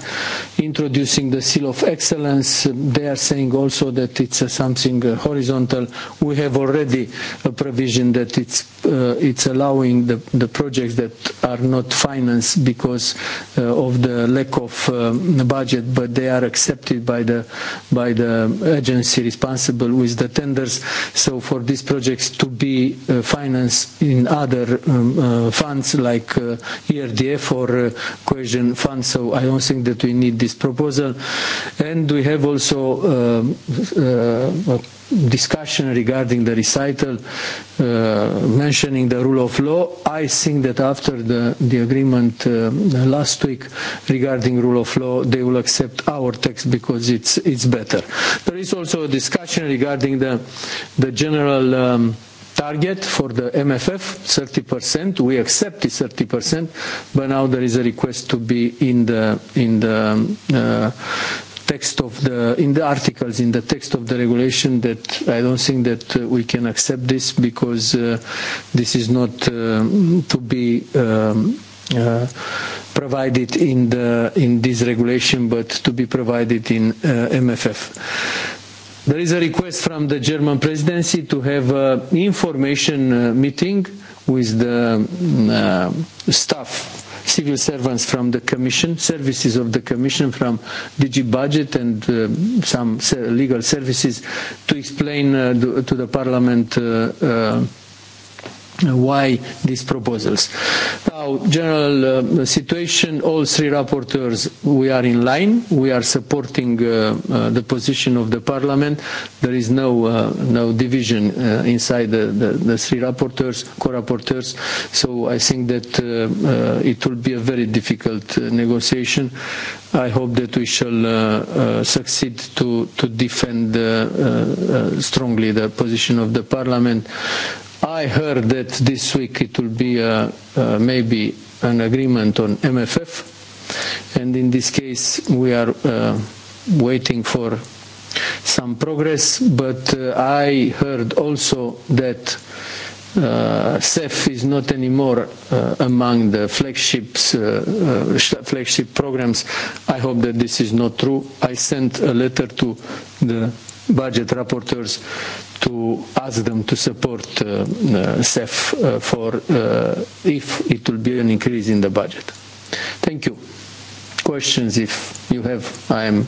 introducing the seal of excellence. They are saying also that it's uh, something uh, horizontal. We have already a provision that it's uh, it's allowing the, the projects that are not financed because uh, of the lack of um, the budget, but they are accepted by the by the agency responsible with the tenders. So for these projects to be uh, financed in other um, uh, funds like uh, ERDF For uh, cohesion fund. So I don't think that we need this proposal. And we have also uh, uh discussion regarding the recital uh, mentioning the rule of law. I think that after the, the agreement uh, last week regarding rule of law, they will accept our text because it's it's better. There is also a discussion regarding the the general. Um, target for the MFF, 30%. We accept the 30%, but now there is a request to be in the in the uh, text of the in the articles in the text of the regulation that I don't think that uh, we can accept this because uh, this is not uh, to be um, uh, provided in the in this regulation but to be provided in uh, MFF There is a request from the German presidency to have an information uh, meeting with the um, uh, staff civil servants from the commission, services of the commission from DG budget and uh, some legal services to explain uh, to the parliament uh, uh, why these proposals. Now, general uh, situation, all three rapporteurs, we are in line. We are supporting uh, uh, the position of the parliament. There is no uh, no division uh, inside the, the, the three rapporteurs, co-rapporteurs. So I think that uh, uh, it will be a very difficult uh, negotiation. I hope that we shall uh, uh, succeed to, to defend uh, uh, uh strongly the position of the parliament i heard that this week it will be a, uh, uh, maybe an agreement on MFF, and in this case we are uh, waiting for some progress. But uh, I heard also that uh, CEF is not anymore uh, among the flagships, uh, uh, flagship programs. I hope that this is not true. I sent a letter to the budget rapporteurs to ask them to support uh, CEF uh, uh, for uh, if it will be an increase in the budget. Thank you. Questions, if you have, I am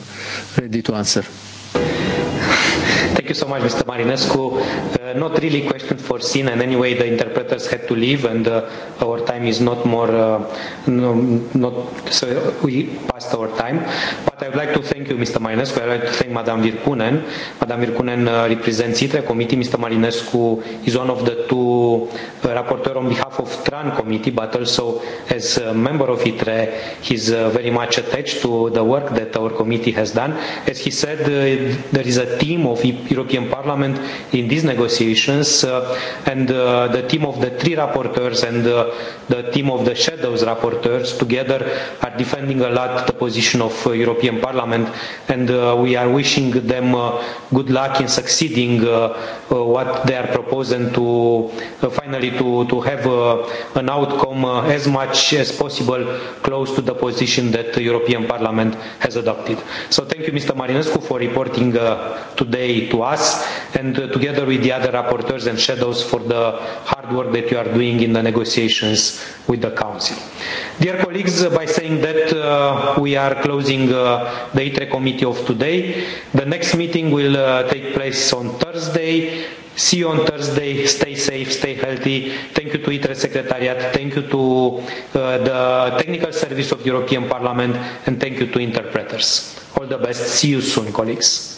ready to answer. Thank you so much, Mr. Marinescu. Uh, not really question foreseen, and anyway, the interpreters had to leave, and uh, our time is not more, uh, no, not so we passed our time. But I would like to thank you, Mr. Marinescu. I would like to thank Madame Virkunen. Madame Virkunen uh, represents ITRE committee. Mr. Marinescu is one of the two uh, rapporteurs on behalf of TRAN committee, but also as a member of ITRE, he's uh, very much attached to the work that our committee has done. As he said. Uh, there is a team of e- European Parliament in these negotiations, uh, and uh, the team of the three rapporteurs and uh, the team of the shadows rapporteurs together are defending a lot the position of uh, European Parliament, and uh, we are wishing them uh, good luck in succeeding uh, uh, what they are proposing to uh, finally to to have uh, an outcome uh, as much as possible close to the position that the European Parliament has adopted. So thank you, Mr. Marinescu, for reporting reporting uh, today to us and uh, together with the other rapporteurs and shadows for the hard work that you are doing in the negotiations with the Council. Dear colleagues, by saying that, uh, we are closing uh, the ITRE committee of today. The next meeting will uh, take place on Thursday. See you on Thursday. Stay safe, stay healthy. Thank you to ITRE Secretariat. Thank you to uh, the Technical Service of the European Parliament. And thank you to interpreters. All the best. See you soon, colleagues.